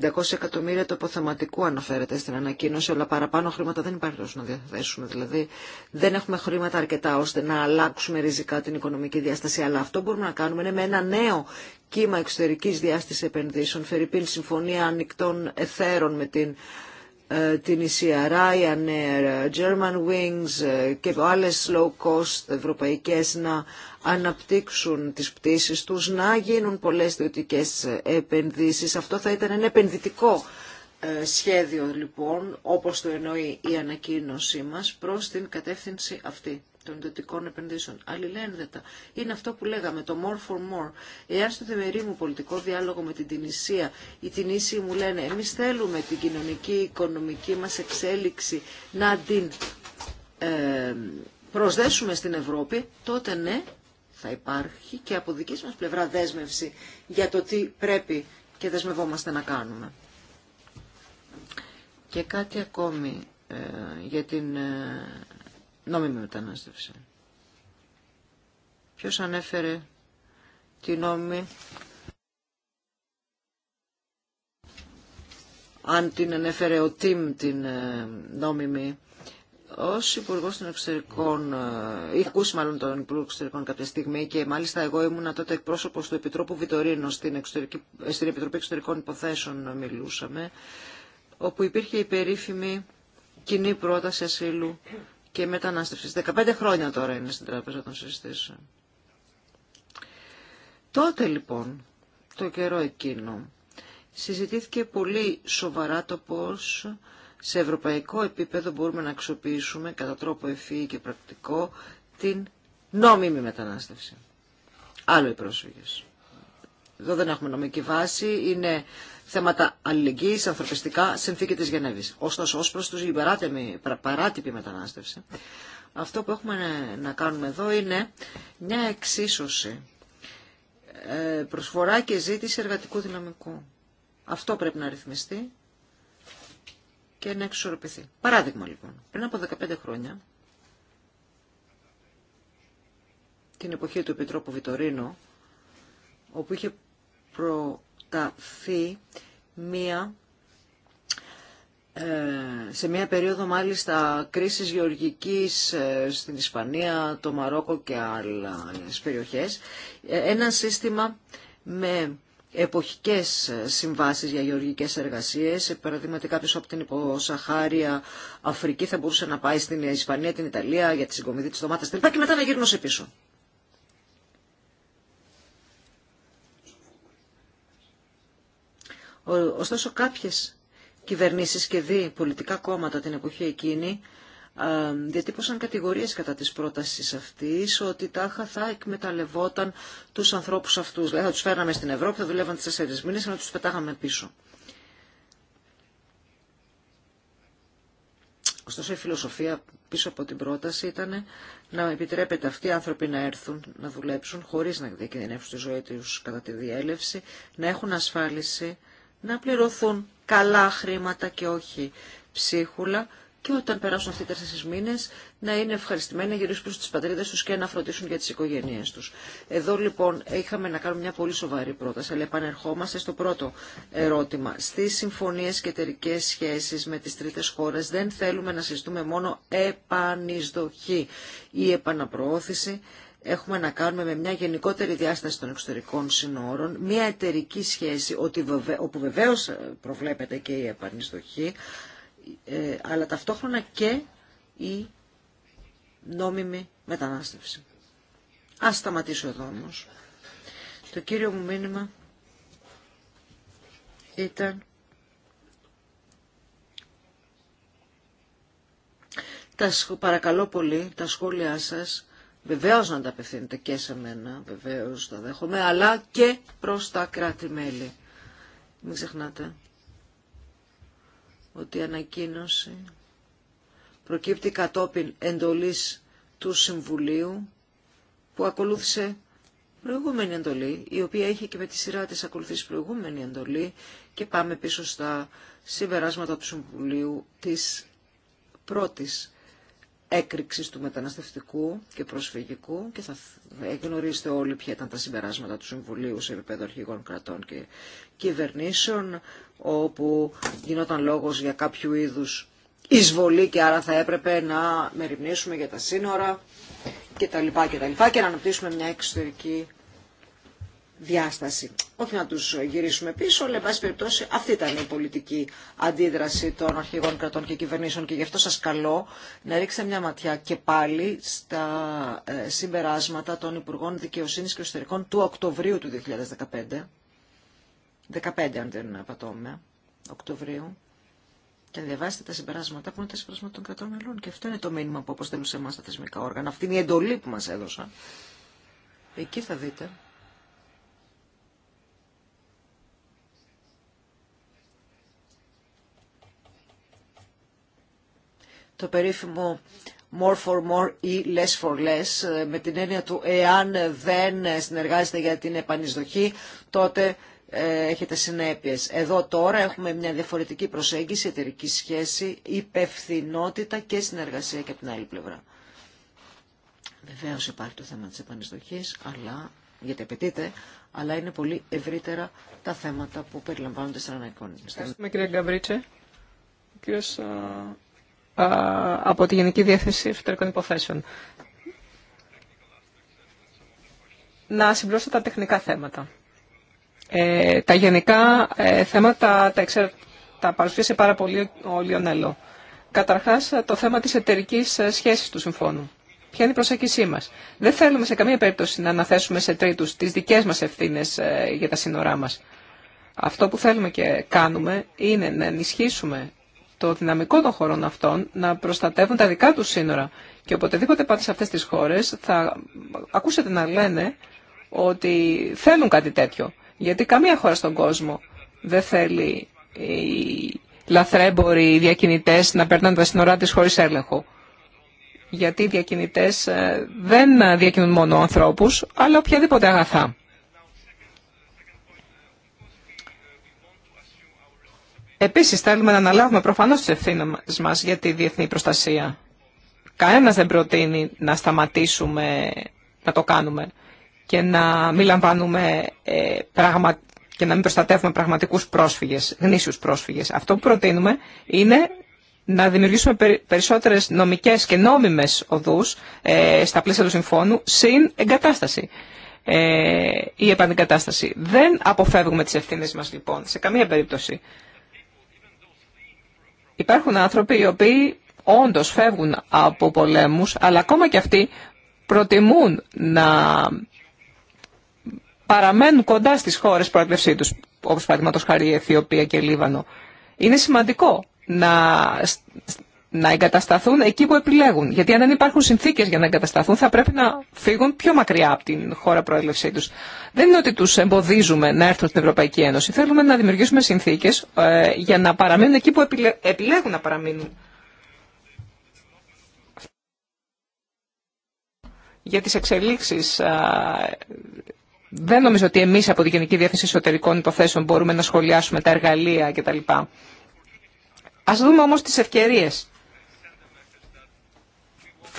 500 εκατομμύρια το αποθεματικό αναφέρεται στην ανακοίνωση, αλλά παραπάνω χρήματα δεν υπάρχουν να διαθέσουμε. Δηλαδή δεν έχουμε χρήματα αρκετά ώστε να αλλάξουμε ριζικά την οικονομική διάσταση. Αλλά αυτό μπορούμε να κάνουμε είναι με ένα νέο κύμα εξωτερική διάστησης επενδύσεων. φερειπήν συμφωνία ανοιχτών εθέρων με την ε, την Ισία, Ryanair, ε, German Wings ε, και άλλες low cost ευρωπαϊκές να αναπτύξουν τις πτήσεις τους, να γίνουν πολλές διωτικές επενδύσεις. Αυτό θα ήταν ένα επενδυτικό σχέδιο λοιπόν, όπως το εννοεί η ανακοίνωσή μας, προς την κατεύθυνση αυτή των ιδιωτικών επενδύσεων. Αλληλένδετα. Είναι αυτό που λέγαμε, το more for more. Εάν στο θεμερί μου πολιτικό διάλογο με την Τινησία, οι Τινήσιοι μου λένε εμεί θέλουμε την κοινωνική, οικονομική μα εξέλιξη να την ε, προσδέσουμε στην Ευρώπη, τότε ναι, θα υπάρχει και από δική μα πλευρά δέσμευση για το τι πρέπει και δεσμευόμαστε να κάνουμε. Και κάτι ακόμη ε, για την ε, νόμιμη μετανάστευση. Ποιος ανέφερε τη νόμιμη αν την ανέφερε ο Τιμ την ε, νόμιμη ω υπουργό των Εξωτερικών, ή ε, ακούσει μάλλον τον Υπουργό Εξωτερικών κάποια στιγμή και μάλιστα εγώ ήμουνα τότε εκπρόσωπο του Επιτρόπου Βιτορίνο στην, ε, στην Επιτροπή Εξωτερικών Υποθέσεων μιλούσαμε, όπου υπήρχε η περίφημη κοινή πρόταση ασύλου και μετανάστευση, 15 χρόνια τώρα είναι στην Τράπεζα των Συστήσεων. Τότε λοιπόν, το καιρό εκείνο, συζητήθηκε πολύ σοβαρά το πώς σε ευρωπαϊκό επίπεδο μπορούμε να αξιοποιήσουμε κατά τρόπο ευφύη και πρακτικό την νόμιμη μετανάστευση. Άλλο οι πρόσφυγες. Εδώ δεν έχουμε νομική βάση, είναι θέματα αλληλεγγύη, ανθρωπιστικά, συνθήκη τη Γενέβη. Ωστόσο, ως προς τους παράτυπη μετανάστευση, αυτό που έχουμε να κάνουμε εδώ είναι μια εξίσωση, ε, προσφορά και ζήτηση εργατικού δυναμικού. Αυτό πρέπει να ρυθμιστεί και να εξισορροπηθεί. Παράδειγμα λοιπόν, πριν από 15 χρόνια, την εποχή του Επιτρόπου Βιτορίνο, όπου είχε προ σταθεί μία ε, σε μια περίοδο μάλιστα κρίσης γεωργικής ε, στην Ισπανία, το Μαρόκο και άλλες περιοχές, ε, ένα σύστημα με εποχικές συμβάσεις για γεωργικές εργασίες. Παραδείγματι κάποιος από την υποσαχάρια Αφρική θα μπορούσε να πάει στην Ισπανία, την Ιταλία για τη συγκομιδή της ντομάτας και μετά να γυρνούσε πίσω. Ωστόσο κάποιες κυβερνήσεις και δι πολιτικά κόμματα την εποχή εκείνη διατύπωσαν κατηγορίες κατά της πρότασης αυτής ότι τάχα θα εκμεταλλευόταν τους ανθρώπους αυτούς. Δηλαδή θα τους φέρναμε στην Ευρώπη, θα δουλεύαν τις τέσσερις μήνες και να τους πετάγαμε πίσω. Ωστόσο η φιλοσοφία πίσω από την πρόταση ήταν να επιτρέπεται αυτοί οι άνθρωποι να έρθουν να δουλέψουν χωρίς να διακινδυνεύσουν τη ζωή τους κατά τη διέλευση, να έχουν ασφάλιση να πληρωθούν καλά χρήματα και όχι ψίχουλα και όταν περάσουν αυτοί οι τέσσερις μήνες να είναι ευχαριστημένοι να γυρίσουν προς τις πατρίδες τους και να φροντίσουν για τις οικογένειές τους. Εδώ λοιπόν είχαμε να κάνουμε μια πολύ σοβαρή πρόταση, αλλά επανερχόμαστε στο πρώτο ερώτημα. Στις συμφωνίες και εταιρικέ σχέσεις με τις τρίτες χώρες δεν θέλουμε να συζητούμε μόνο επανεισδοχή ή επαναπροώθηση, έχουμε να κάνουμε με μια γενικότερη διάσταση των εξωτερικών συνόρων, μια εταιρική σχέση ότι, όπου βεβαίως ε, προβλέπεται και η επανειστοχή, ε, αλλά ταυτόχρονα και η νόμιμη μετανάστευση. Ας σταματήσω εδώ όμως. Το κύριο μου μήνυμα ήταν τα, παρακαλώ πολύ τα σχόλιά σας Βεβαίω να τα και σε μένα, βεβαίω τα δέχομαι, αλλά και προ τα κράτη-μέλη. Μην ξεχνάτε ότι η ανακοίνωση προκύπτει κατόπιν εντολής του Συμβουλίου που ακολούθησε προηγούμενη εντολή, η οποία είχε και με τη σειρά της ακολουθήσει προηγούμενη εντολή και πάμε πίσω στα συμπεράσματα του Συμβουλίου της πρώτης έκρηξη του μεταναστευτικού και προσφυγικού και θα γνωρίζετε όλοι ποια ήταν τα συμπεράσματα του Συμβουλίου σε επίπεδο αρχηγών κρατών και κυβερνήσεων όπου γινόταν λόγος για κάποιο είδους εισβολή και άρα θα έπρεπε να μεριμνήσουμε για τα σύνορα και τα λοιπά και τα λοιπά και να αναπτύσσουμε μια εξωτερική διάσταση. Όχι να τους γυρίσουμε πίσω, αλλά εν πάση περιπτώσει αυτή ήταν η πολιτική αντίδραση των αρχηγών κρατών και κυβερνήσεων και γι' αυτό σας καλώ να ρίξετε μια ματιά και πάλι στα ε, συμπεράσματα των Υπουργών Δικαιοσύνης και Εσωτερικών του Οκτωβρίου του 2015. 15 αν δεν απατώμε, Οκτωβρίου. Και διαβάστε τα συμπεράσματα που είναι τα συμπεράσματα των κρατών μελών. Και αυτό είναι το μήνυμα που αποστέλουν σε εμά τα θεσμικά όργανα. Αυτή είναι η εντολή που μα έδωσαν. Εκεί θα δείτε το περίφημο more for more ή less for less, με την έννοια του εάν δεν συνεργάζεται για την επανεισδοχή, τότε ε, έχετε συνέπειες. Εδώ τώρα έχουμε μια διαφορετική προσέγγιση, εταιρική σχέση, υπευθυνότητα και συνεργασία και από την άλλη πλευρά. Βεβαίως υπάρχει το θέμα της επανεισδοχής, αλλά, γιατί απαιτείται, αλλά είναι πολύ ευρύτερα τα θέματα που περιλαμβάνονται στην ανακόνηση. Ευχαριστούμε κύριε Γκαμπρίτσε. κύριος από τη Γενική Διεύθυνση Εσωτερικών Υποθέσεων. Να συμπλώσω τα τεχνικά θέματα. Ε, τα γενικά ε, θέματα τα, τα παρουσίασε πάρα πολύ ο Λιονέλο. Καταρχάς, το θέμα της εταιρική ε, σχέσης του συμφώνου. Ποια είναι η προσέγγισή μας. Δεν θέλουμε σε καμία περίπτωση να αναθέσουμε σε τρίτους τις δικές μας ευθύνες για τα σύνορά μας. Αυτό που θέλουμε και κάνουμε είναι να ενισχύσουμε το δυναμικό των χωρών αυτών να προστατεύουν τα δικά τους σύνορα. Και οποτεδήποτε πάτε σε αυτές τις χώρες θα ακούσετε να λένε ότι θέλουν κάτι τέτοιο. Γιατί καμία χώρα στον κόσμο δεν θέλει οι λαθρέμποροι, οι διακινητές να περνάνε τα σύνορά της χωρίς έλεγχο. Γιατί οι διακινητές ε, δεν διακινούν μόνο ανθρώπους, αλλά οποιαδήποτε αγαθά. Επίση, θέλουμε να αναλάβουμε προφανώς τις ευθύνες μας για τη διεθνή προστασία. Κανένα δεν προτείνει να σταματήσουμε να το κάνουμε και να μην λαμβάνουμε ε, πραγμα... και να μην προστατεύουμε πραγματικούς πρόσφυγες, γνήσιους πρόσφυγες. Αυτό που προτείνουμε είναι να δημιουργήσουμε περισσότερες νομικές και νόμιμες οδούς ε, στα πλαίσια του συμφώνου, συν εγκατάσταση ε, ή επανεγκατάσταση. Δεν αποφεύγουμε τις ευθύνες μας λοιπόν, σε καμία περίπτωση. Υπάρχουν άνθρωποι οι οποίοι όντως φεύγουν από πολέμους, αλλά ακόμα και αυτοί προτιμούν να παραμένουν κοντά στις χώρες προέκλευσή τους, όπως παραδείγματος χάρη η Αιθιοπία και Λίβανο. Είναι σημαντικό να να εγκατασταθούν εκεί που επιλέγουν. Γιατί αν δεν υπάρχουν συνθήκε για να εγκατασταθούν, θα πρέπει να φύγουν πιο μακριά από την χώρα προέλευσή του. Δεν είναι ότι του εμποδίζουμε να έρθουν στην Ευρωπαϊκή Ένωση. Θέλουμε να δημιουργήσουμε συνθήκε ε, για να παραμείνουν εκεί που επιλέγουν να παραμείνουν. Για τις εξελίξεις ε, δεν νομίζω ότι εμεί από τη Γενική Διεύθυνση Εσωτερικών Υποθέσεων μπορούμε να σχολιάσουμε τα εργαλεία κτλ. Ας δούμε όμως τις ευκαιρίες.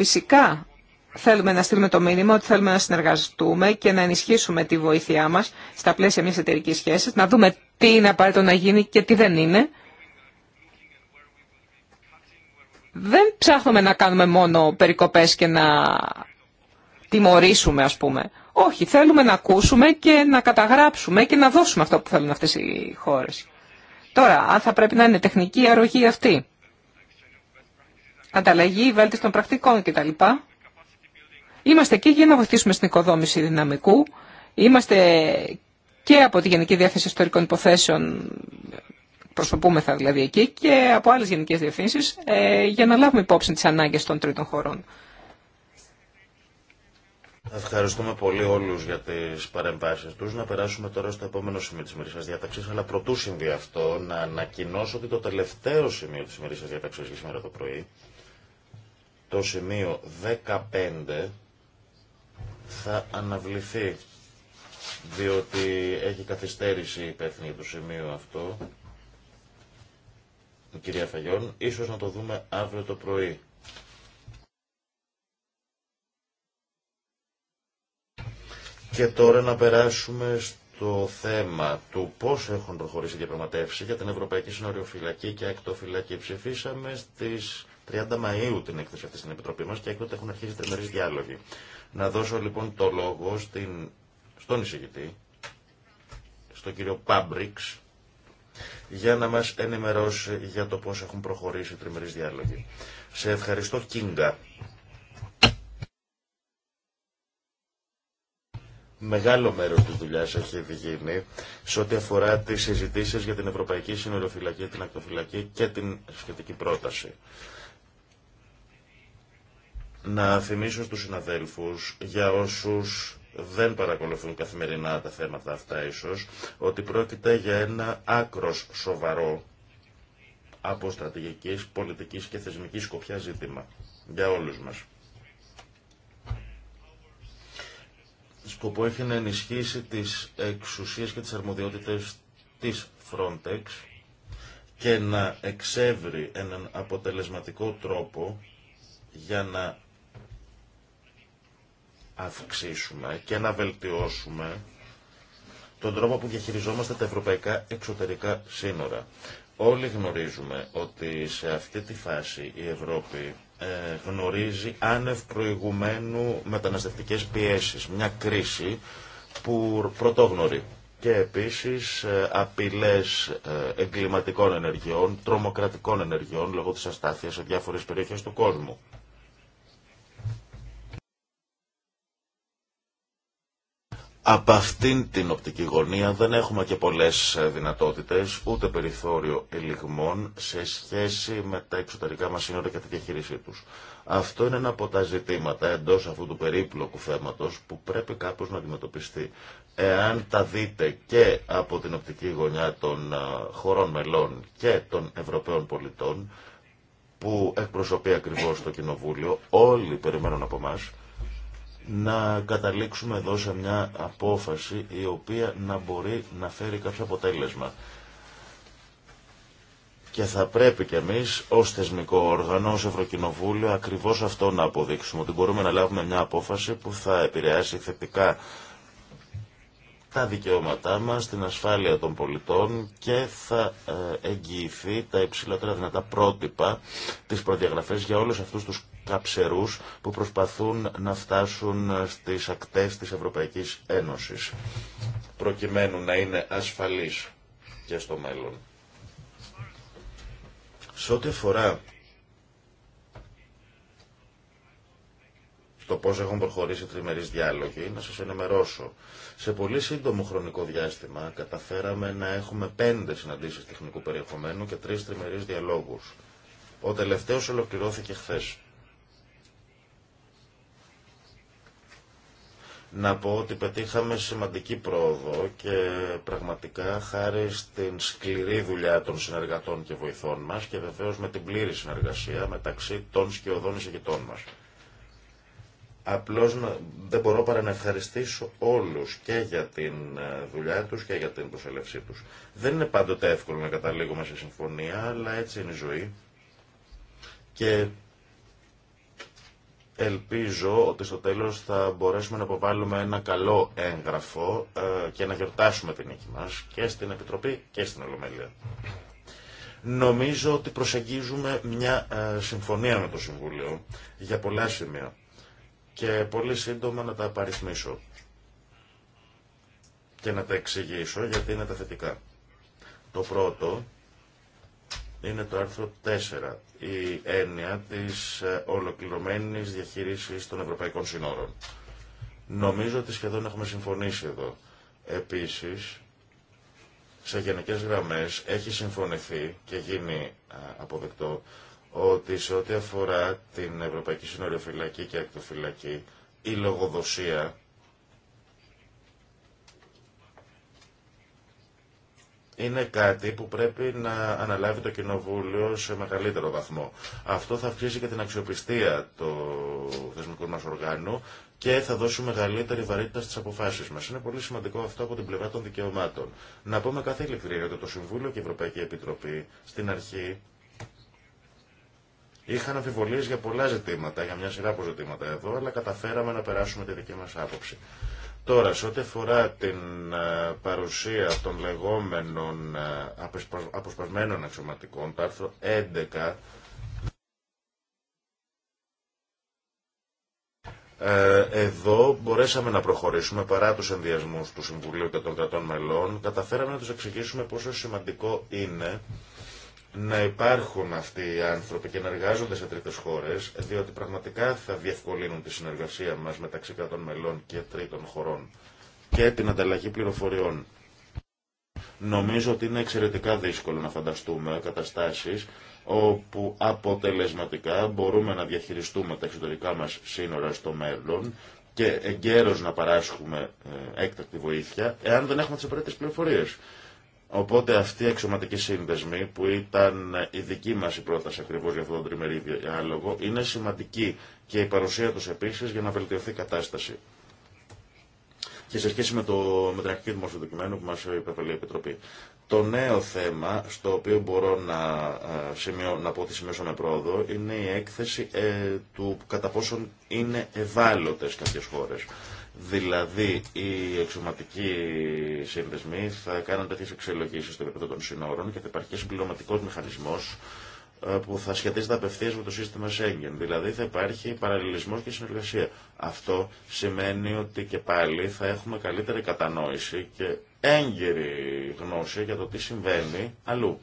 Φυσικά θέλουμε να στείλουμε το μήνυμα ότι θέλουμε να συνεργαστούμε και να ενισχύσουμε τη βοήθειά μας στα πλαίσια μια εταιρική σχέση, να δούμε τι είναι απαραίτητο να γίνει και τι δεν είναι. Δεν ψάχνουμε να κάνουμε μόνο περικοπές και να τιμωρήσουμε ας πούμε. Όχι, θέλουμε να ακούσουμε και να καταγράψουμε και να δώσουμε αυτό που θέλουν αυτές οι χώρες. Τώρα, αν θα πρέπει να είναι τεχνική αρρωγή αυτή ανταλλαγή των πρακτικών κτλ. Είμαστε εκεί για να βοηθήσουμε στην οικοδόμηση δυναμικού. Είμαστε και από τη Γενική Διεύθυνση Ιστορικών Υποθέσεων, προσωπούμεθα δηλαδή εκεί, και από άλλες γενικές διευθύνσεις, ε, για να λάβουμε υπόψη τις ανάγκες των τρίτων χωρών. Ευχαριστούμε πολύ όλους για τις παρεμβάσεις τους. Να περάσουμε τώρα στο επόμενο σημείο της σα διάταξης, αλλά πρωτού συμβεί αυτό, να ανακοινώσω ότι το τελευταίο σημείο της ημερήσιας διαταξή για σήμερα το πρωί το σημείο 15 θα αναβληθεί διότι έχει καθυστέρηση η υπεύθυνη του σημείου αυτό η κυρία Φαγιών ίσως να το δούμε αύριο το πρωί και τώρα να περάσουμε στο θέμα του πώς έχουν προχωρήσει οι διαπραγματεύσεις για την Ευρωπαϊκή Συνοριοφυλακή και Ακτοφυλακή ψηφίσαμε στις 30 Μαΐου την έκθεση αυτή στην Επιτροπή μας και έκτοτε έχουν αρχίσει τριμερείς διάλογοι. Να δώσω λοιπόν το λόγο στην, στον εισηγητή, στον κύριο Πάμπριξ, για να μας ενημερώσει για το πώς έχουν προχωρήσει οι τριμερείς διάλογοι. Σε ευχαριστώ Κίνγκα. Μεγάλο μέρος της δουλειάς έχει γίνει σε ό,τι αφορά τι συζητήσει για την Ευρωπαϊκή Συνοροφυλακή, την Ακτοφυλακή και την σχετική πρόταση. Να θυμίσω στους συναδέλφους, για όσους δεν παρακολουθούν καθημερινά τα θέματα αυτά ίσως, ότι πρόκειται για ένα άκρος σοβαρό από στρατηγικής, πολιτικής και θεσμικής σκοπιά ζήτημα για όλους μας. Σκοπό έχει να ενισχύσει τις εξουσίες και τις αρμοδιότητες της Frontex και να εξεύρει έναν αποτελεσματικό τρόπο για να αυξήσουμε και να βελτιώσουμε τον τρόπο που διαχειριζόμαστε τα ευρωπαϊκά εξωτερικά σύνορα. Όλοι γνωρίζουμε ότι σε αυτή τη φάση η Ευρώπη ε, γνωρίζει άνευ προηγουμένου μεταναστευτικές πιέσεις, μια κρίση που πρωτόγνωρη και επίσης ε, απειλές ε, εγκληματικών ενεργειών, τρομοκρατικών ενεργειών λόγω της αστάθειας σε διάφορες περιοχές του κόσμου. Από αυτήν την οπτική γωνία δεν έχουμε και πολλές ε, δυνατότητες, ούτε περιθώριο ελιγμών σε σχέση με τα εξωτερικά μας σύνορα και τη διαχείρισή τους. Αυτό είναι ένα από τα ζητήματα εντός αυτού του περίπλοκου θέματος που πρέπει κάπως να αντιμετωπιστεί. Εάν τα δείτε και από την οπτική γωνιά των ε, χωρών μελών και των Ευρωπαίων πολιτών, που εκπροσωπεί ακριβώς το Κοινοβούλιο, όλοι περιμένουν από εμά να καταλήξουμε εδώ σε μια απόφαση η οποία να μπορεί να φέρει κάποιο αποτέλεσμα. Και θα πρέπει κι εμείς ως θεσμικό όργανο, ως Ευρωκοινοβούλιο ακριβώς αυτό να αποδείξουμε, ότι μπορούμε να λάβουμε μια απόφαση που θα επηρεάσει θετικά τα δικαιώματά μας, την ασφάλεια των πολιτών και θα ε, εγγυηθεί τα υψηλότερα δυνατά πρότυπα, της προδιαγραφής για όλους αυτούς τους καψερούς που προσπαθούν να φτάσουν ε, στις ακτές της Ευρωπαϊκής Ένωσης, προκειμένου να είναι ασφαλείς και στο μέλλον. Σε ό,τι αφορά το πώς έχουν προχωρήσει τριμερείς διάλογοι, να σας ενημερώσω σε πολύ σύντομο χρονικό διάστημα καταφέραμε να έχουμε πέντε συναντήσεις τεχνικού περιεχομένου και τρεις τριμερείς διαλόγους. Ο τελευταίος ολοκληρώθηκε χθε. Να πω ότι πετύχαμε σημαντική πρόοδο και πραγματικά χάρη στην σκληρή δουλειά των συνεργατών και βοηθών μας και βεβαίως με την πλήρη συνεργασία μεταξύ των σκιωδών εισηγητών μας. Απλώς δεν μπορώ παρά να ευχαριστήσω όλους και για την ε, δουλειά τους και για την προσέλευσή τους. Δεν είναι πάντοτε εύκολο να καταλήγουμε σε συμφωνία, αλλά έτσι είναι η ζωή. Και ελπίζω ότι στο τέλος θα μπορέσουμε να αποβάλουμε ένα καλό έγγραφο ε, και να γιορτάσουμε την νίκη μας και στην Επιτροπή και στην Ολομέλεια. Νομίζω ότι προσεγγίζουμε μια ε, συμφωνία με το Συμβούλιο για πολλά σημεία και πολύ σύντομα να τα απαριθμίσω και να τα εξηγήσω γιατί είναι τα θετικά. Το πρώτο είναι το άρθρο 4, η έννοια της ε, ολοκληρωμένης διαχείρισης των ευρωπαϊκών συνόρων. Νομίζω ότι σχεδόν έχουμε συμφωνήσει εδώ. Επίσης, σε γενικές γραμμές έχει συμφωνηθεί και γίνει ε, αποδεκτό ότι σε ό,τι αφορά την Ευρωπαϊκή Συνοριοφυλακή και Ακτοφυλακή, η λογοδοσία είναι κάτι που πρέπει να αναλάβει το Κοινοβούλιο σε μεγαλύτερο βαθμό. Αυτό θα αυξήσει και την αξιοπιστία του θεσμικού μας οργάνου και θα δώσει μεγαλύτερη βαρύτητα στις αποφάσεις μας. Είναι πολύ σημαντικό αυτό από την πλευρά των δικαιωμάτων. Να πούμε κάθε ειλικρίνεια ότι το Συμβούλιο και η Ευρωπαϊκή Επιτροπή στην αρχή Είχαν αμφιβολίε για πολλά ζητήματα, για μια σειρά από ζητήματα εδώ, αλλά καταφέραμε να περάσουμε τη δική μα άποψη. Τώρα, σε ό,τι αφορά την ε, παρουσία των λεγόμενων ε, αποσπασμένων αξιωματικών, το άρθρο 11, ε, εδώ μπορέσαμε να προχωρήσουμε παρά τους ενδιασμούς του Συμβουλίου και των κρατών μελών. Καταφέραμε να τους εξηγήσουμε πόσο σημαντικό είναι να υπάρχουν αυτοί οι άνθρωποι και να εργάζονται σε τρίτες χώρες, διότι πραγματικά θα διευκολύνουν τη συνεργασία μας μεταξύ κρατών μελών και τρίτων χωρών και την ανταλλαγή πληροφοριών. Νομίζω ότι είναι εξαιρετικά δύσκολο να φανταστούμε καταστάσεις όπου αποτελεσματικά μπορούμε να διαχειριστούμε τα εξωτερικά μας σύνορα στο μέλλον και εγκαίρως να παράσχουμε ε, έκτακτη βοήθεια, εάν δεν έχουμε τις απαραίτητες πληροφορίες. Οπότε αυτοί οι αξιωματικοί σύνδεσμοι που ήταν η δική μας η πρόταση ακριβώς για αυτόν τον τριμερή διάλογο είναι σημαντική και η παρουσία τους επίσης για να βελτιωθεί η κατάσταση. Και σε σχέση με, το, μετριακή δημόσιο που μας υπερβαλεί η Επιτροπή. Το νέο θέμα στο οποίο μπορώ να, σημειώ, να πω ότι σημειώσω με πρόοδο είναι η έκθεση ε, του κατά πόσον είναι ευάλωτες κάποιες χώρες. Δηλαδή, οι εξωματικοί σύνδεσμοι θα κάνουν τέτοιε εξελογήσει στο επίπεδο των συνόρων και θα υπάρχει συμπληρωματικό μηχανισμό ε, που θα σχετίζεται απευθεία με το σύστημα Schengen. Δηλαδή, θα υπάρχει παραλληλισμό και συνεργασία. Αυτό σημαίνει ότι και πάλι θα έχουμε καλύτερη κατανόηση και έγκαιρη γνώση για το τι συμβαίνει αλλού.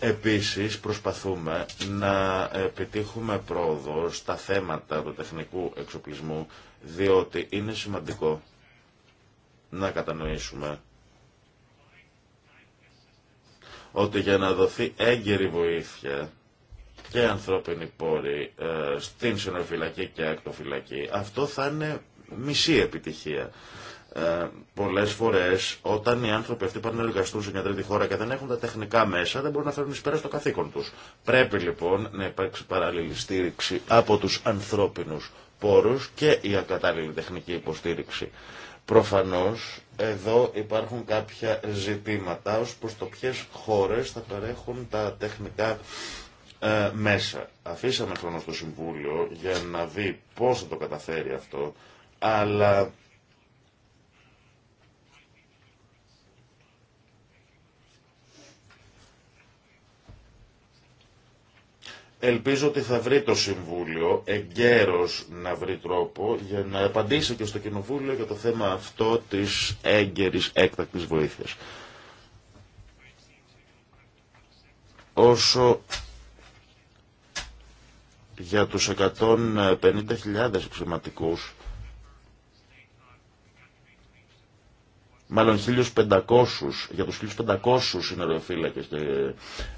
Επίσης προσπαθούμε να επιτύχουμε πρόοδο στα θέματα του τεχνικού εξοπλισμού διότι είναι σημαντικό να κατανοήσουμε ότι για να δοθεί έγκαιρη βοήθεια και ανθρώπινη πόρη ε, στην συνοφυλακή και ακτοφυλακή, αυτό θα είναι μισή επιτυχία. Ε, Πολλέ φορέ, όταν οι άνθρωποι αυτοί πάνε να εργαστούν σε μια τρίτη χώρα και δεν έχουν τα τεχνικά μέσα, δεν μπορούν να φέρουν ει πέρα στο καθήκον του. Πρέπει λοιπόν να υπάρξει παράλληλη στήριξη από του ανθρώπινου πόρους και η ακατάλληλη τεχνική υποστήριξη. Προφανώς εδώ υπάρχουν κάποια ζητήματα ως προς το ποιες χώρες θα παρέχουν τα τεχνικά ε, μέσα. Αφήσαμε χρόνο στο Συμβούλιο για να δει πώς θα το καταφέρει αυτό, αλλά Ελπίζω ότι θα βρει το Συμβούλιο εγκαίρως να βρει τρόπο για να απαντήσει και στο Κοινοβούλιο για το θέμα αυτό της έγκαιρης έκτακτης βοήθειας. Όσο για τους 150.000 εξηματικούς μάλλον 1.500, για τους 1.500 συνεργοφύλακες και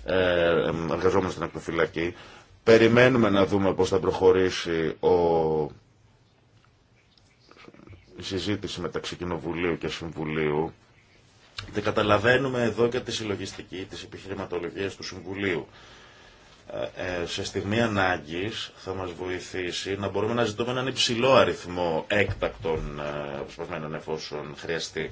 ε, εργαζόμενους στην ακτοφυλακή. Περιμένουμε να δούμε πώς θα προχωρήσει ο... η συζήτηση μεταξύ Κοινοβουλίου και Συμβουλίου. Δεν καταλαβαίνουμε εδώ και τη συλλογιστική της επιχειρηματολογίας του Συμβουλίου. Ε, ε, σε στιγμή ανάγκης θα μας βοηθήσει να μπορούμε να ζητούμε έναν υψηλό αριθμό έκτακτων αποσπασμένων εφόσον χρειαστεί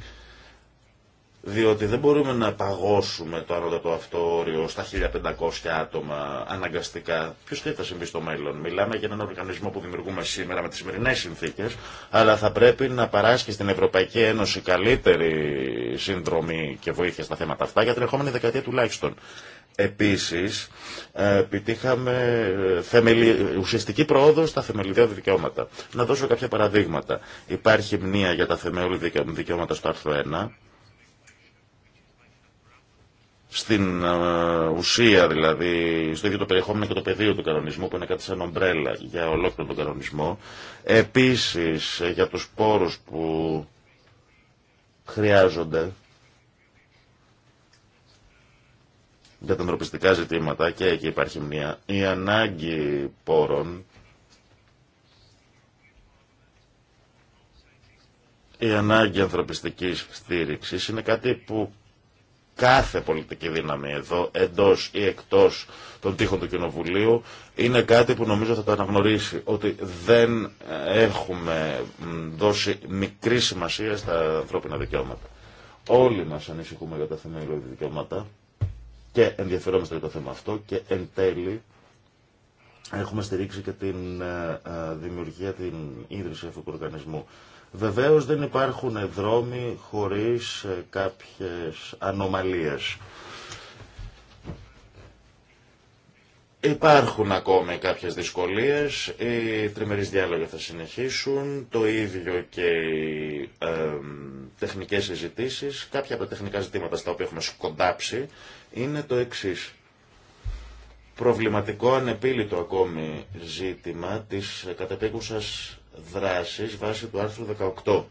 διότι δεν μπορούμε να παγώσουμε το ανώτατο αυτό όριο στα 1500 άτομα αναγκαστικά. Ποιο τι θα συμβεί στο μέλλον. Μιλάμε για έναν οργανισμό που δημιουργούμε σήμερα με τι σημερινέ συνθήκε, αλλά θα πρέπει να παράσχει στην Ευρωπαϊκή Ένωση καλύτερη συνδρομή και βοήθεια στα θέματα αυτά για την ερχόμενη δεκαετία τουλάχιστον. Επίση, ε, επιτύχαμε ε, θεμελι... ουσιαστική πρόοδο στα θεμελιδία δικαιώματα. Να δώσω κάποια παραδείγματα. Υπάρχει μνήα για τα θεμελιώδη δικαιώματα στο άρθρο 1 στην ε, ουσία δηλαδή, στο ίδιο το περιεχόμενο και το πεδίο του κανονισμού που είναι κάτι σαν ομπρέλα για ολόκληρο τον κανονισμό. Επίσης ε, για τους πόρους που χρειάζονται για τα ανθρωπιστικά ζητήματα και εκεί υπάρχει μια η ανάγκη πόρων η ανάγκη ανθρωπιστικής στήριξης είναι κάτι που κάθε πολιτική δύναμη εδώ, εντός ή εκτός των τείχων του Κοινοβουλίου, είναι κάτι που νομίζω θα το αναγνωρίσει, ότι δεν έχουμε δώσει μικρή σημασία στα ανθρώπινα δικαιώματα. Όλοι μας ανησυχούμε για τα θεμελιώδη δικαιώματα και ενδιαφερόμαστε για το θέμα αυτό και εν τέλει έχουμε στηρίξει και την ε, ε, δημιουργία, την ίδρυση αυτού του οργανισμού. Βεβαίως δεν υπάρχουν δρόμοι χωρίς ε, κάποιες ανομαλίες. Υπάρχουν ακόμη κάποιες δυσκολίες, οι τριμερείς διάλογοι θα συνεχίσουν, το ίδιο και οι ε, τεχνικές συζητήσει. Κάποια από τα τεχνικά ζητήματα στα οποία έχουμε σκοντάψει είναι το εξής. Προβληματικό ανεπίλητο ακόμη ζήτημα της κατεπίκουσας δράσεις βάσει του άρθρου 18.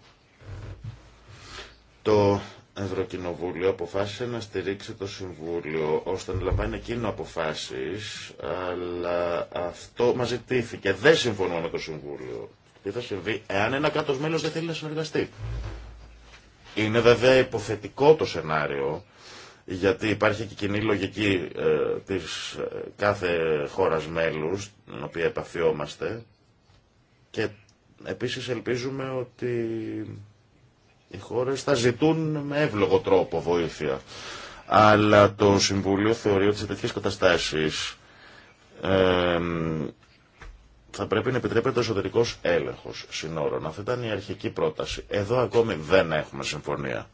Το Ευρωκοινοβούλιο αποφάσισε να στηρίξει το Συμβούλιο ώστε να λαμβάνει εκείνο αποφάσεις, αλλά αυτό μας ζητήθηκε. Δεν συμφωνώ με το Συμβούλιο. Τι θα συμβεί εάν ένα κράτος μέλος δεν θέλει να συνεργαστεί. Είναι βέβαια υποθετικό το σενάριο, γιατί υπάρχει και κοινή λογική ε, της ε, κάθε χώρας μέλους, την οποία επαφιόμαστε, και Επίσης ελπίζουμε ότι οι χώρες θα ζητούν με εύλογο τρόπο βοήθεια. Αλλά το Συμβουλίο θεωρεί ότι σε τέτοιες καταστάσεις θα πρέπει να επιτρέπεται ο εσωτερικός έλεγχος συνόρων. Αυτή ήταν η αρχική πρόταση. Εδώ ακόμη δεν έχουμε συμφωνία.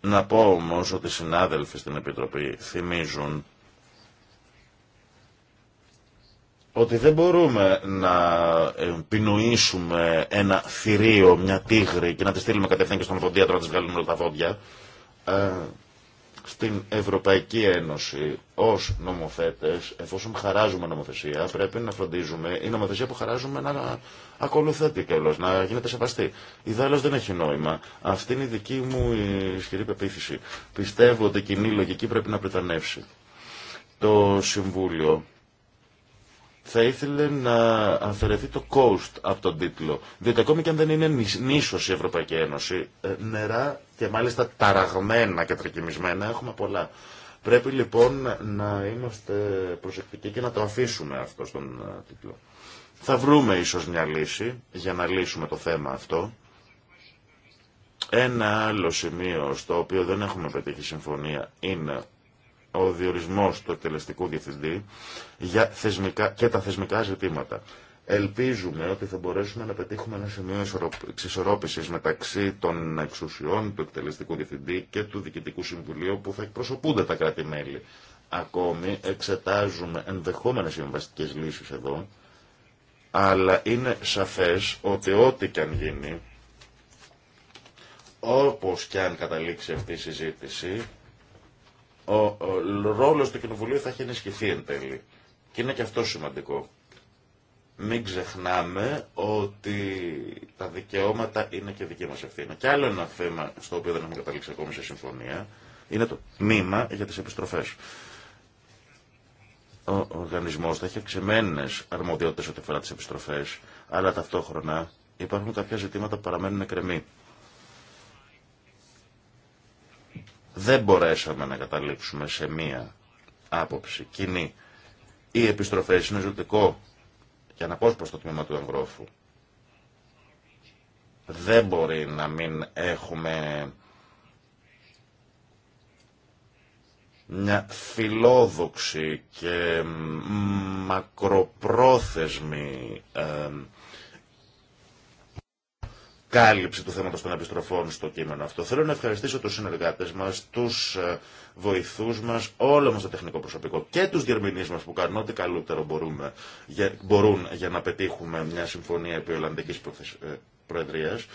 Να πω όμως ότι οι συνάδελφοι στην Επιτροπή θυμίζουν ότι δεν μπορούμε να πεινοήσουμε ένα θηρίο, μια τίγρη και να τη στείλουμε κατευθείαν και στον φοντίατρο να τη βγάλουμε όλα τα φόντια. Ε, στην Ευρωπαϊκή Ένωση ως νομοθέτες, εφόσον χαράζουμε νομοθεσία, πρέπει να φροντίζουμε η νομοθεσία που χαράζουμε να ακολουθείται όλος, να γίνεται σεβαστή. Ιδάλλως δεν έχει νόημα. Αυτή είναι η δική μου ισχυρή πεποίθηση. Πιστεύω ότι η κοινή λογική πρέπει να πρετανεύσει. Το Συμβούλιο θα ήθελε να αφαιρεθεί το coast από τον τίτλο. Διότι ακόμη και αν δεν είναι νήσος η Ευρωπαϊκή Ένωση, ε, νερά και μάλιστα ταραγμένα και τρικυμισμένα έχουμε πολλά. Πρέπει λοιπόν να είμαστε προσεκτικοί και να το αφήσουμε αυτό στον ε, τίτλο. Θα βρούμε ίσως μια λύση για να λύσουμε το θέμα αυτό. Ένα άλλο σημείο στο οποίο δεν έχουμε πετύχει συμφωνία είναι ο διορισμός του εκτελεστικού διευθυντή για θεσμικά, και τα θεσμικά ζητήματα. Ελπίζουμε ότι θα μπορέσουμε να πετύχουμε ένα σημείο εξισορρόπηση μεταξύ των εξουσιών του εκτελεστικού διευθυντή και του διοικητικού συμβουλίου που θα εκπροσωπούνται τα κράτη-μέλη. Ακόμη εξετάζουμε ενδεχόμενες συμβαστικές λύσεις εδώ, αλλά είναι σαφές ότι ό,τι και αν γίνει, όπως και αν καταλήξει αυτή η συζήτηση, ο, ο ρόλος του Κοινοβουλίου θα έχει ενισχυθεί εν τέλει. Και είναι και αυτό σημαντικό. Μην ξεχνάμε ότι τα δικαιώματα είναι και δική μας ευθύνη. Και άλλο ένα θέμα στο οποίο δεν έχουμε καταλήξει ακόμη σε συμφωνία είναι το τμήμα για τις επιστροφές. Ο οργανισμός θα έχει αυξημένε αρμοδιότητες ό,τι αφορά τις επιστροφές, αλλά ταυτόχρονα υπάρχουν κάποια ζητήματα που παραμένουν εκκρεμή. δεν μπορέσαμε να καταλήξουμε σε μία άποψη κοινή. Οι επιστροφές είναι ζωτικό και αναπόσπαστο τμήμα του εγγρόφου. Δεν μπορεί να μην έχουμε μια φιλόδοξη και μακροπρόθεσμη ε, κάλυψη του θέματος των επιστροφών στο κείμενο αυτό. Θέλω να ευχαριστήσω τους συνεργάτες μας, τους ε, βοηθούς μας, όλο μας το τεχνικό προσωπικό και τους διερμηνείς μας που κάνουν ό,τι καλύτερο μπορούμε, μπορούν για να πετύχουμε μια συμφωνία επί Ολλανδικής ε, Προεδρίας.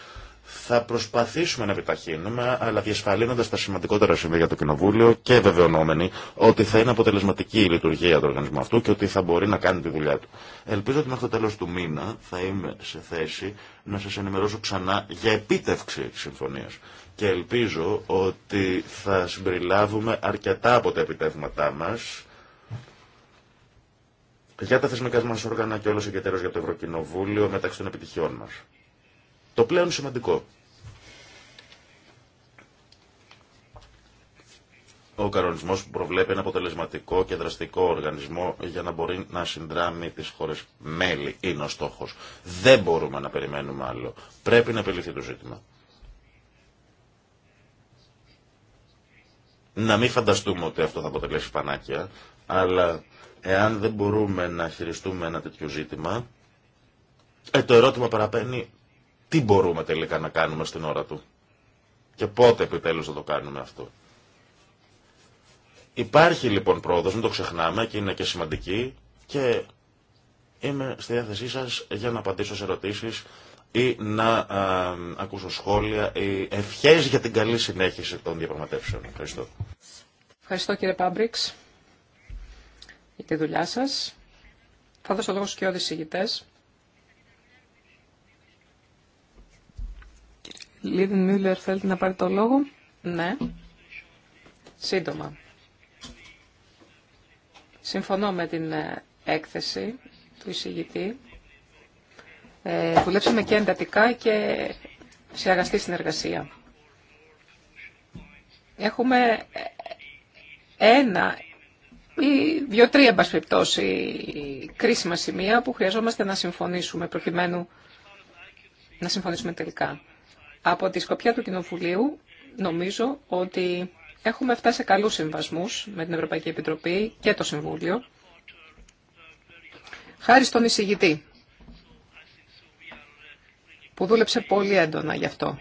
Θα προσπαθήσουμε να επιταχύνουμε, αλλά διασφαλίνοντας τα σημαντικότερα σημεία για το Κοινοβούλιο και βεβαιωνόμενοι ότι θα είναι αποτελεσματική η λειτουργία του οργανισμού αυτού και ότι θα μπορεί να κάνει τη δουλειά του. Ελπίζω ότι μέχρι το τέλο του μήνα θα είμαι σε θέση να σα ενημερώσω ξανά για επίτευξη συμφωνία. Και ελπίζω ότι θα συμπεριλάβουμε αρκετά από τα επιτεύγματά μα για τα θεσμικά μα όργανα και όλο ιδιαίτερω για το Ευρωκοινοβούλιο μεταξύ των επιτυχιών μα. Το πλέον σημαντικό. Ο κανονισμός που προβλέπει ένα αποτελεσματικό και δραστικό οργανισμό για να μπορεί να συνδράμει τις χώρες μέλη είναι ο στόχος. Δεν μπορούμε να περιμένουμε άλλο. Πρέπει να επιληθεί το ζήτημα. Να μην φανταστούμε ότι αυτό θα αποτελέσει πανάκια, αλλά εάν δεν μπορούμε να χειριστούμε ένα τέτοιο ζήτημα, ε, το ερώτημα παραπαίνει τι μπορούμε τελικά να κάνουμε στην ώρα του και πότε επιτέλους θα το κάνουμε αυτό. Υπάρχει λοιπόν πρόοδος, μην το ξεχνάμε και είναι και σημαντική και είμαι στη διάθεσή σας για να απαντήσω σε ερωτήσεις ή να ακούσω σχόλια ή ευχές για την καλή συνέχιση των διαπραγματεύσεων. Ευχαριστώ. Ευχαριστώ κύριε Πάμπριξ για τη δουλειά σας. Θα δώσω λόγο στους κοιόδης ηγητές. Λίδιν Μιούλερ θέλετε να πάρει το λόγο. Ναι. Σύντομα. Συμφωνώ με την ε, έκθεση του εισηγητή. Ε, δουλέψαμε και εντατικά και σε αγαστή συνεργασία. Έχουμε ε, ένα ή δύο-τρία εμπασπιπτώσει κρίσιμα σημεία που χρειαζόμαστε να συμφωνήσουμε προκειμένου να συμφωνήσουμε τελικά. Από τη σκοπιά του Κοινοβουλίου νομίζω ότι έχουμε φτάσει σε καλούς συμβασμούς με την Ευρωπαϊκή Επιτροπή και το Συμβούλιο. Χάρη στον εισηγητή που δούλεψε πολύ έντονα γι' αυτό.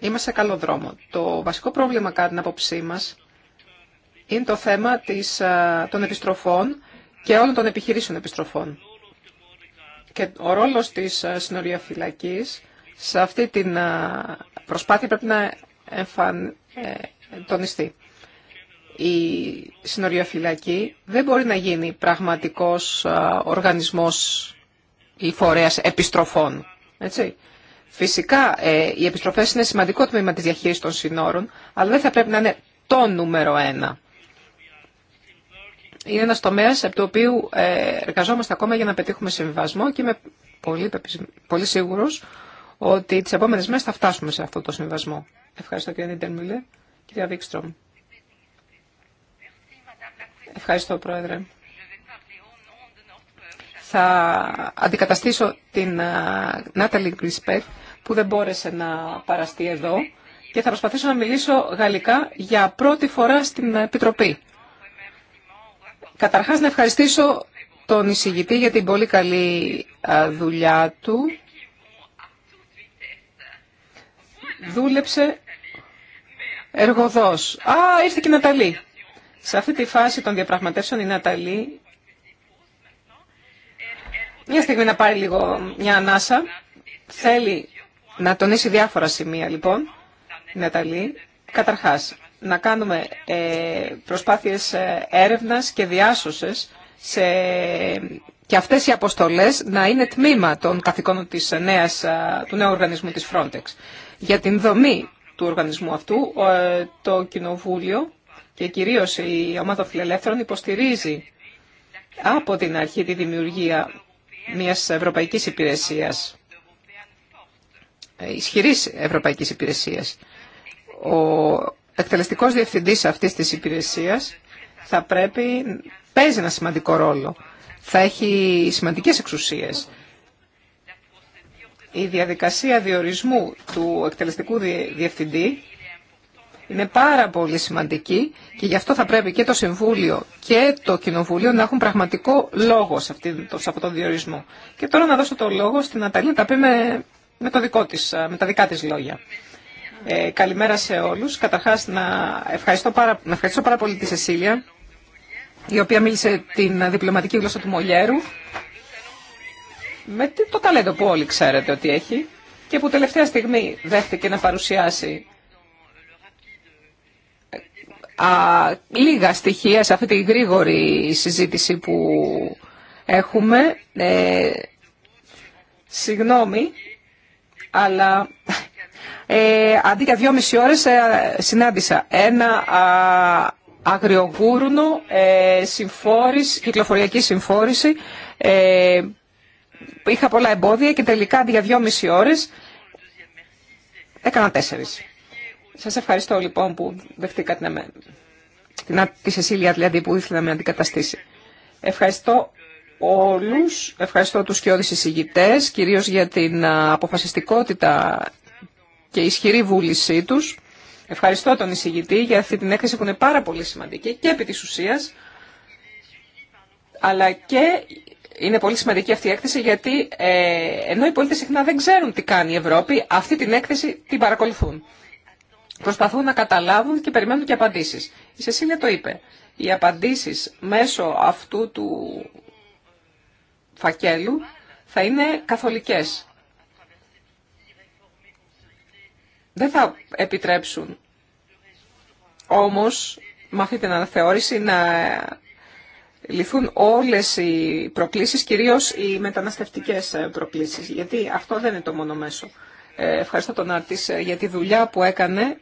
Είμαστε σε καλό δρόμο. Το βασικό πρόβλημα κατά την απόψή μας είναι το θέμα της, των επιστροφών και όλων των επιχειρήσεων επιστροφών. Και ο ρόλος της συνοριαφυλακής σε αυτή την προσπάθεια πρέπει να εμφαν... Ε, τονιστεί. Η συνοριοφυλακή δεν μπορεί να γίνει πραγματικός οργανισμός ή φορέας επιστροφών. Έτσι. Φυσικά, ε, οι επιστροφές είναι σημαντικό τμήμα της διαχείρισης των συνόρων, αλλά δεν θα πρέπει να είναι το νούμερο ένα. Είναι ένας τομέας από το οποίο ε, εργαζόμαστε ακόμα για να πετύχουμε συμβιβασμό και είμαι πολύ, πολύ σίγουρος ότι τις επόμενες μέρες θα φτάσουμε σε αυτό το συμβασμό. Ευχαριστώ κύριε Νίτερ Κυρία Βίξτρομ. Ευχαριστώ Πρόεδρε. Θα αντικαταστήσω την Νάταλη Γκρισπέκ που δεν μπόρεσε να παραστεί εδώ και θα προσπαθήσω να μιλήσω γαλλικά για πρώτη φορά στην Επιτροπή. Καταρχάς να ευχαριστήσω τον εισηγητή για την πολύ καλή δουλειά του δούλεψε εργοδός. Α, ήρθε και η Ναταλή. Σε αυτή τη φάση των διαπραγματεύσεων η Ναταλή μια στιγμή να πάρει λίγο μια ανάσα. Θέλει να τονίσει διάφορα σημεία λοιπόν η Ναταλή. Καταρχάς, να κάνουμε ε, προσπάθειες ε, έρευνας και διάσωσες σε... και αυτές οι αποστολές να είναι τμήμα των καθηκόνων της νέας, του νέου οργανισμού της Frontex για την δομή του οργανισμού αυτού. Ε, το Κοινοβούλιο και κυρίως η ομάδα φιλελεύθερων υποστηρίζει από την αρχή τη δημιουργία μιας ευρωπαϊκής υπηρεσίας, ε, ισχυρής ευρωπαϊκής υπηρεσίας. Ο εκτελεστικός διευθυντής αυτής της υπηρεσίας θα πρέπει, παίζει ένα σημαντικό ρόλο. Θα έχει σημαντικές εξουσίες η διαδικασία διορισμού του εκτελεστικού διευθυντή είναι πάρα πολύ σημαντική και γι' αυτό θα πρέπει και το Συμβούλιο και το Κοινοβούλιο να έχουν πραγματικό λόγο σε, αυτή, σε αυτόν τον διορισμό. Και τώρα να δώσω το λόγο στην Αταλή να τα πει με, της, με τα δικά της λόγια. Ε, καλημέρα σε όλους. Καταρχάς να ευχαριστώ πάρα, να ευχαριστώ πάρα πολύ τη Σεσίλια, η οποία μίλησε την διπλωματική γλώσσα του Μολιέρου με το ταλέντο που όλοι ξέρετε ότι έχει και που τελευταία στιγμή δέχτηκε να παρουσιάσει α, λίγα στοιχεία σε αυτή τη γρήγορη συζήτηση που έχουμε. Ε, συγγνώμη, αλλά ε, αντί για δυόμιση ώρες ε, συνάντησα ένα α, αγριογούρουνο ε, συμφόρηση, κυκλοφοριακή συμφόρηση ε, είχα πολλά εμπόδια και τελικά για δυόμιση ώρες έκανα τέσσερις. Σας ευχαριστώ λοιπόν που δεχτήκατε να την, τη Σεσίλια δηλαδή που ήθελα να με αντικαταστήσει. Ευχαριστώ όλους, ευχαριστώ τους και εισηγητές, κυρίως για την αποφασιστικότητα και ισχυρή βούλησή τους. Ευχαριστώ τον εισηγητή για αυτή την έκθεση που είναι πάρα πολύ σημαντική και επί της ουσίας, αλλά και είναι πολύ σημαντική αυτή η έκθεση γιατί ε, ενώ οι πολίτες συχνά δεν ξέρουν τι κάνει η Ευρώπη, αυτή την έκθεση την παρακολουθούν. Προσπαθούν να καταλάβουν και περιμένουν και απαντήσεις. Η Σεσίλια το είπε. Οι απαντήσεις μέσω αυτού του φακέλου θα είναι καθολικές. Δεν θα επιτρέψουν όμως με αυτή την αναθεώρηση να λυθούν όλες οι προκλήσεις, κυρίως οι μεταναστευτικές ε, προκλήσεις, γιατί αυτό δεν είναι το μόνο μέσο. Ε, ευχαριστώ τον Άρτης ε, για τη δουλειά που έκανε,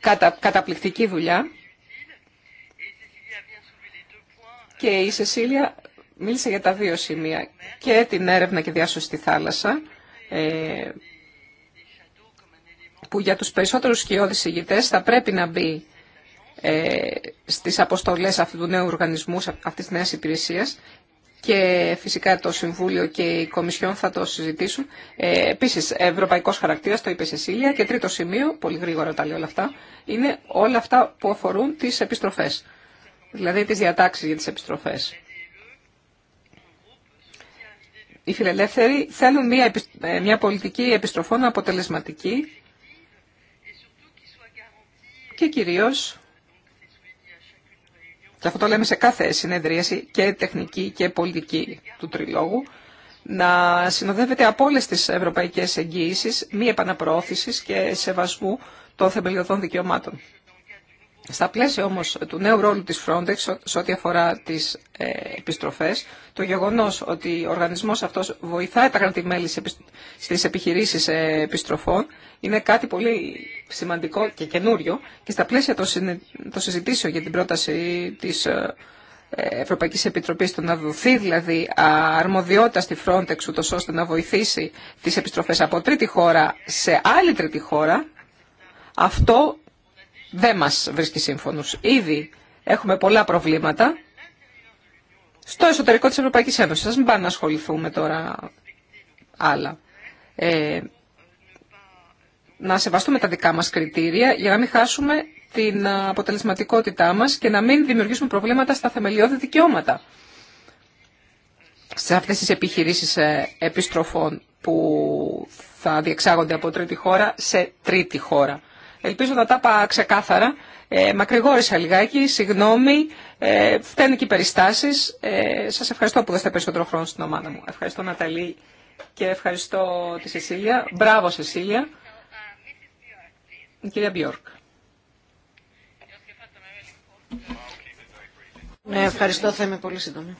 κατα, καταπληκτική δουλειά. Και η Σεσίλια μίλησε για τα δύο σημεία, και την έρευνα και διάσωση στη θάλασσα, που για τους περισσότερους σκιώδεις ηγητές θα πρέπει να μπει ε, στις αποστολές αυτού του νέου οργανισμού, αυτής της νέας υπηρεσίας και φυσικά το Συμβούλιο και η Κομισιόν θα το συζητήσουν. Ε, Επίση, ευρωπαϊκό χαρακτήρα, το είπε η Σεσίλια. Και τρίτο σημείο, πολύ γρήγορα τα λέω όλα αυτά, είναι όλα αυτά που αφορούν τις επιστροφές Δηλαδή τι διατάξει για τις επιστροφές Οι φιλελεύθεροι θέλουν μια, ε, μια πολιτική επιστροφών αποτελεσματική και κυρίως και αυτό το λέμε σε κάθε συνεδρίαση και τεχνική και πολιτική του Τριλόγου, να συνοδεύεται από όλε τι ευρωπαϊκέ εγγύησει μη επαναπροώθηση και σεβασμού των θεμελιωδών δικαιωμάτων. Στα πλαίσια όμως του νέου ρόλου της Frontex σε ό,τι αφορά τις ε, επιστροφές, το γεγονός ότι ο οργανισμός αυτός βοηθάει τα κρατημέλη στις επιχειρήσεις ε, επιστροφών είναι κάτι πολύ σημαντικό και καινούριο και στα πλαίσια των συζητήσεων για την πρόταση της ε, Ευρωπαϊκή Επιτροπής το να δοθεί δηλαδή αρμοδιότητα στη Frontex ώστε να βοηθήσει τις επιστροφές από τρίτη χώρα σε άλλη τρίτη χώρα, αυτό δεν μας βρίσκει σύμφωνους. Ήδη έχουμε πολλά προβλήματα στο εσωτερικό της Ευρωπαϊκής Ένωσης. Ας μην πάμε να ασχοληθούμε τώρα άλλα. Ε, να σεβαστούμε τα δικά μας κριτήρια για να μην χάσουμε την αποτελεσματικότητά μας και να μην δημιουργήσουμε προβλήματα στα θεμελιώδη δικαιώματα. Σε αυτές τις επιχειρήσεις ε, επιστροφών που θα διεξάγονται από τρίτη χώρα σε τρίτη χώρα. Ελπίζω να τα είπα ξεκάθαρα. Ε, μακρηγόρησα λιγάκι, συγγνώμη, ε, φταίνουν και οι περιστάσεις. Ε, σας ευχαριστώ που δώσετε περισσότερο χρόνο στην ομάδα μου. Ευχαριστώ Ναταλή και ευχαριστώ τη Σεσίλια. Μπράβο Σεσίλια. κυρία Μπιόρκ. Ναι, ευχαριστώ, θα είμαι πολύ σύντομη.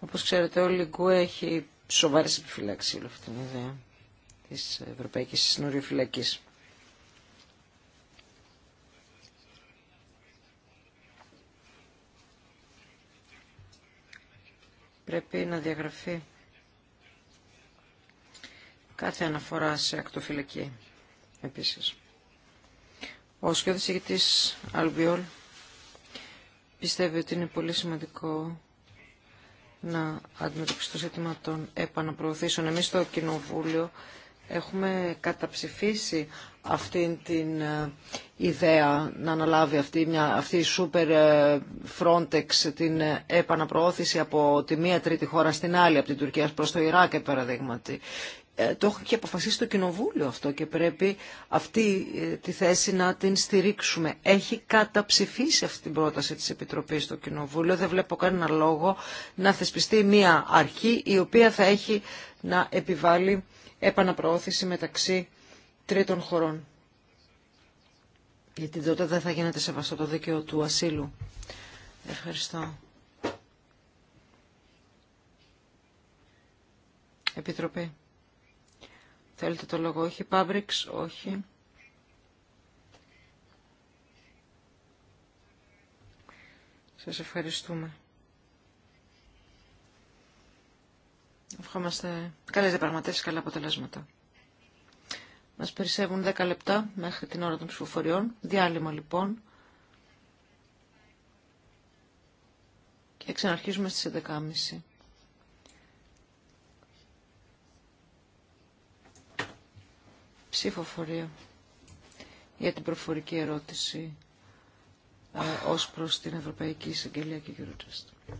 Όπως ξέρετε, ο Λιγκού έχει σοβαρές επιφυλάξεις όλη αυτή την ιδέα της Ευρωπαϊκής Συνοριοφυλακής. Πρέπει να διαγραφεί κάθε αναφορά σε ακτοφυλακή επίσης. Ο σκιώδης ηγητής Αλμπιόλ πιστεύει ότι είναι πολύ σημαντικό να αντιμετωπίσει το ζήτημα των επαναπροωθήσεων. Εμείς στο Κοινοβούλιο έχουμε καταψηφίσει αυτή την ε, ιδέα να αναλάβει αυτή, μια, αυτή η super ε, Frontex την ε, επαναπροώθηση από τη μία τρίτη χώρα στην άλλη, από την Τουρκία προς το Ιράκ, παραδείγματι. Ε, το έχει και αποφασίσει το Κοινοβούλιο αυτό και πρέπει αυτή ε, τη θέση να την στηρίξουμε. Έχει καταψηφίσει αυτή την πρόταση της Επιτροπής στο Κοινοβούλιο. Δεν βλέπω κανένα λόγο να θεσπιστεί μια αρχή η οποία θα έχει να επιβάλλει επαναπροώθηση μεταξύ τρίτων χωρών. Γιατί τότε δεν θα γίνεται σεβαστό το δίκαιο του ασύλου. Ευχαριστώ. Επιτροπή. Θέλετε το λόγο, όχι. Πάμπριξ, όχι. Σας ευχαριστούμε. Ευχόμαστε καλές διαπραγματεύσεις, καλά αποτελέσματα. Μας περισσεύουν 10 λεπτά μέχρι την ώρα των ψηφοφοριών. Διάλειμμα λοιπόν. Και ξαναρχίζουμε στις 11.30. ψηφοφορία για την προφορική ερώτηση ε, ως προς την Ευρωπαϊκή Εισαγγελία και Eurojust.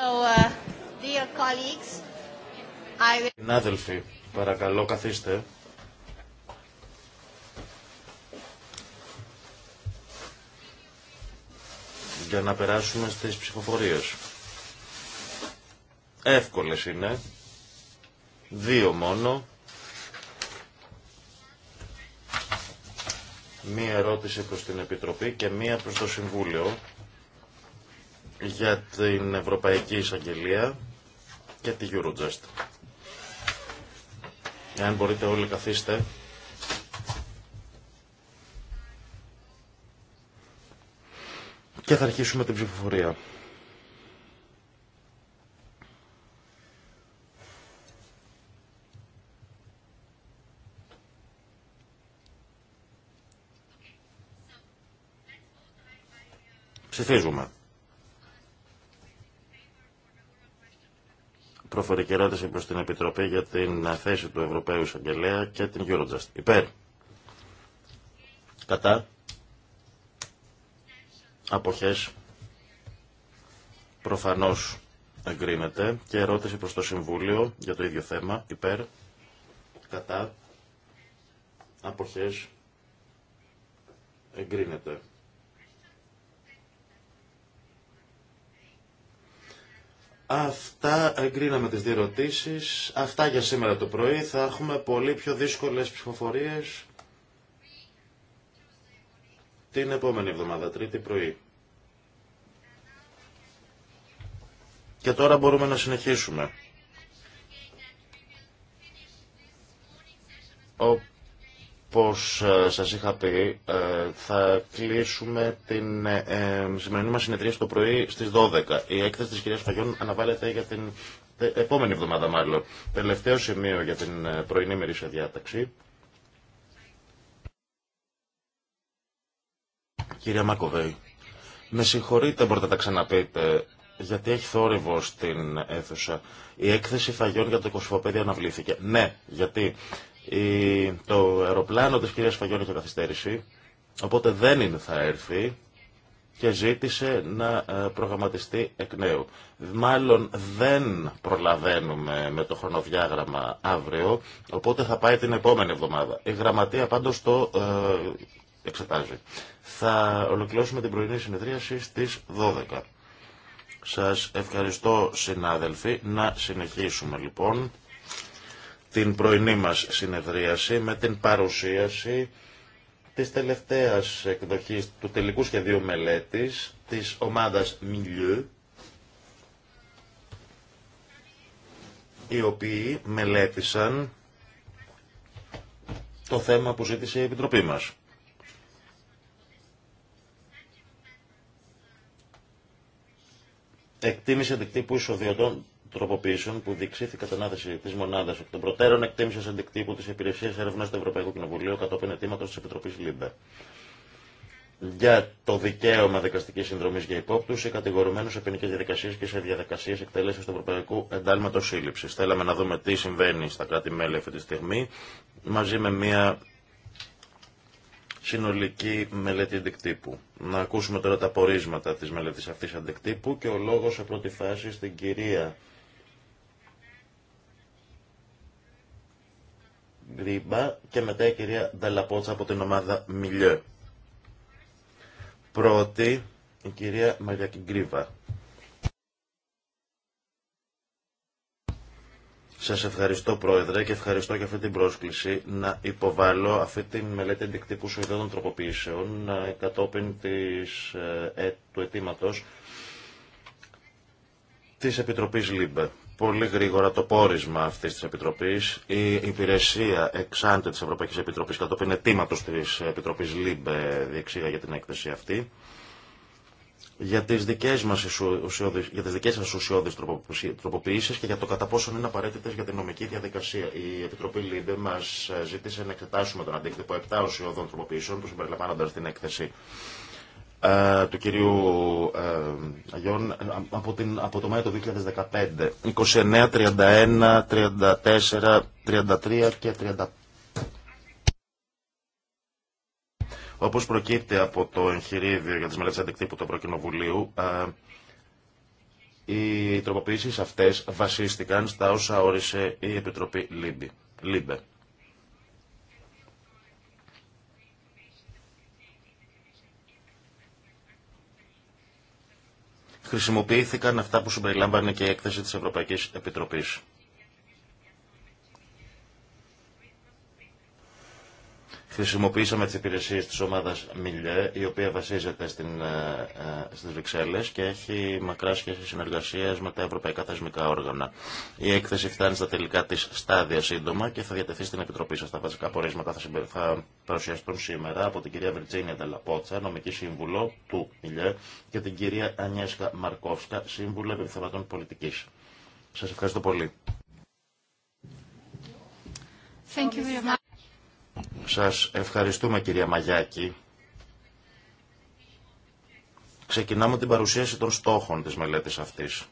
Uh, Συνάδελφοι, παρακαλώ καθίστε. Για να περάσουμε στις ψηφοφορίες. Εύκολες είναι. Δύο μόνο. Μία ερώτηση προς την Επιτροπή και μία προς το Συμβούλιο για την Ευρωπαϊκή Εισαγγελία και τη Eurojust. Εάν μπορείτε όλοι καθίστε. Και θα αρχίσουμε την ψηφοφορία. Ψηφίζουμε. προφορική ερώτηση προ την Επιτροπή για την θέση του Ευρωπαίου Εισαγγελέα και την Eurojust. Υπέρ. Κατά. Αποχές. Προφανώς εγκρίνεται. Και ερώτηση προ το Συμβούλιο για το ίδιο θέμα. Υπέρ. Κατά. Αποχές. Εγκρίνεται. Αυτά εγκρίναμε τις διερωτήσεις. Αυτά για σήμερα το πρωί. Θα έχουμε πολύ πιο δύσκολες ψηφοφορίες την επόμενη εβδομάδα, τρίτη πρωί. Και τώρα μπορούμε να συνεχίσουμε. Όπως ε, σας είχα πει, ε, θα κλείσουμε την ε, σημερινή μας συνεδρία στο πρωί στις 12. Η έκθεση της κυρίας Φαγιών αναβάλλεται για την επόμενη εβδομάδα μάλλον. Τελευταίο σημείο για την πρωινή μερίσια διάταξη. Κυρία Μακοβέη, με συγχωρείτε μπορείτε να τα ξαναπείτε, γιατί έχει θόρυβο στην αίθουσα. Η έκθεση φαγιών για το 25 αναβλήθηκε. Ναι, γιατί η, το αεροπλάνο της κυρίας Φαγιών είχε καθυστέρηση, οπότε δεν είναι θα έρθει και ζήτησε να ε, προγραμματιστεί εκ νέου. Μάλλον δεν προλαβαίνουμε με το χρονοδιάγραμμα αύριο, οπότε θα πάει την επόμενη εβδομάδα. Η γραμματεία πάντως το ε, εξετάζει. Θα ολοκληρώσουμε την πρωινή συνεδρίαση στις 12. Σας ευχαριστώ συνάδελφοι. Να συνεχίσουμε λοιπόν την πρωινή μας συνεδρίαση με την παρουσίαση της τελευταίας εκδοχής του τελικού σχεδίου μελέτης της ομάδας Μιλιού οι οποίοι μελέτησαν το θέμα που ζήτησε η Επιτροπή μας. Εκτίμηση αντικτύπου εισοδιωτών τροποποιήσεων που διεξήθη την κατανάθεση τη μονάδα εκ των προτέρων εκτίμηση αντικτύπου τη Υπηρεσία Έρευνα του Ευρωπαϊκού Κοινοβουλίου κατόπιν αιτήματο τη Επιτροπή ΛΥΜΠΕ. Για το δικαίωμα δικαστική συνδρομή για υπόπτου, ή κατηγορουμένου σε ποινικέ διαδικασίε και σε διαδικασίε εκτέλεση του Ευρωπαϊκού Εντάλματο Σύλληψη. Θέλαμε να δούμε τι συμβαίνει στα κράτη-μέλη αυτή τη στιγμή, μαζί με μια συνολική μελέτη αντικτύπου. Να ακούσουμε τώρα τα πορίσματα της μελέτης αυτής αντικτύπου και ο λόγος σε πρώτη φάση στην κυρία και μετά η κυρία Νταλαπότσα από την ομάδα Μιλιέ. Πρώτη, η κυρία Μαριακή Γκρίβα. Σας ευχαριστώ Πρόεδρε και ευχαριστώ για αυτή την πρόσκληση να υποβάλω αυτή τη μελέτη αντικτύπου των τροποποιήσεων ε, κατόπιν της, ε, ε, του αιτήματο της Επιτροπής ΛΥΜΠΕ πολύ γρήγορα το πόρισμα αυτή τη Επιτροπής. Η υπηρεσία εξάντε της Ευρωπαϊκής Επιτροπής κατόπιν αιτήματος τη Επιτροπής ΛΥΜΠΕ διεξήγα για την έκθεση αυτή. Για τι δικέ μας ουσιώδει τροποποιήσει και για το κατά πόσο είναι απαραίτητε για την νομική διαδικασία. Η Επιτροπή ΛΥΜΠΕ μα ζήτησε να εξετάσουμε τον αντίκτυπο 7 ουσιώδων τροποποιήσεων που συμπεριλαμβάνονταν στην έκθεση ε, του κυρίου ε, Αγιών από, την, από το Μάιο του 2015. 29, 31, 34, 33 και 35. Όπως προκύπτει από το εγχειρίδιο για τις μελέτες αντικτύπου του Ευρωκοινοβουλίου, ε, οι τροποποιήσεις αυτές βασίστηκαν στα όσα όρισε η Επιτροπή Λίμπη. Λίμπε. χρησιμοποιήθηκαν αυτά που συμπεριλάμβανε και η έκθεση της Ευρωπαϊκής Επιτροπής. Χρησιμοποίησαμε τις υπηρεσίες της ομάδας Μιλιέ, η οποία βασίζεται στην, ε, ε, στις Βρυξέλλες και έχει μακρά σχέση συνεργασίας με τα ευρωπαϊκά θεσμικά όργανα. Η έκθεση φτάνει στα τελικά της στάδια σύντομα και θα διατεθεί στην Επιτροπή σας. Τα βασικά πορίσματα θα, συμπε... θα παρουσιαστούν σήμερα από την κυρία Βερτζίνια Νταλαπότσα, νομική σύμβουλο του Μιλιέ, και την κυρία Ανιέσκα Μαρκόφσκα, σύμβουλο επιθεματών πολιτικής. Σας ευχαριστώ πολύ. Thank you very much. Σας ευχαριστούμε κυρία Μαγιάκη. Ξεκινάμε την παρουσίαση των στόχων της μελέτης αυτής.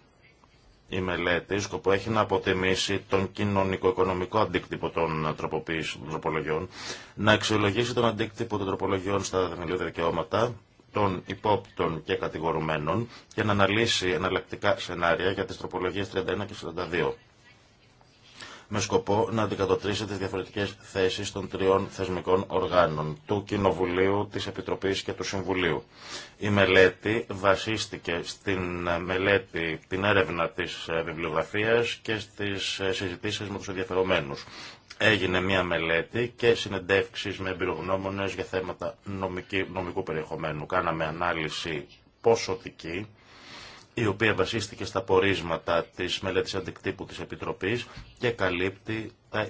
Η μελέτη σκοπό έχει να αποτιμήσει τον κοινωνικο-οικονομικό αντίκτυπο των των τροπολογιών, να αξιολογήσει τον αντίκτυπο των τροπολογιών στα θεμελιώδη δικαιώματα, των υπόπτων και κατηγορουμένων και να αναλύσει εναλλακτικά σενάρια για τις τροπολογίες 31 και 42 με σκοπό να αντικατοπτρίσει τι διαφορετικέ θέσει των τριών θεσμικών οργάνων, του Κοινοβουλίου, της Επιτροπή και του Συμβουλίου. Η μελέτη βασίστηκε στην μελέτη, την έρευνα της βιβλιογραφία και στι συζητήσει με του ενδιαφερομένου. Έγινε μία μελέτη και συνεντεύξεις με εμπειρογνώμονες για θέματα νομική, νομικού περιεχομένου. Κάναμε ανάλυση ποσοτική η οποία βασίστηκε στα πορίσματα της μελέτης αντικτύπου της Επιτροπής και καλύπτει τα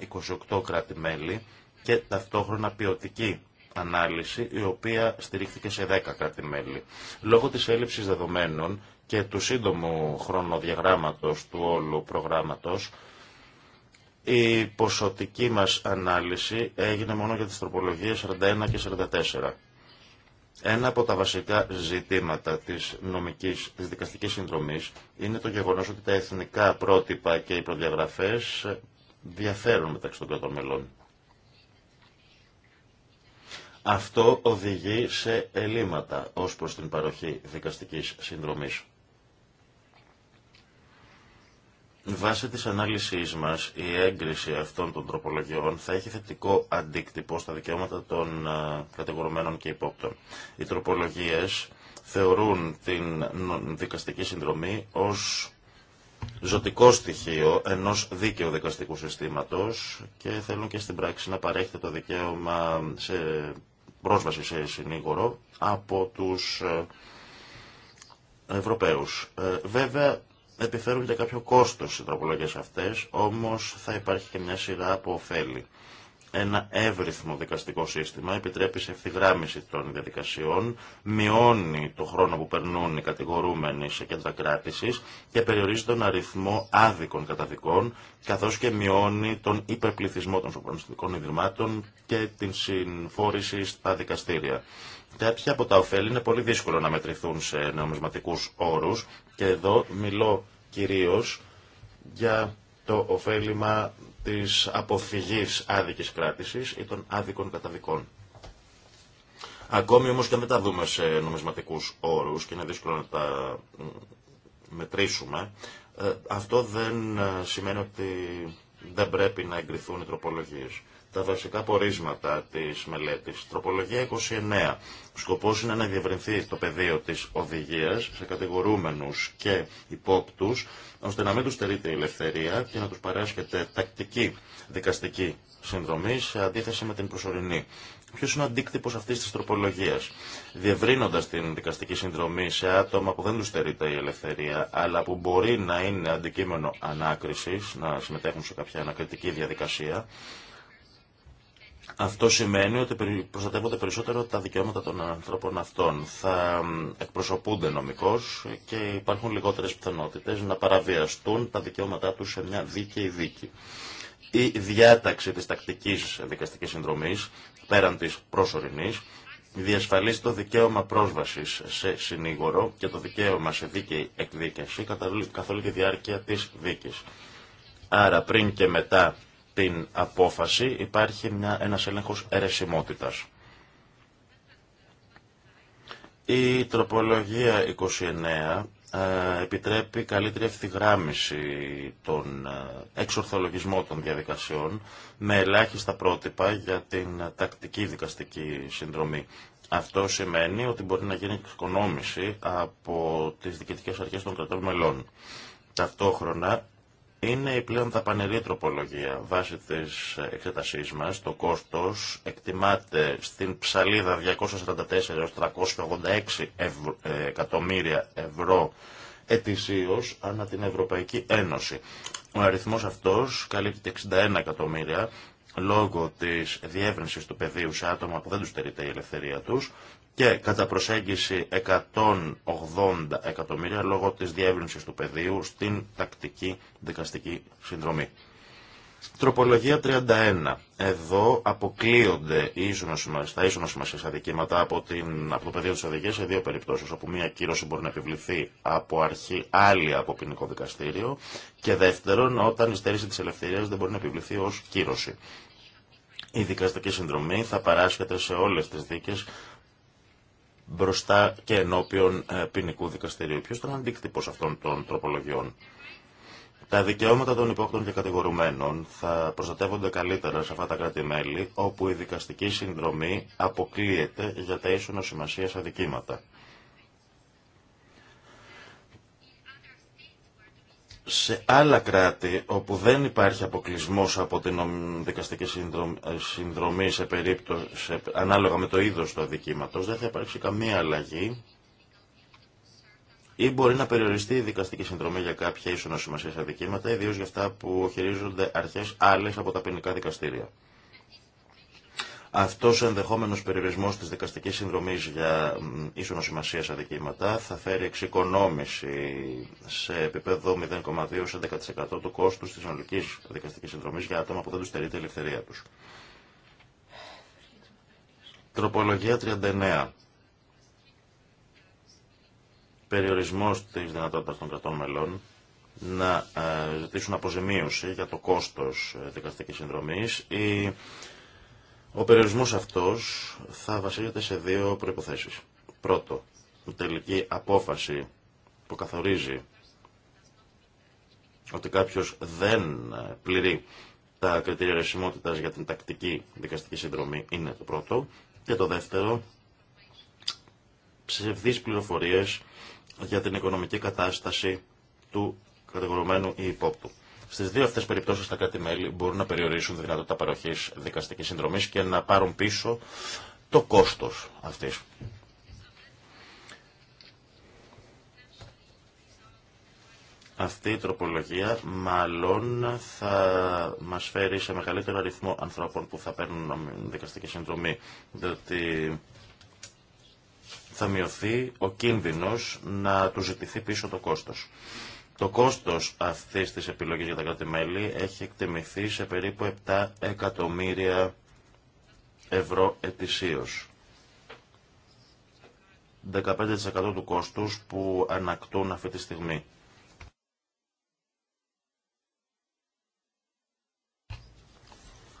28 κράτη-μέλη και ταυτόχρονα ποιοτική ανάλυση η οποία στηρίχθηκε σε 10 κράτη-μέλη. Λόγω της έλλειψης δεδομένων και του σύντομου χρονοδιαγράμματος του όλου προγράμματος η ποσοτική μας ανάλυση έγινε μόνο για τις τροπολογίες 41 και 44. Ένα από τα βασικά ζητήματα της νομικής, της δικαστικής συνδρομής είναι το γεγονός ότι τα εθνικά πρότυπα και οι προδιαγραφές διαφέρουν μεταξύ των κρατών μελών. Αυτό οδηγεί σε ελλείμματα ως προς την παροχή δικαστικής συνδρομής. Βάσει της ανάλυσής μας, η έγκριση αυτών των τροπολογιών θα έχει θετικό αντίκτυπο στα δικαιώματα των ε, κατηγορουμένων και υπόπτων. Οι τροπολογίες θεωρούν την δικαστική συνδρομή ως ζωτικό στοιχείο ενός δίκαιου δικαστικού συστήματος και θέλουν και στην πράξη να παρέχεται το δικαίωμα σε πρόσβαση σε συνήγορο από τους ε, Ευρωπαίους. Ε, βέβαια, επιφέρουν και κάποιο κόστος οι τροπολογίε αυτές, όμως θα υπάρχει και μια σειρά από ωφέλη. Ένα εύρυθμο δικαστικό σύστημα επιτρέπει σε ευθυγράμμιση των διαδικασιών, μειώνει το χρόνο που περνούν οι κατηγορούμενοι σε κέντρα κράτηση και περιορίζει τον αριθμό άδικων καταδικών, καθώ και μειώνει τον υπερπληθισμό των σοπονιστικών ιδρυμάτων και την συμφόρηση στα δικαστήρια. Κάποια από τα ωφέλη είναι πολύ δύσκολο να μετρηθούν σε νομισματικούς όρους και εδώ μιλώ κυρίως για το ωφέλιμα της αποφυγής άδικης κράτησης ή των άδικων καταδικών. Ακόμη όμως και αν τα δούμε σε νομισματικούς όρους και είναι δύσκολο να τα μετρήσουμε, ε, αυτό δεν ε, σημαίνει ότι δεν πρέπει να εγκριθούν οι τροπολογίες τα βασικά πορίσματα της μελέτης. Τροπολογία 29. σκοπός είναι να διευρυνθεί το πεδίο της οδηγίας σε κατηγορούμενους και υπόπτους, ώστε να μην τους στερείται η ελευθερία και να τους παράσχεται τακτική δικαστική συνδρομή σε αντίθεση με την προσωρινή. Ποιο είναι ο αντίκτυπο αυτή τη τροπολογία. Διευρύνοντα την δικαστική συνδρομή σε άτομα που δεν του στερείται η ελευθερία, αλλά που μπορεί να είναι αντικείμενο ανάκριση, να συμμετέχουν σε κάποια ανακριτική διαδικασία, αυτό σημαίνει ότι προστατεύονται περισσότερο τα δικαιώματα των ανθρώπων αυτών. Θα εκπροσωπούνται νομικώ και υπάρχουν λιγότερες πιθανότητες να παραβιαστούν τα δικαιώματά τους σε μια δίκαιη δίκη. Η διάταξη της τακτική δικαστική συνδρομή, πέραν της προσωρινή, διασφαλίζει το δικαίωμα πρόσβασης σε συνήγορο και το δικαίωμα σε δίκαιη εκδίκαση καθ' όλη τη διάρκεια τη δίκη. Άρα πριν και μετά την απόφαση υπάρχει μια, ένας έλεγχος αιρεσιμότητας. Η τροπολογία 29 ε, επιτρέπει καλύτερη ευθυγράμμιση των ε, εξορθολογισμών των διαδικασιών με ελάχιστα πρότυπα για την τακτική δικαστική συνδρομή. Αυτό σημαίνει ότι μπορεί να γίνει εξοικονόμηση από τις διοικητικές αρχές των κρατών μελών. Ταυτόχρονα είναι η πλέον δαπανερή τροπολογία. Βάσει τη εξέτασή μα, το κόστο εκτιμάται στην ψαλίδα 244 έως 386 εκατομμύρια ευρώ ετησίω ανά την Ευρωπαϊκή Ένωση. Ο αριθμός αυτός καλύπτει 61 εκατομμύρια λόγω της διεύρυνσης του πεδίου σε άτομα που δεν τους στερείται η ελευθερία τους και κατά προσέγγιση 180 εκατομμύρια λόγω της διεύρυνσης του πεδίου στην τακτική δικαστική συνδρομή. Τροπολογία 31. Εδώ αποκλείονται τα ίσονα σημασία αδικήματα από, την, από το πεδίο τη οδηγία σε δύο περιπτώσεις. Όπου μία κύρωση μπορεί να επιβληθεί από αρχή, άλλη από ποινικό δικαστήριο. Και δεύτερον, όταν η στέρηση τη ελευθερία δεν μπορεί να επιβληθεί ως κύρωση. Η δικαστική συνδρομή θα παράσχεται σε όλε τι δίκε μπροστά και ενώπιον ε, ποινικού δικαστηρίου. Ποιο ήταν αντίκτυπο αυτών των τροπολογιών. Τα δικαιώματα των υπόπτων και κατηγορουμένων θα προστατεύονται καλύτερα σε αυτά τα κράτη-μέλη, όπου η δικαστική συνδρομή αποκλείεται για τα ίσονα σημασία αδικήματα. σε άλλα κράτη όπου δεν υπάρχει αποκλεισμό από την δικαστική ε, συνδρομή σε περίπτωση, ανάλογα με το είδος του αδικήματος, δεν θα υπάρξει καμία αλλαγή ή μπορεί να περιοριστεί η δικαστική συνδρομή για κάποια ίσονα σημασία αδικήματα, ιδίω για αυτά που χειρίζονται αρχέ άλλε από τα ποινικά δικαστήρια. Αυτό ο ενδεχόμενο περιορισμό τη δικαστική συνδρομή για ίσονο σημασία αδικήματα θα φέρει εξοικονόμηση σε επίπεδο 0,2-11% του κόστου τη συνολική δικαστική συνδρομή για άτομα που δεν του στερείται η ελευθερία του. Τροπολογία 39. Περιορισμός τη δυνατότητα των κρατών μελών να ε, ζητήσουν αποζημίωση για το κόστο ε, δικαστική συνδρομή. ή ο περιορισμός αυτός θα βασίζεται σε δύο προϋποθέσεις. Πρώτο, η τελική απόφαση που καθορίζει ότι κάποιος δεν πληρεί τα κριτήρια ρεσιμότητας για την τακτική δικαστική συνδρομή είναι το πρώτο. Και το δεύτερο, ψευδείς πληροφορίες για την οικονομική κατάσταση του κατηγορουμένου ή υπόπτου. Στι δύο αυτέ περιπτώσει τα κράτη-μέλη μπορούν να περιορίσουν τη δυνατότητα παροχή δικαστική συνδρομή και να πάρουν πίσω το κόστο αυτή. Αυτή η τροπολογία μάλλον θα μας φέρει σε μεγαλύτερο αριθμό ανθρώπων που θα παίρνουν δικαστική συνδρομή, διότι θα μειωθεί ο κίνδυνος να του ζητηθεί πίσω το κόστος. Το κόστος αυτής της επιλογής για τα κράτη-μέλη έχει εκτιμηθεί σε περίπου 7 εκατομμύρια ευρώ ετησίως. 15% του κόστους που ανακτούν αυτή τη στιγμή.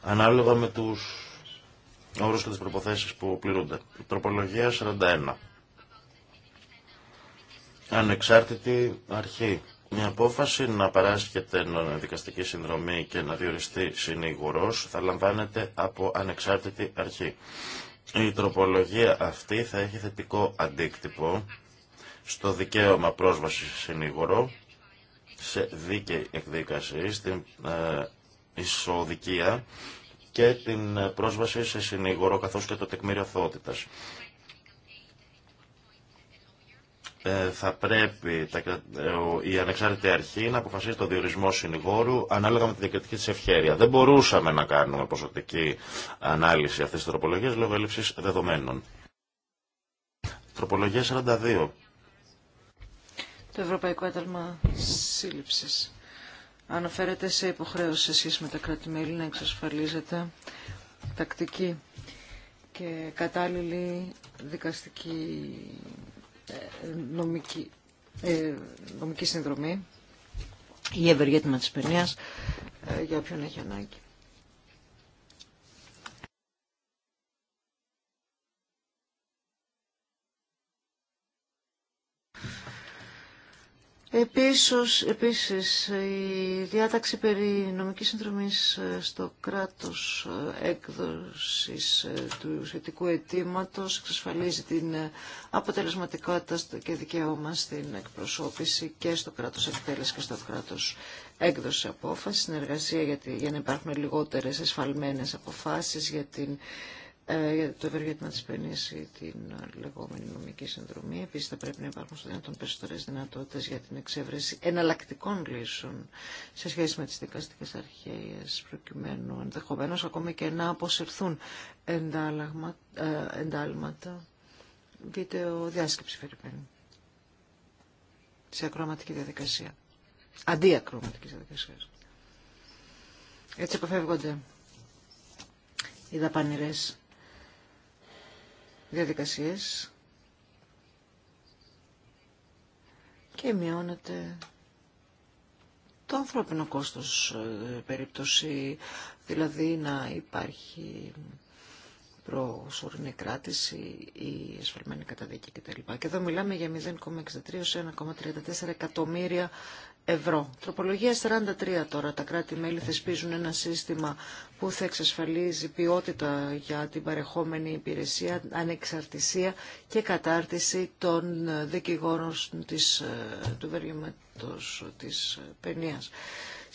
Ανάλογα με τους όρους και τις προποθέσεις που πληρούνται. Τροπολογία 41. Ανεξάρτητη αρχή μια απόφαση να παράσχεται δικαστική συνδρομή και να διοριστεί συνήγορος θα λαμβάνεται από ανεξάρτητη αρχή. Η τροπολογία αυτή θα έχει θετικό αντίκτυπο στο δικαίωμα πρόσβασης συνήγορο, σε δίκαιη εκδίκαση, στην ε, ισοδικία και την πρόσβαση σε συνήγορο καθώς και το τεκμήριο ε, θα πρέπει ε, η ανεξάρτητη αρχή να αποφασίσει το διορισμό συνηγόρου ανάλογα με τη διακριτική τη ευχέρεια. Δεν μπορούσαμε να κάνουμε ποσοτική ανάλυση αυτή τη τροπολογία λόγω έλλειψη δεδομένων. Τροπολογία 42. Το Ευρωπαϊκό Ένταλμα Σύλληψη αναφέρεται σε υποχρέωση σε με τα κράτη-μέλη να εξασφαλίζεται τακτική και κατάλληλη δικαστική νομική, ε, νομική συνδρομή ή ευεργέτημα της παινίας ε, για ποιον έχει ανάγκη. Επίσης, επίσης, η διάταξη περί νομικής συνδρομής ε, στο κράτος ε, έκδοσης ε, του σχετικού αιτήματο εξασφαλίζει την αποτελεσματικότητα και δικαίωμα στην εκπροσώπηση και στο κράτος εκτέλεση και στο κράτος έκδοση απόφαση, συνεργασία για, για να υπάρχουν λιγότερες εσφαλμένες αποφάσεις για την ε, το ευεργέτημα της παινής την λεγόμενη νομική συνδρομή. Επίσης θα πρέπει να υπάρχουν στο δυνατόν περισσότερες δυνατότητες για την εξέβρεση εναλλακτικών λύσεων σε σχέση με τις δικαστικές αρχές προκειμένου ενδεχομένω ακόμη και να αποσυρθούν ε, εντάλματα βίντεο διάσκεψη περιμένει σε ακροαματική διαδικασία. Αντί ακροαματική διαδικασία. Έτσι αποφεύγονται οι δαπανηρές διαδικασίες και μειώνεται το ανθρώπινο κόστος ε, περίπτωση, δηλαδή να υπάρχει προσωρινή κράτηση ή εσφαλμένη καταδίκη κτλ. Και εδώ μιλάμε για 0,63 1,34 εκατομμύρια ευρώ. Τροπολογία 43 τώρα. Τα κράτη-μέλη θεσπίζουν ένα σύστημα που θα εξασφαλίζει ποιότητα για την παρεχόμενη υπηρεσία, ανεξαρτησία και κατάρτιση των δικηγόρων ε, του βεργηματός της ε, παινίας.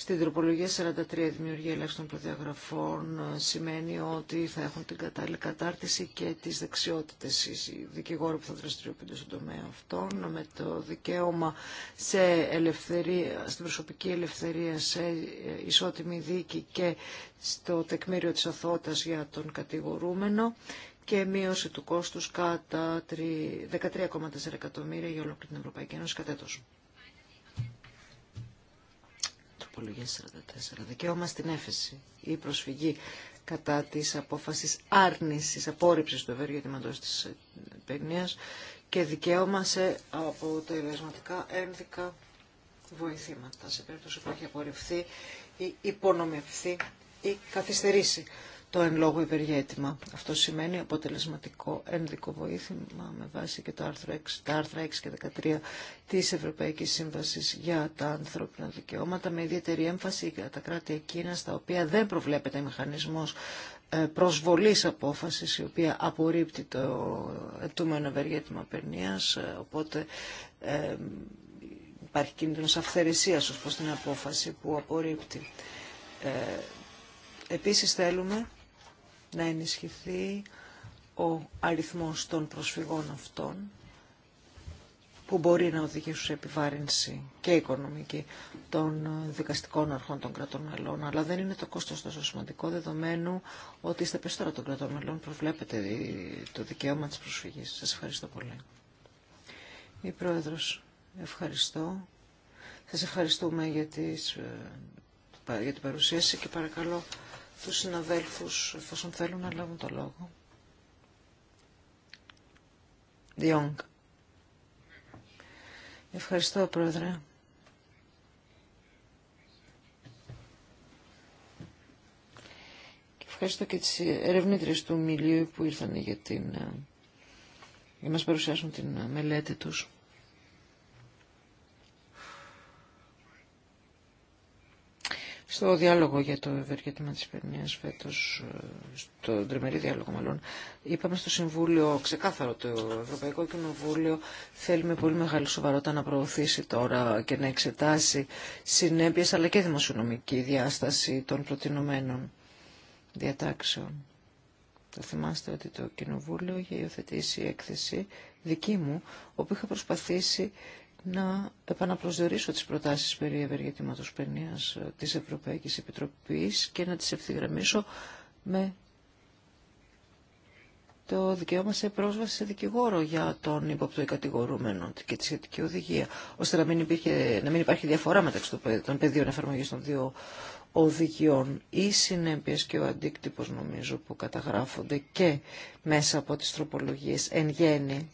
Στην τροπολογία 43 δημιουργία ελάχιστων προδιαγραφών ε, σημαίνει ότι θα έχουν την κατάλληλη κατάρτιση και τις δεξιότητες οι δικηγόροι που θα δραστηριοποιούνται στον τομέα αυτών ε, με το δικαίωμα σε ελευθερία, στην προσωπική ελευθερία, σε ε, ισότιμη δίκη και στο τεκμήριο της αθωότητας για τον κατηγορούμενο και μείωση του κόστους κατά 13,4 εκατομμύρια για ολόκληρη την Ευρωπαϊκή Ένωση κατέτος. Απολογία 44. Δικαίωμα στην έφεση ή προσφυγή κατά της απόφασης αρνηση απόρριψη του αιτήματο της παιγνία ε, και δικαίωμα σε αποτελεσματικά ένδικα βοηθήματα σε περίπτωση που έχει απορριφθεί ή υπονομευθεί ή καθυστερήσει το εν λόγω υπεργέτημα. Αυτό σημαίνει αποτελεσματικό ένδικο βοήθημα με βάση και το άρθρο 6, τα άρθρα 6 και 13 της Ευρωπαϊκής Σύμβασης για τα ανθρώπινα δικαιώματα με ιδιαίτερη έμφαση για τα κράτη εκείνα στα οποία δεν προβλέπεται μηχανισμός ε, προσβολής απόφασης η οποία απορρίπτει το ετούμενο ευεργέτημα περνίας, ε, οπότε ε, υπάρχει κίνδυνος αυθαιρεσίας ως προς την απόφαση που απορρίπτει. Ε, επίσης θέλουμε να ενισχυθεί ο αριθμός των προσφυγών αυτών που μπορεί να οδηγήσουν σε επιβάρυνση και οικονομική των δικαστικών αρχών των κρατών μελών. Αλλά δεν είναι το κόστος τόσο σημαντικό, δεδομένου ότι στα περισσότερα των κρατών μελών προβλέπεται το δικαίωμα της προσφυγής. Σας ευχαριστώ πολύ. Η Πρόεδρος, ευχαριστώ. Σας ευχαριστούμε για, τις, ε, για την παρουσίαση και παρακαλώ τους συναδέλφους εφόσον θέλουν να λάβουν το λόγο. Διόγκ. Ευχαριστώ, Πρόεδρε. ευχαριστώ και τις ερευνήτριες του Μιλίου που ήρθαν για, την, ε, για να μας παρουσιάσουν την ε, μελέτη τους. στο διάλογο για το ευεργέτημα της Περνίας φέτος, στο τριμερή διάλογο μάλλον, είπαμε στο Συμβούλιο, ξεκάθαρο το Ευρωπαϊκό Κοινοβούλιο, θέλει με πολύ μεγάλη σοβαρότητα να προωθήσει τώρα και να εξετάσει συνέπειες αλλά και δημοσιονομική διάσταση των προτινωμένων διατάξεων. Θα θυμάστε ότι το Κοινοβούλιο είχε υιοθετήσει έκθεση δική μου, όπου είχα προσπαθήσει να επαναπροσδιορίσω τις προτάσεις περί ευεργετήματος παινίας ε, της Ευρωπαϊκής Επιτροπής και να τις ευθυγραμμίσω με το δικαίωμα σε πρόσβαση σε δικηγόρο για τον υπόπτωη κατηγορούμενο και τη σχετική οδηγία, ώστε να μην, υπάρχει διαφορά μεταξύ των πεδίων εφαρμογής των δύο οδηγιών. ή συνέπειε και ο αντίκτυπος νομίζω που καταγράφονται και μέσα από τις τροπολογίες εν γέννη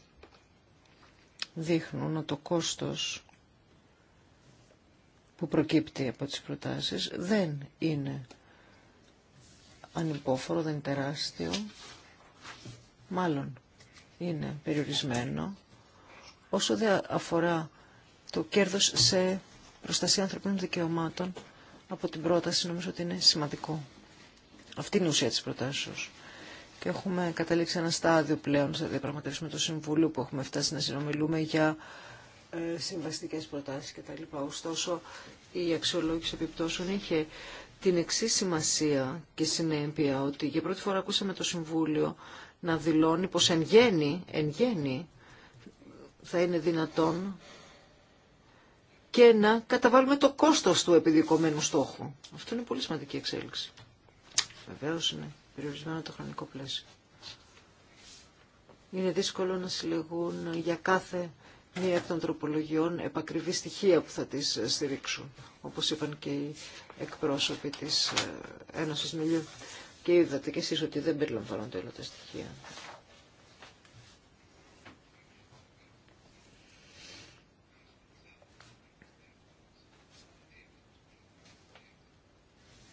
δείχνουν ότι το κόστος που προκύπτει από τις προτάσεις δεν είναι ανυπόφορο, δεν είναι τεράστιο, μάλλον είναι περιορισμένο, όσο δεν αφορά το κέρδος σε προστασία ανθρωπίνων δικαιωμάτων από την πρόταση νομίζω ότι είναι σημαντικό. Αυτή είναι η ουσία της προτάσεως και έχουμε καταλήξει ένα στάδιο πλέον σε διαπραγματεύσει με το Συμβούλιο που έχουμε φτάσει να συνομιλούμε για ε, συμβαστικές προτάσεις κτλ. Ωστόσο, η αξιολόγηση επιπτώσεων είχε την εξή σημασία και συνέπεια ότι για πρώτη φορά ακούσαμε το Συμβούλιο να δηλώνει πως εν γέννη, θα είναι δυνατόν και να καταβάλουμε το κόστος του επιδικομένου στόχου. Αυτό είναι πολύ σημαντική εξέλιξη. Βεβαίως είναι περιορισμένο το χρονικό πλαίσιο. Είναι δύσκολο να συλλεγούν για κάθε μία εκ των τροπολογιών επακριβή στοιχεία που θα τις ε, στηρίξουν, όπως είπαν και οι εκπρόσωποι της ε, Ένωσης Μιλίου. Και είδατε κι εσείς ότι δεν περιλαμβάνονται όλα τα στοιχεία.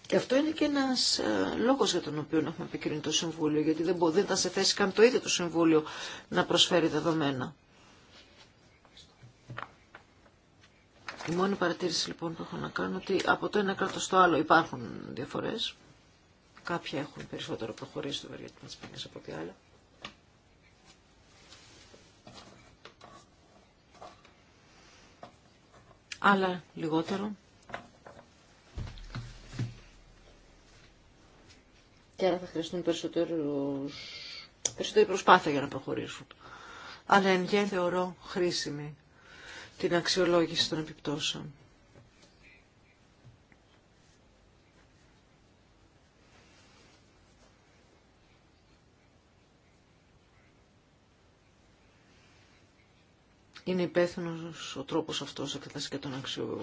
Και αυτό είναι και ένας ε, λόγος για τον οποίο έχουμε επικρίνει το Συμβούλιο, γιατί δεν, μπορεί, δεν ήταν σε θέση καν το ίδιο το Συμβούλιο να προσφέρει δεδομένα. Η μόνη παρατήρηση λοιπόν που έχω να κάνω είναι ότι από το ένα κράτος στο άλλο υπάρχουν διαφορές. Κάποια έχουν περισσότερο προχωρήσει στο βαριά τη από ό,τι άλλα. Άλλα λιγότερο. και άρα θα χρειαστούν περισσότερη προσπάθεια για να προχωρήσουν. Αλλά εν γέν θεωρώ χρήσιμη την αξιολόγηση των επιπτώσεων. είναι υπεύθυνο ο τρόπο αυτό εκτέλεση και, των αξιο...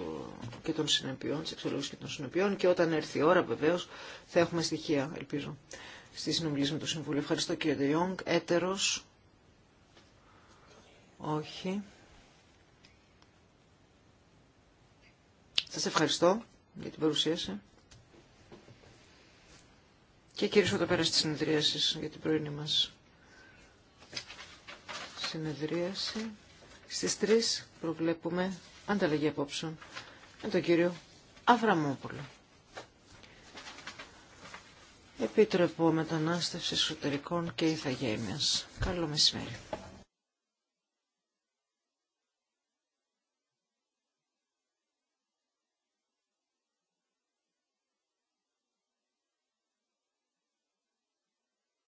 και των συνεπειών, τη αξιολόγηση και των συνεπειών. Και όταν έρθει η ώρα, βεβαίω, θα έχουμε στοιχεία, ελπίζω, στη συνομιλία με το Συμβούλιο. Ευχαριστώ, κύριε Ντεϊόγκ. Έτερο. Όχι. Σας ευχαριστώ για την παρουσίαση. Και κυρίω εδώ πέρα στις συνεδρίαση για την πρωινή μας συνεδρίαση. Στις 3 προβλέπουμε ανταλλαγή απόψεων με τον κύριο Αβραμόπουλο. Επίτροπο μετανάστευση Εσωτερικών και Ιθαγένειας. Καλό μεσημέρι.